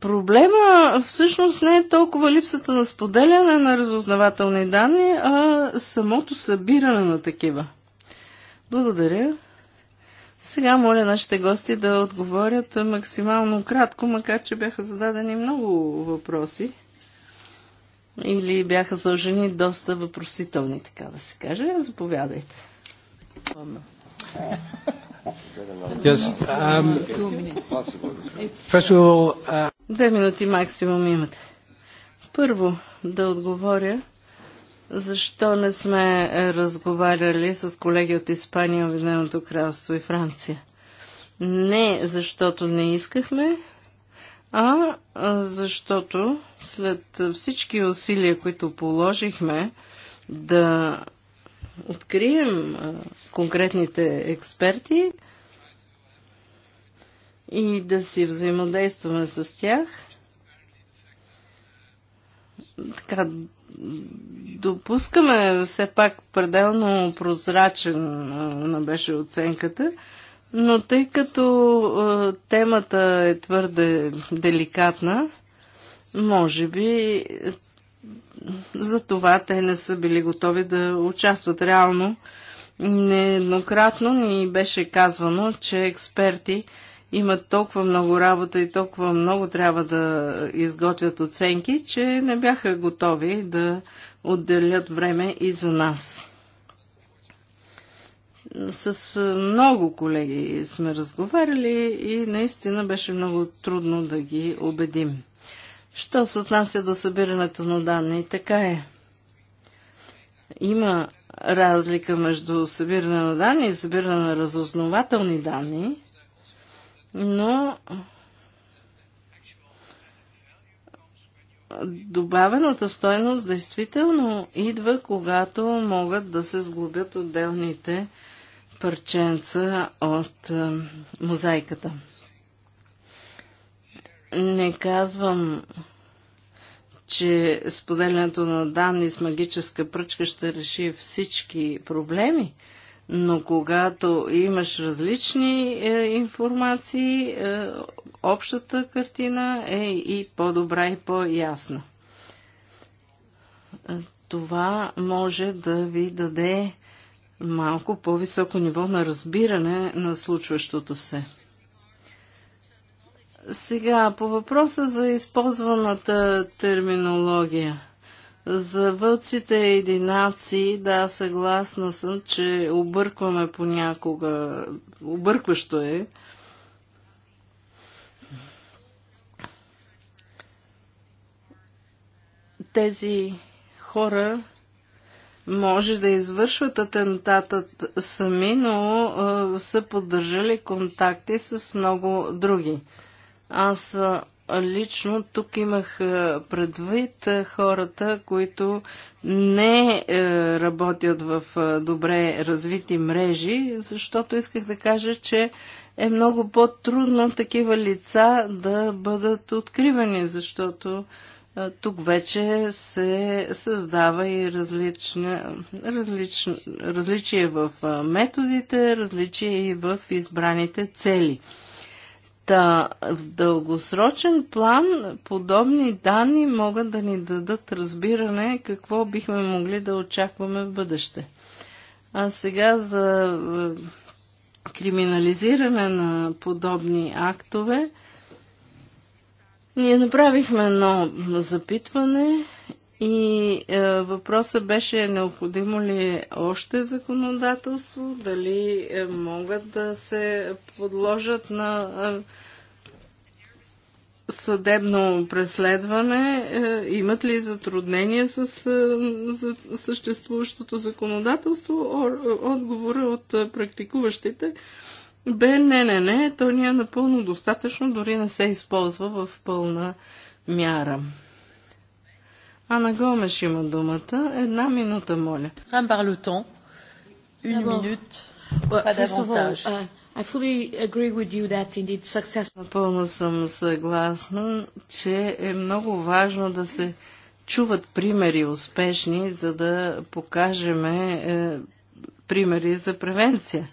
Проблема всъщност не е толкова липсата на споделяне на разузнавателни данни, а самото събиране на такива. Благодаря. Сега моля нашите гости да отговорят максимално кратко, макар че бяха зададени много въпроси. Или бяха сложени доста въпросителни, така да се каже. Заповядайте. Yes, um, all... Uh, Две минути максимум имате. Първо да отговоря защо не сме е, разговаряли с колеги от Испания, Обединеното кралство и Франция. Не защото не искахме, а защото след всички усилия, които положихме да открием конкретните експерти и да си взаимодействаме с тях. Така, допускаме все пак пределно прозрачен на беше оценката, но тъй като темата е твърде деликатна, може би за това те не са били готови да участват реално. Нееднократно ни беше казвано, че експерти имат толкова много работа и толкова много трябва да изготвят оценки, че не бяха готови да отделят време и за нас. С много колеги сме разговаряли и наистина беше много трудно да ги убедим. Що се отнася до събирането на данни, така е. Има разлика между събиране на данни и събиране на разузнавателни данни, но добавената стойност действително идва, когато могат да се сглобят отделните парченца от мозайката. Не казвам, че споделянето на данни с магическа пръчка ще реши всички проблеми, но когато имаш различни е, информации, е, общата картина е и по-добра и по-ясна. Е, това може да ви даде малко по-високо ниво на разбиране на случващото се. Сега, по въпроса за използваната терминология. За вълците и единаци, да, съгласна съм, че объркваме понякога. Объркващо е. Тези хора може да извършват атентатът сами, но а, са поддържали контакти с много други. Аз лично тук имах предвид хората, които не е, работят в добре развити мрежи, защото исках да кажа, че е много по-трудно такива лица да бъдат откривани, защото тук вече се създава и различна, различ, различие в методите, различие и в избраните цели. Та, в дългосрочен план подобни данни могат да ни дадат разбиране какво бихме могли да очакваме в бъдеще. А сега за е, криминализиране на подобни актове. Ние направихме едно запитване и е, въпросът беше необходимо ли е още законодателство, дали е, могат да се подложат на е, съдебно преследване, е, имат ли затруднения с е, за, съществуващото законодателство. отговора от е, практикуващите бе не, не, не, то ни е напълно достатъчно, дори не се използва в пълна мяра. Ана Гомеш има думата. Една минута, моля. Ан par le temps. Напълно съм съгласна, че е много важно да се чуват примери успешни, за да покажем е, примери за превенция.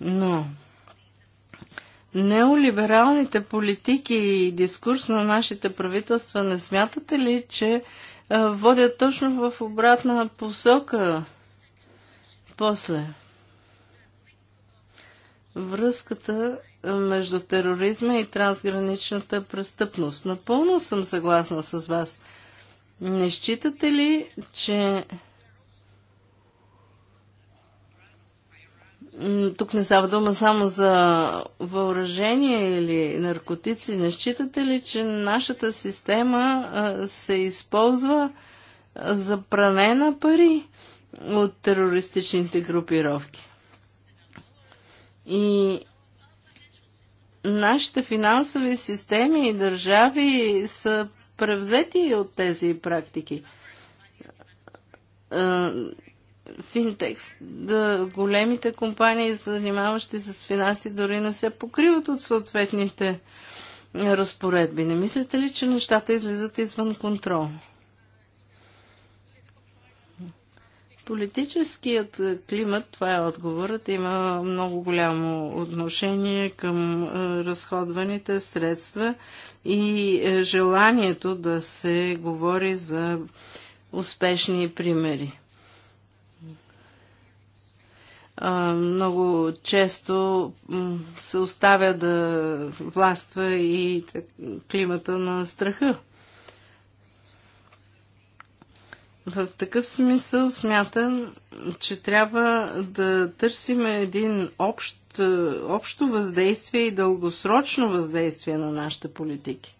Но неолибералните политики и дискурс на нашите правителства не смятате ли, че водят точно в обратна посока. После. Връзката между тероризма и трансграничната престъпност. Напълно съм съгласна с вас. Не считате ли, че Тук не става дума само за въоръжение или наркотици. Не считате ли, че нашата система се използва за пране на пари от терористичните групировки? И нашите финансови системи и държави са превзети от тези практики финтекс, да, големите компании, занимаващи се с финанси, дори не се покриват от съответните разпоредби. Не мислите ли, че нещата излизат извън контрол? Политическият климат, това е отговорът, има много голямо отношение към е, разходваните средства и е, желанието да се говори за успешни примери много често се оставя да властва и климата на страха. В такъв смисъл смятам, че трябва да търсим един общ, общо въздействие и дългосрочно въздействие на нашите политики.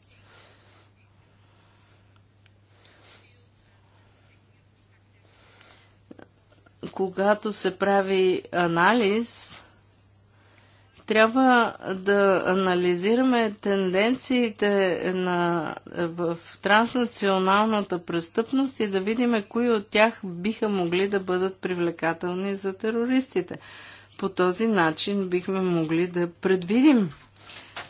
когато се прави анализ, трябва да анализираме тенденциите на, в транснационалната престъпност и да видим кои от тях биха могли да бъдат привлекателни за терористите. По този начин бихме могли да предвидим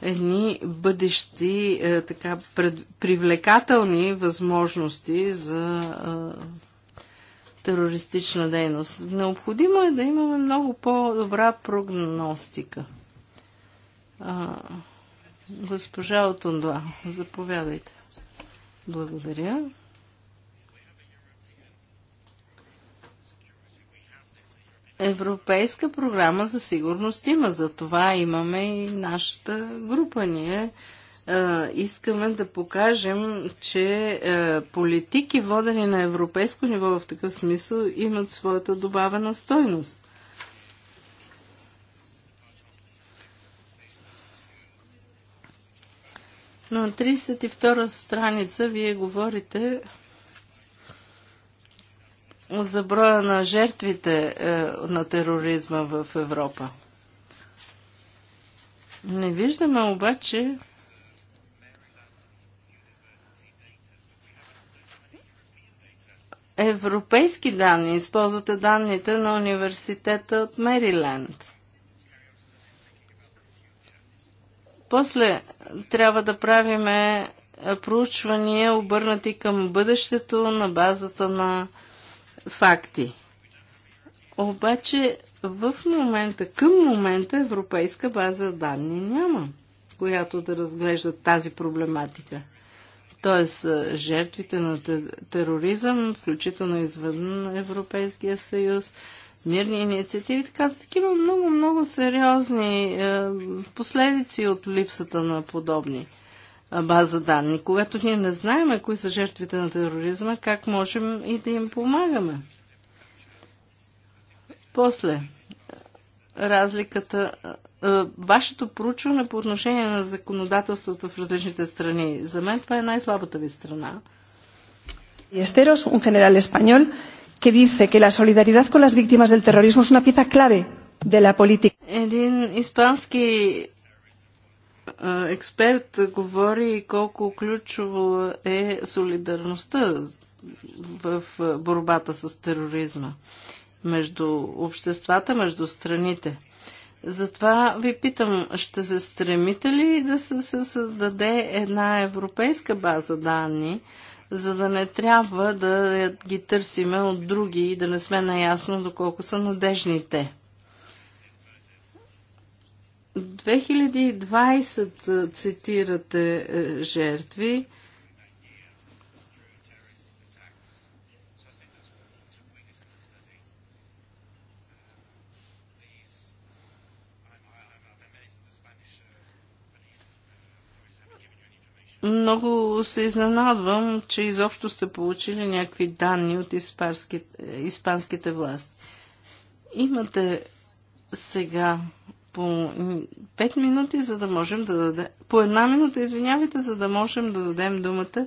едни бъдещи е, така пред, привлекателни възможности за е, терористична дейност. Необходимо е да имаме много по-добра прогностика. А, госпожа Отондуа, заповядайте. Благодаря. Европейска програма за сигурност има. За това имаме и нашата група. Ние искаме да покажем, че политики, водени на европейско ниво в такъв смисъл, имат своята добавена стойност. На 32-а страница вие говорите за броя на жертвите е, на тероризма в Европа. Не виждаме обаче европейски данни, използвате данните на университета от Мериленд. После трябва да правиме проучвания, обърнати към бъдещето на базата на факти. Обаче в момента, към момента европейска база данни няма, която да разглежда тази проблематика. Тоест, жертвите на тероризъм, включително извън Европейския съюз, мирни инициативи, така, такива много-много сериозни последици от липсата на подобни база данни. Когато ние не знаем кои са жертвите на тероризма, как можем и да им помагаме? После, разликата, вашето проучване по отношение на законодателството в различните страни. За мен това е най-слабата ви страна. Естерос, un general español, que dice que la solidaridad con las víctimas del terrorismo es una pieza clave de la política. Един испански експерт говори колко ключово е солидарността в борбата с тероризма между обществата, между страните. Затова ви питам, ще се стремите ли да се, създаде една европейска база данни, за да не трябва да ги търсиме от други и да не сме наясно доколко са надежните. 2020 е, цитирате е, жертви. Много се изненадвам, че изобщо сте получили някакви данни от испанските, испанските власти. Имате сега по 5 минути, за да можем да дадем... По една минута, извинявайте, за да можем да дадем думата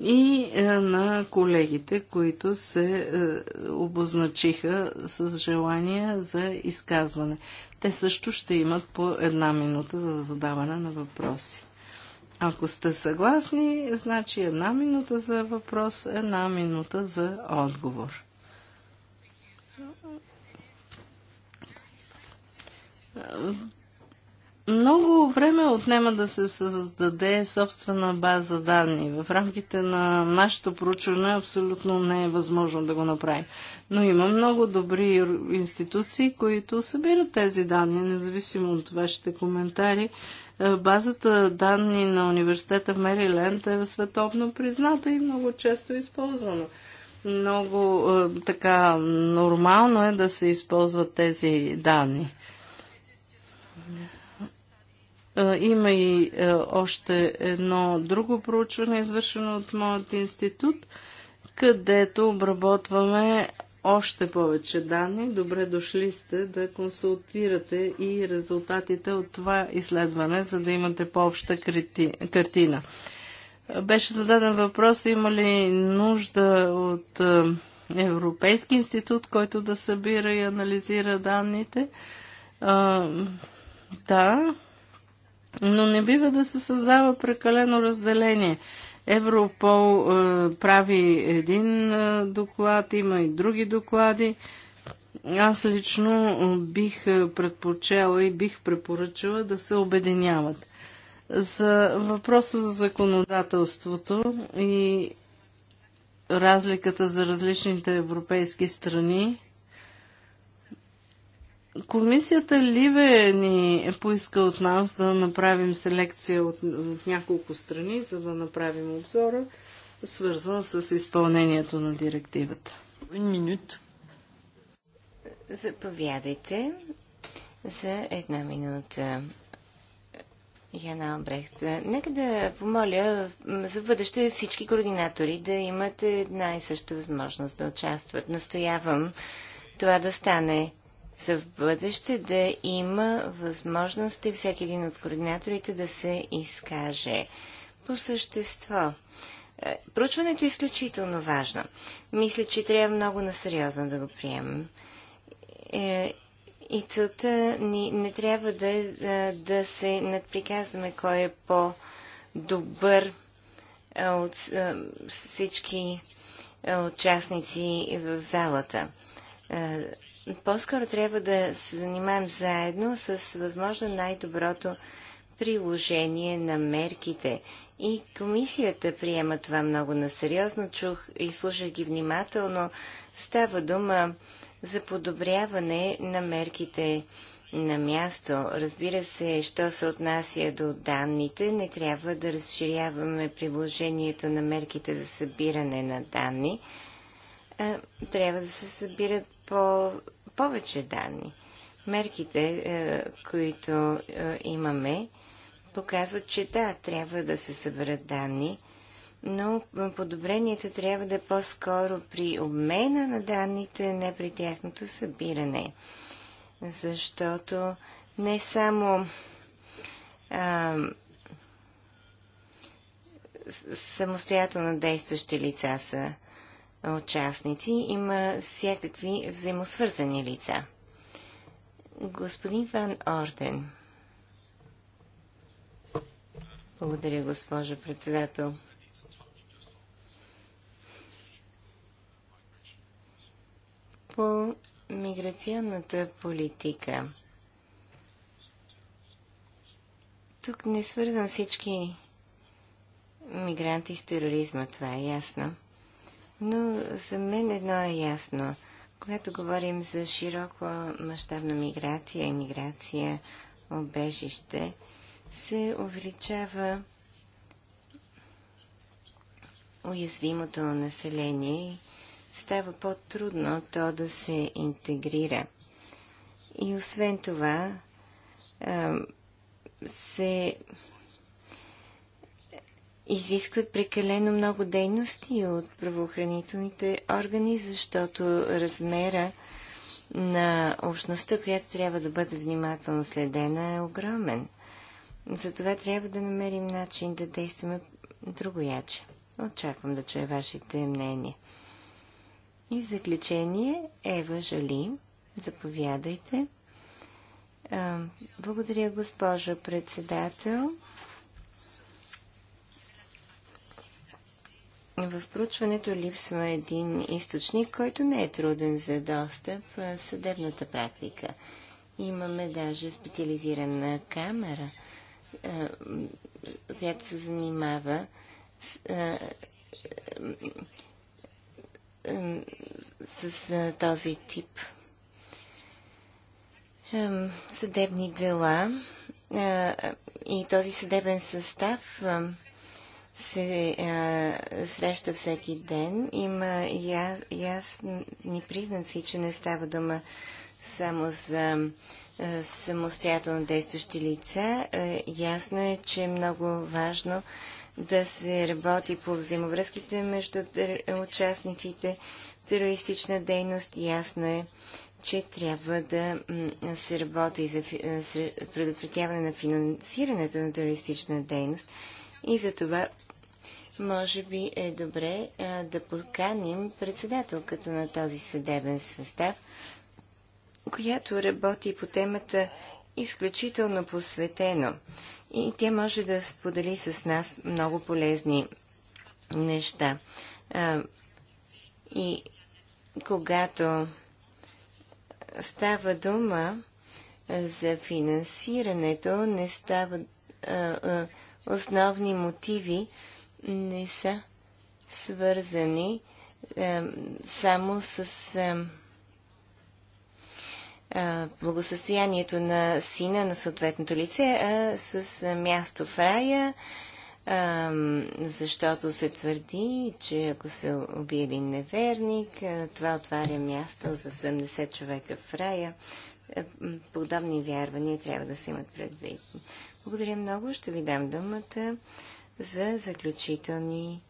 и е, на колегите, които се е, обозначиха с желание за изказване. Те също ще имат по една минута за задаване на въпроси. Ако сте съгласни, значи една минута за въпрос, една минута за отговор. Много време отнема да се създаде собствена база данни. В рамките на нашето проучване абсолютно не е възможно да го направим. Но има много добри институции, които събират тези данни, независимо от вашите коментари. Е, базата данни на университета в Мериленд е световно призната и много често е използвана. Много е, така нормално е да се използват тези данни. Е, има и още едно друго проучване, извършено от моят институт, където обработваме още повече данни. Добре дошли сте да консултирате и резултатите от това изследване, за да имате по-обща картина. Беше зададен въпрос, има ли нужда от е, Европейски институт, който да събира и анализира данните. Е, да, но не бива да се създава прекалено разделение. Европол е, прави един е, доклад, има и други доклади. Аз лично е, бих предпочела и бих препоръчала да се обединяват. За въпроса за законодателството и разликата за различните европейски страни, Комисията Ливе ни е поиска от нас да направим селекция от, от няколко страни, за да направим обзора, свързан с изпълнението на директивата. Минут. Заповядайте за една минута. Яна Обрехт, нека да помоля за бъдеще всички координатори да имат една и съща възможност да участват. Настоявам това да стане за в бъдеще да има възможности всеки един от координаторите да се изкаже по същество. Е, проучването е изключително важно. Мисля, че трябва много насериозно да го приемем. Е, и целта ни не трябва да е да се надприказваме кой е по-добър е, от всички участници в залата по-скоро трябва да се занимаем заедно с възможно най-доброто приложение на мерките. И комисията приема това много насериозно. Чух и слушах ги внимателно. Става дума за подобряване на мерките на място. Разбира се, що се отнася до данните, не трябва да разширяваме приложението на мерките за събиране на данни. Трябва да се събират по повече данни. Мерките, е, които е, имаме, показват, че да, трябва да се съберат данни, но подобрението трябва да е по-скоро при обмена на данните, не при тяхното събиране. Защото не само а, самостоятелно действащи лица са участници, има всякакви взаимосвързани лица. Господин Ван Орден. Благодаря, госпожо председател. По миграционната политика. Тук не свързвам всички мигранти с тероризма, това е ясно. Но за мен едно е ясно. Когато говорим за широко мащабна миграция, иммиграция, обежище, се увеличава уязвимото население и става по-трудно то да се интегрира. И освен това се изискват прекалено много дейности от правоохранителните органи, защото размера на общността, която трябва да бъде внимателно следена, е огромен. Затова трябва да намерим начин да действаме другояче. Очаквам да чуя вашите мнения. И в заключение, Ева Жали, заповядайте. Благодаря, госпожа председател. В проучването липсва един източник, който не е труден за достъп – съдебната практика. Имаме даже специализирана камера, която се занимава с, с, с този тип съдебни дела и този съдебен състав се а, е, среща всеки ден. Има я, ясни признаци, че не става дума само за а, е, самостоятелно действащи лица. А, е, ясно е, че е много важно да се работи по взаимовръзките между участниците в терористична дейност. Ясно е, че трябва да се работи за предотвратяване на финансирането на терористична дейност. И за това може би е добре а, да поканим председателката на този съдебен състав, която работи по темата изключително посветено. И тя може да сподели с нас много полезни неща. А, и когато става дума за финансирането, не стават основни мотиви не са свързани е, само с е, е, благосъстоянието на сина на съответното лице, а с място в рая, защото се твърди, че ако се убие един неверник, е, това отваря място за 70 човека в рая. Е, подобни вярвания трябва да се имат предвид. Благодаря много. Ще ви дам думата за заключителни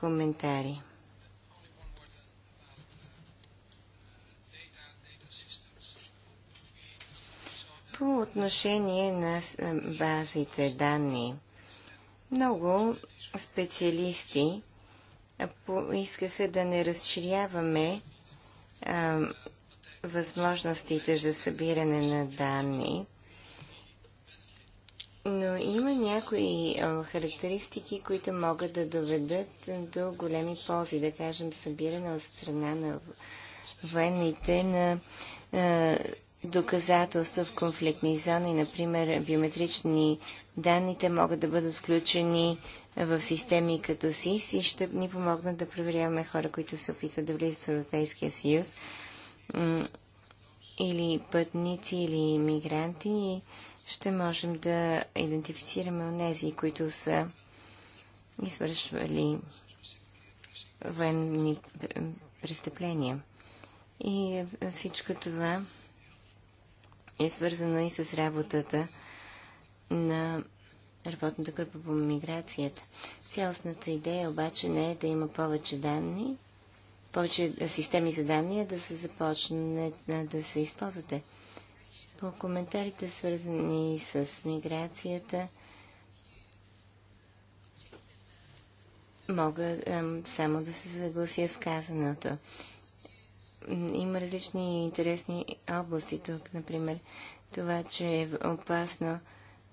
коментари. По отношение на базите данни, много специалисти искаха да не разширяваме възможностите за събиране на данни но има някои характеристики, които могат да доведат до големи ползи, да кажем събиране от страна на военните на доказателства в конфликтни зони, например биометрични данните могат да бъдат включени в системи като СИС и ще ни помогнат да проверяваме хора, които се опитват да влизат в Европейския съюз или пътници, или мигранти ще можем да идентифицираме онези, които са извършвали военни престъпления. И всичко това е свързано и с работата на работната група по миграцията. Цялостната идея обаче не е да има повече данни, повече системи за данни, а да се започне да се използвате. По коментарите, свързани с миграцията, мога само да се съглася с казаното. Има различни интересни области тук, например, това, че е опасно,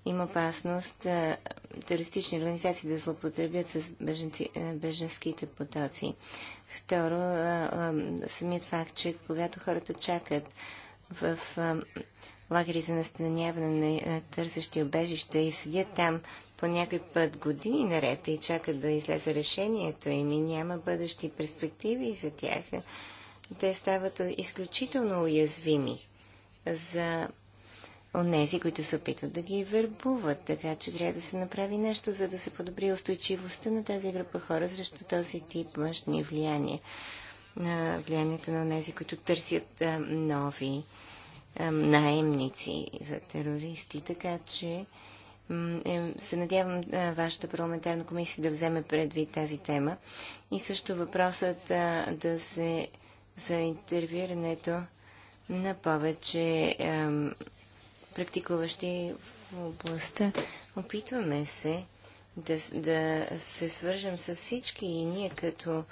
има опасност а, терористични организации да злоупотребят с беженските потоци. Второ, а, а, самият факт, че когато хората чакат в а, лагери за настаняване на е, търсещи обежище и седят там по някой път години наред и чакат да излезе решението им и няма бъдещи перспективи за тях, те стават изключително уязвими за онези, които се опитват да ги вербуват. Така че трябва да се направи нещо, за да се подобри устойчивостта на тази група хора срещу този тип външни влияния. На влиянията на тези, които търсят е, нови наемници за терористи. Така че е, се надявам вашата парламентарна комисия да вземе предвид тази тема. И също въпросът да се за интервюирането на повече практикуващи в областта. Опитваме се да, да се свържем с всички и ние като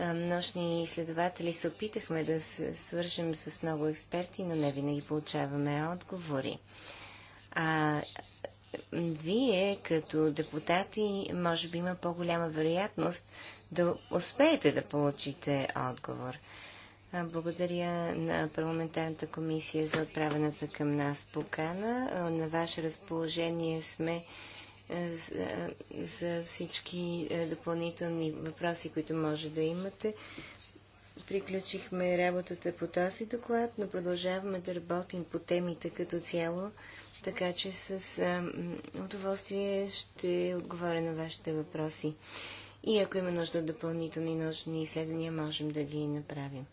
е, нощни изследователи се опитахме да се свържем с много експерти, но не винаги получаваме отговори. А вие, като депутати, може би има по-голяма вероятност да успеете да получите отговор. Благодаря на парламентарната комисия за отправената към нас покана. Е, на ваше разположение сме е, е, за, всички е, допълнителни въпроси, които може да имате. Приключихме работата по този доклад, но продължаваме да работим по темите като цяло, така че с удоволствие ще отговоря на вашите въпроси. И ако има нужда от допълнителни научни изследвания, можем да ги направим.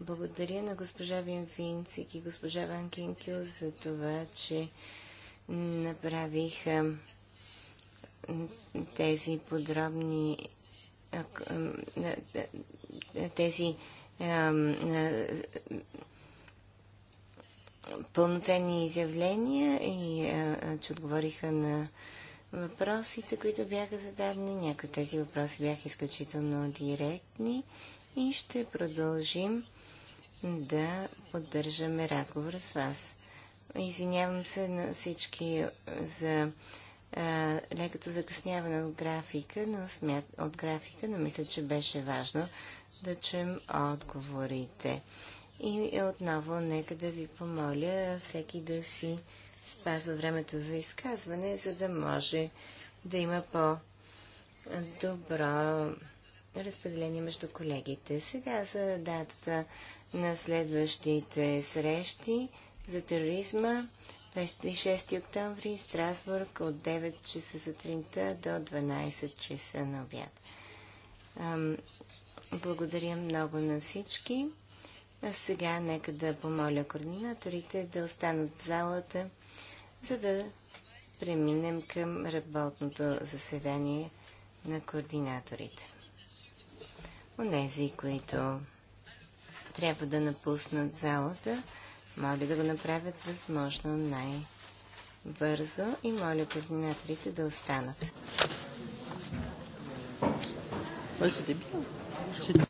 Благодаря на госпожа Винфинцик и госпожа Ван за това, че направих тези подробни тези пълноценни изявления и че отговориха на въпросите, които бяха зададени. Някои от тези въпроси бяха изключително директни и ще продължим да поддържаме разговора с вас. Извинявам се на всички е, за а, е, лекото закъсняване от графика, но смят, от графика, но мисля, че беше важно да чуем отговорите. И отново, нека да ви помоля всеки да си спазва времето за изказване, за да може да има по-добро разпределение между колегите. Сега за датата на следващите срещи за тероризма. 26 октомври, Страсбург от 9 часа сутринта до 12 часа на обяд. Благодаря много на всички. А сега нека да помоля координаторите да останат в залата, за да преминем към работното заседание на координаторите. Онези, които трябва да напуснат залата, моля да го направят възможно най-бързо и моля координаторите да останат. Ouais,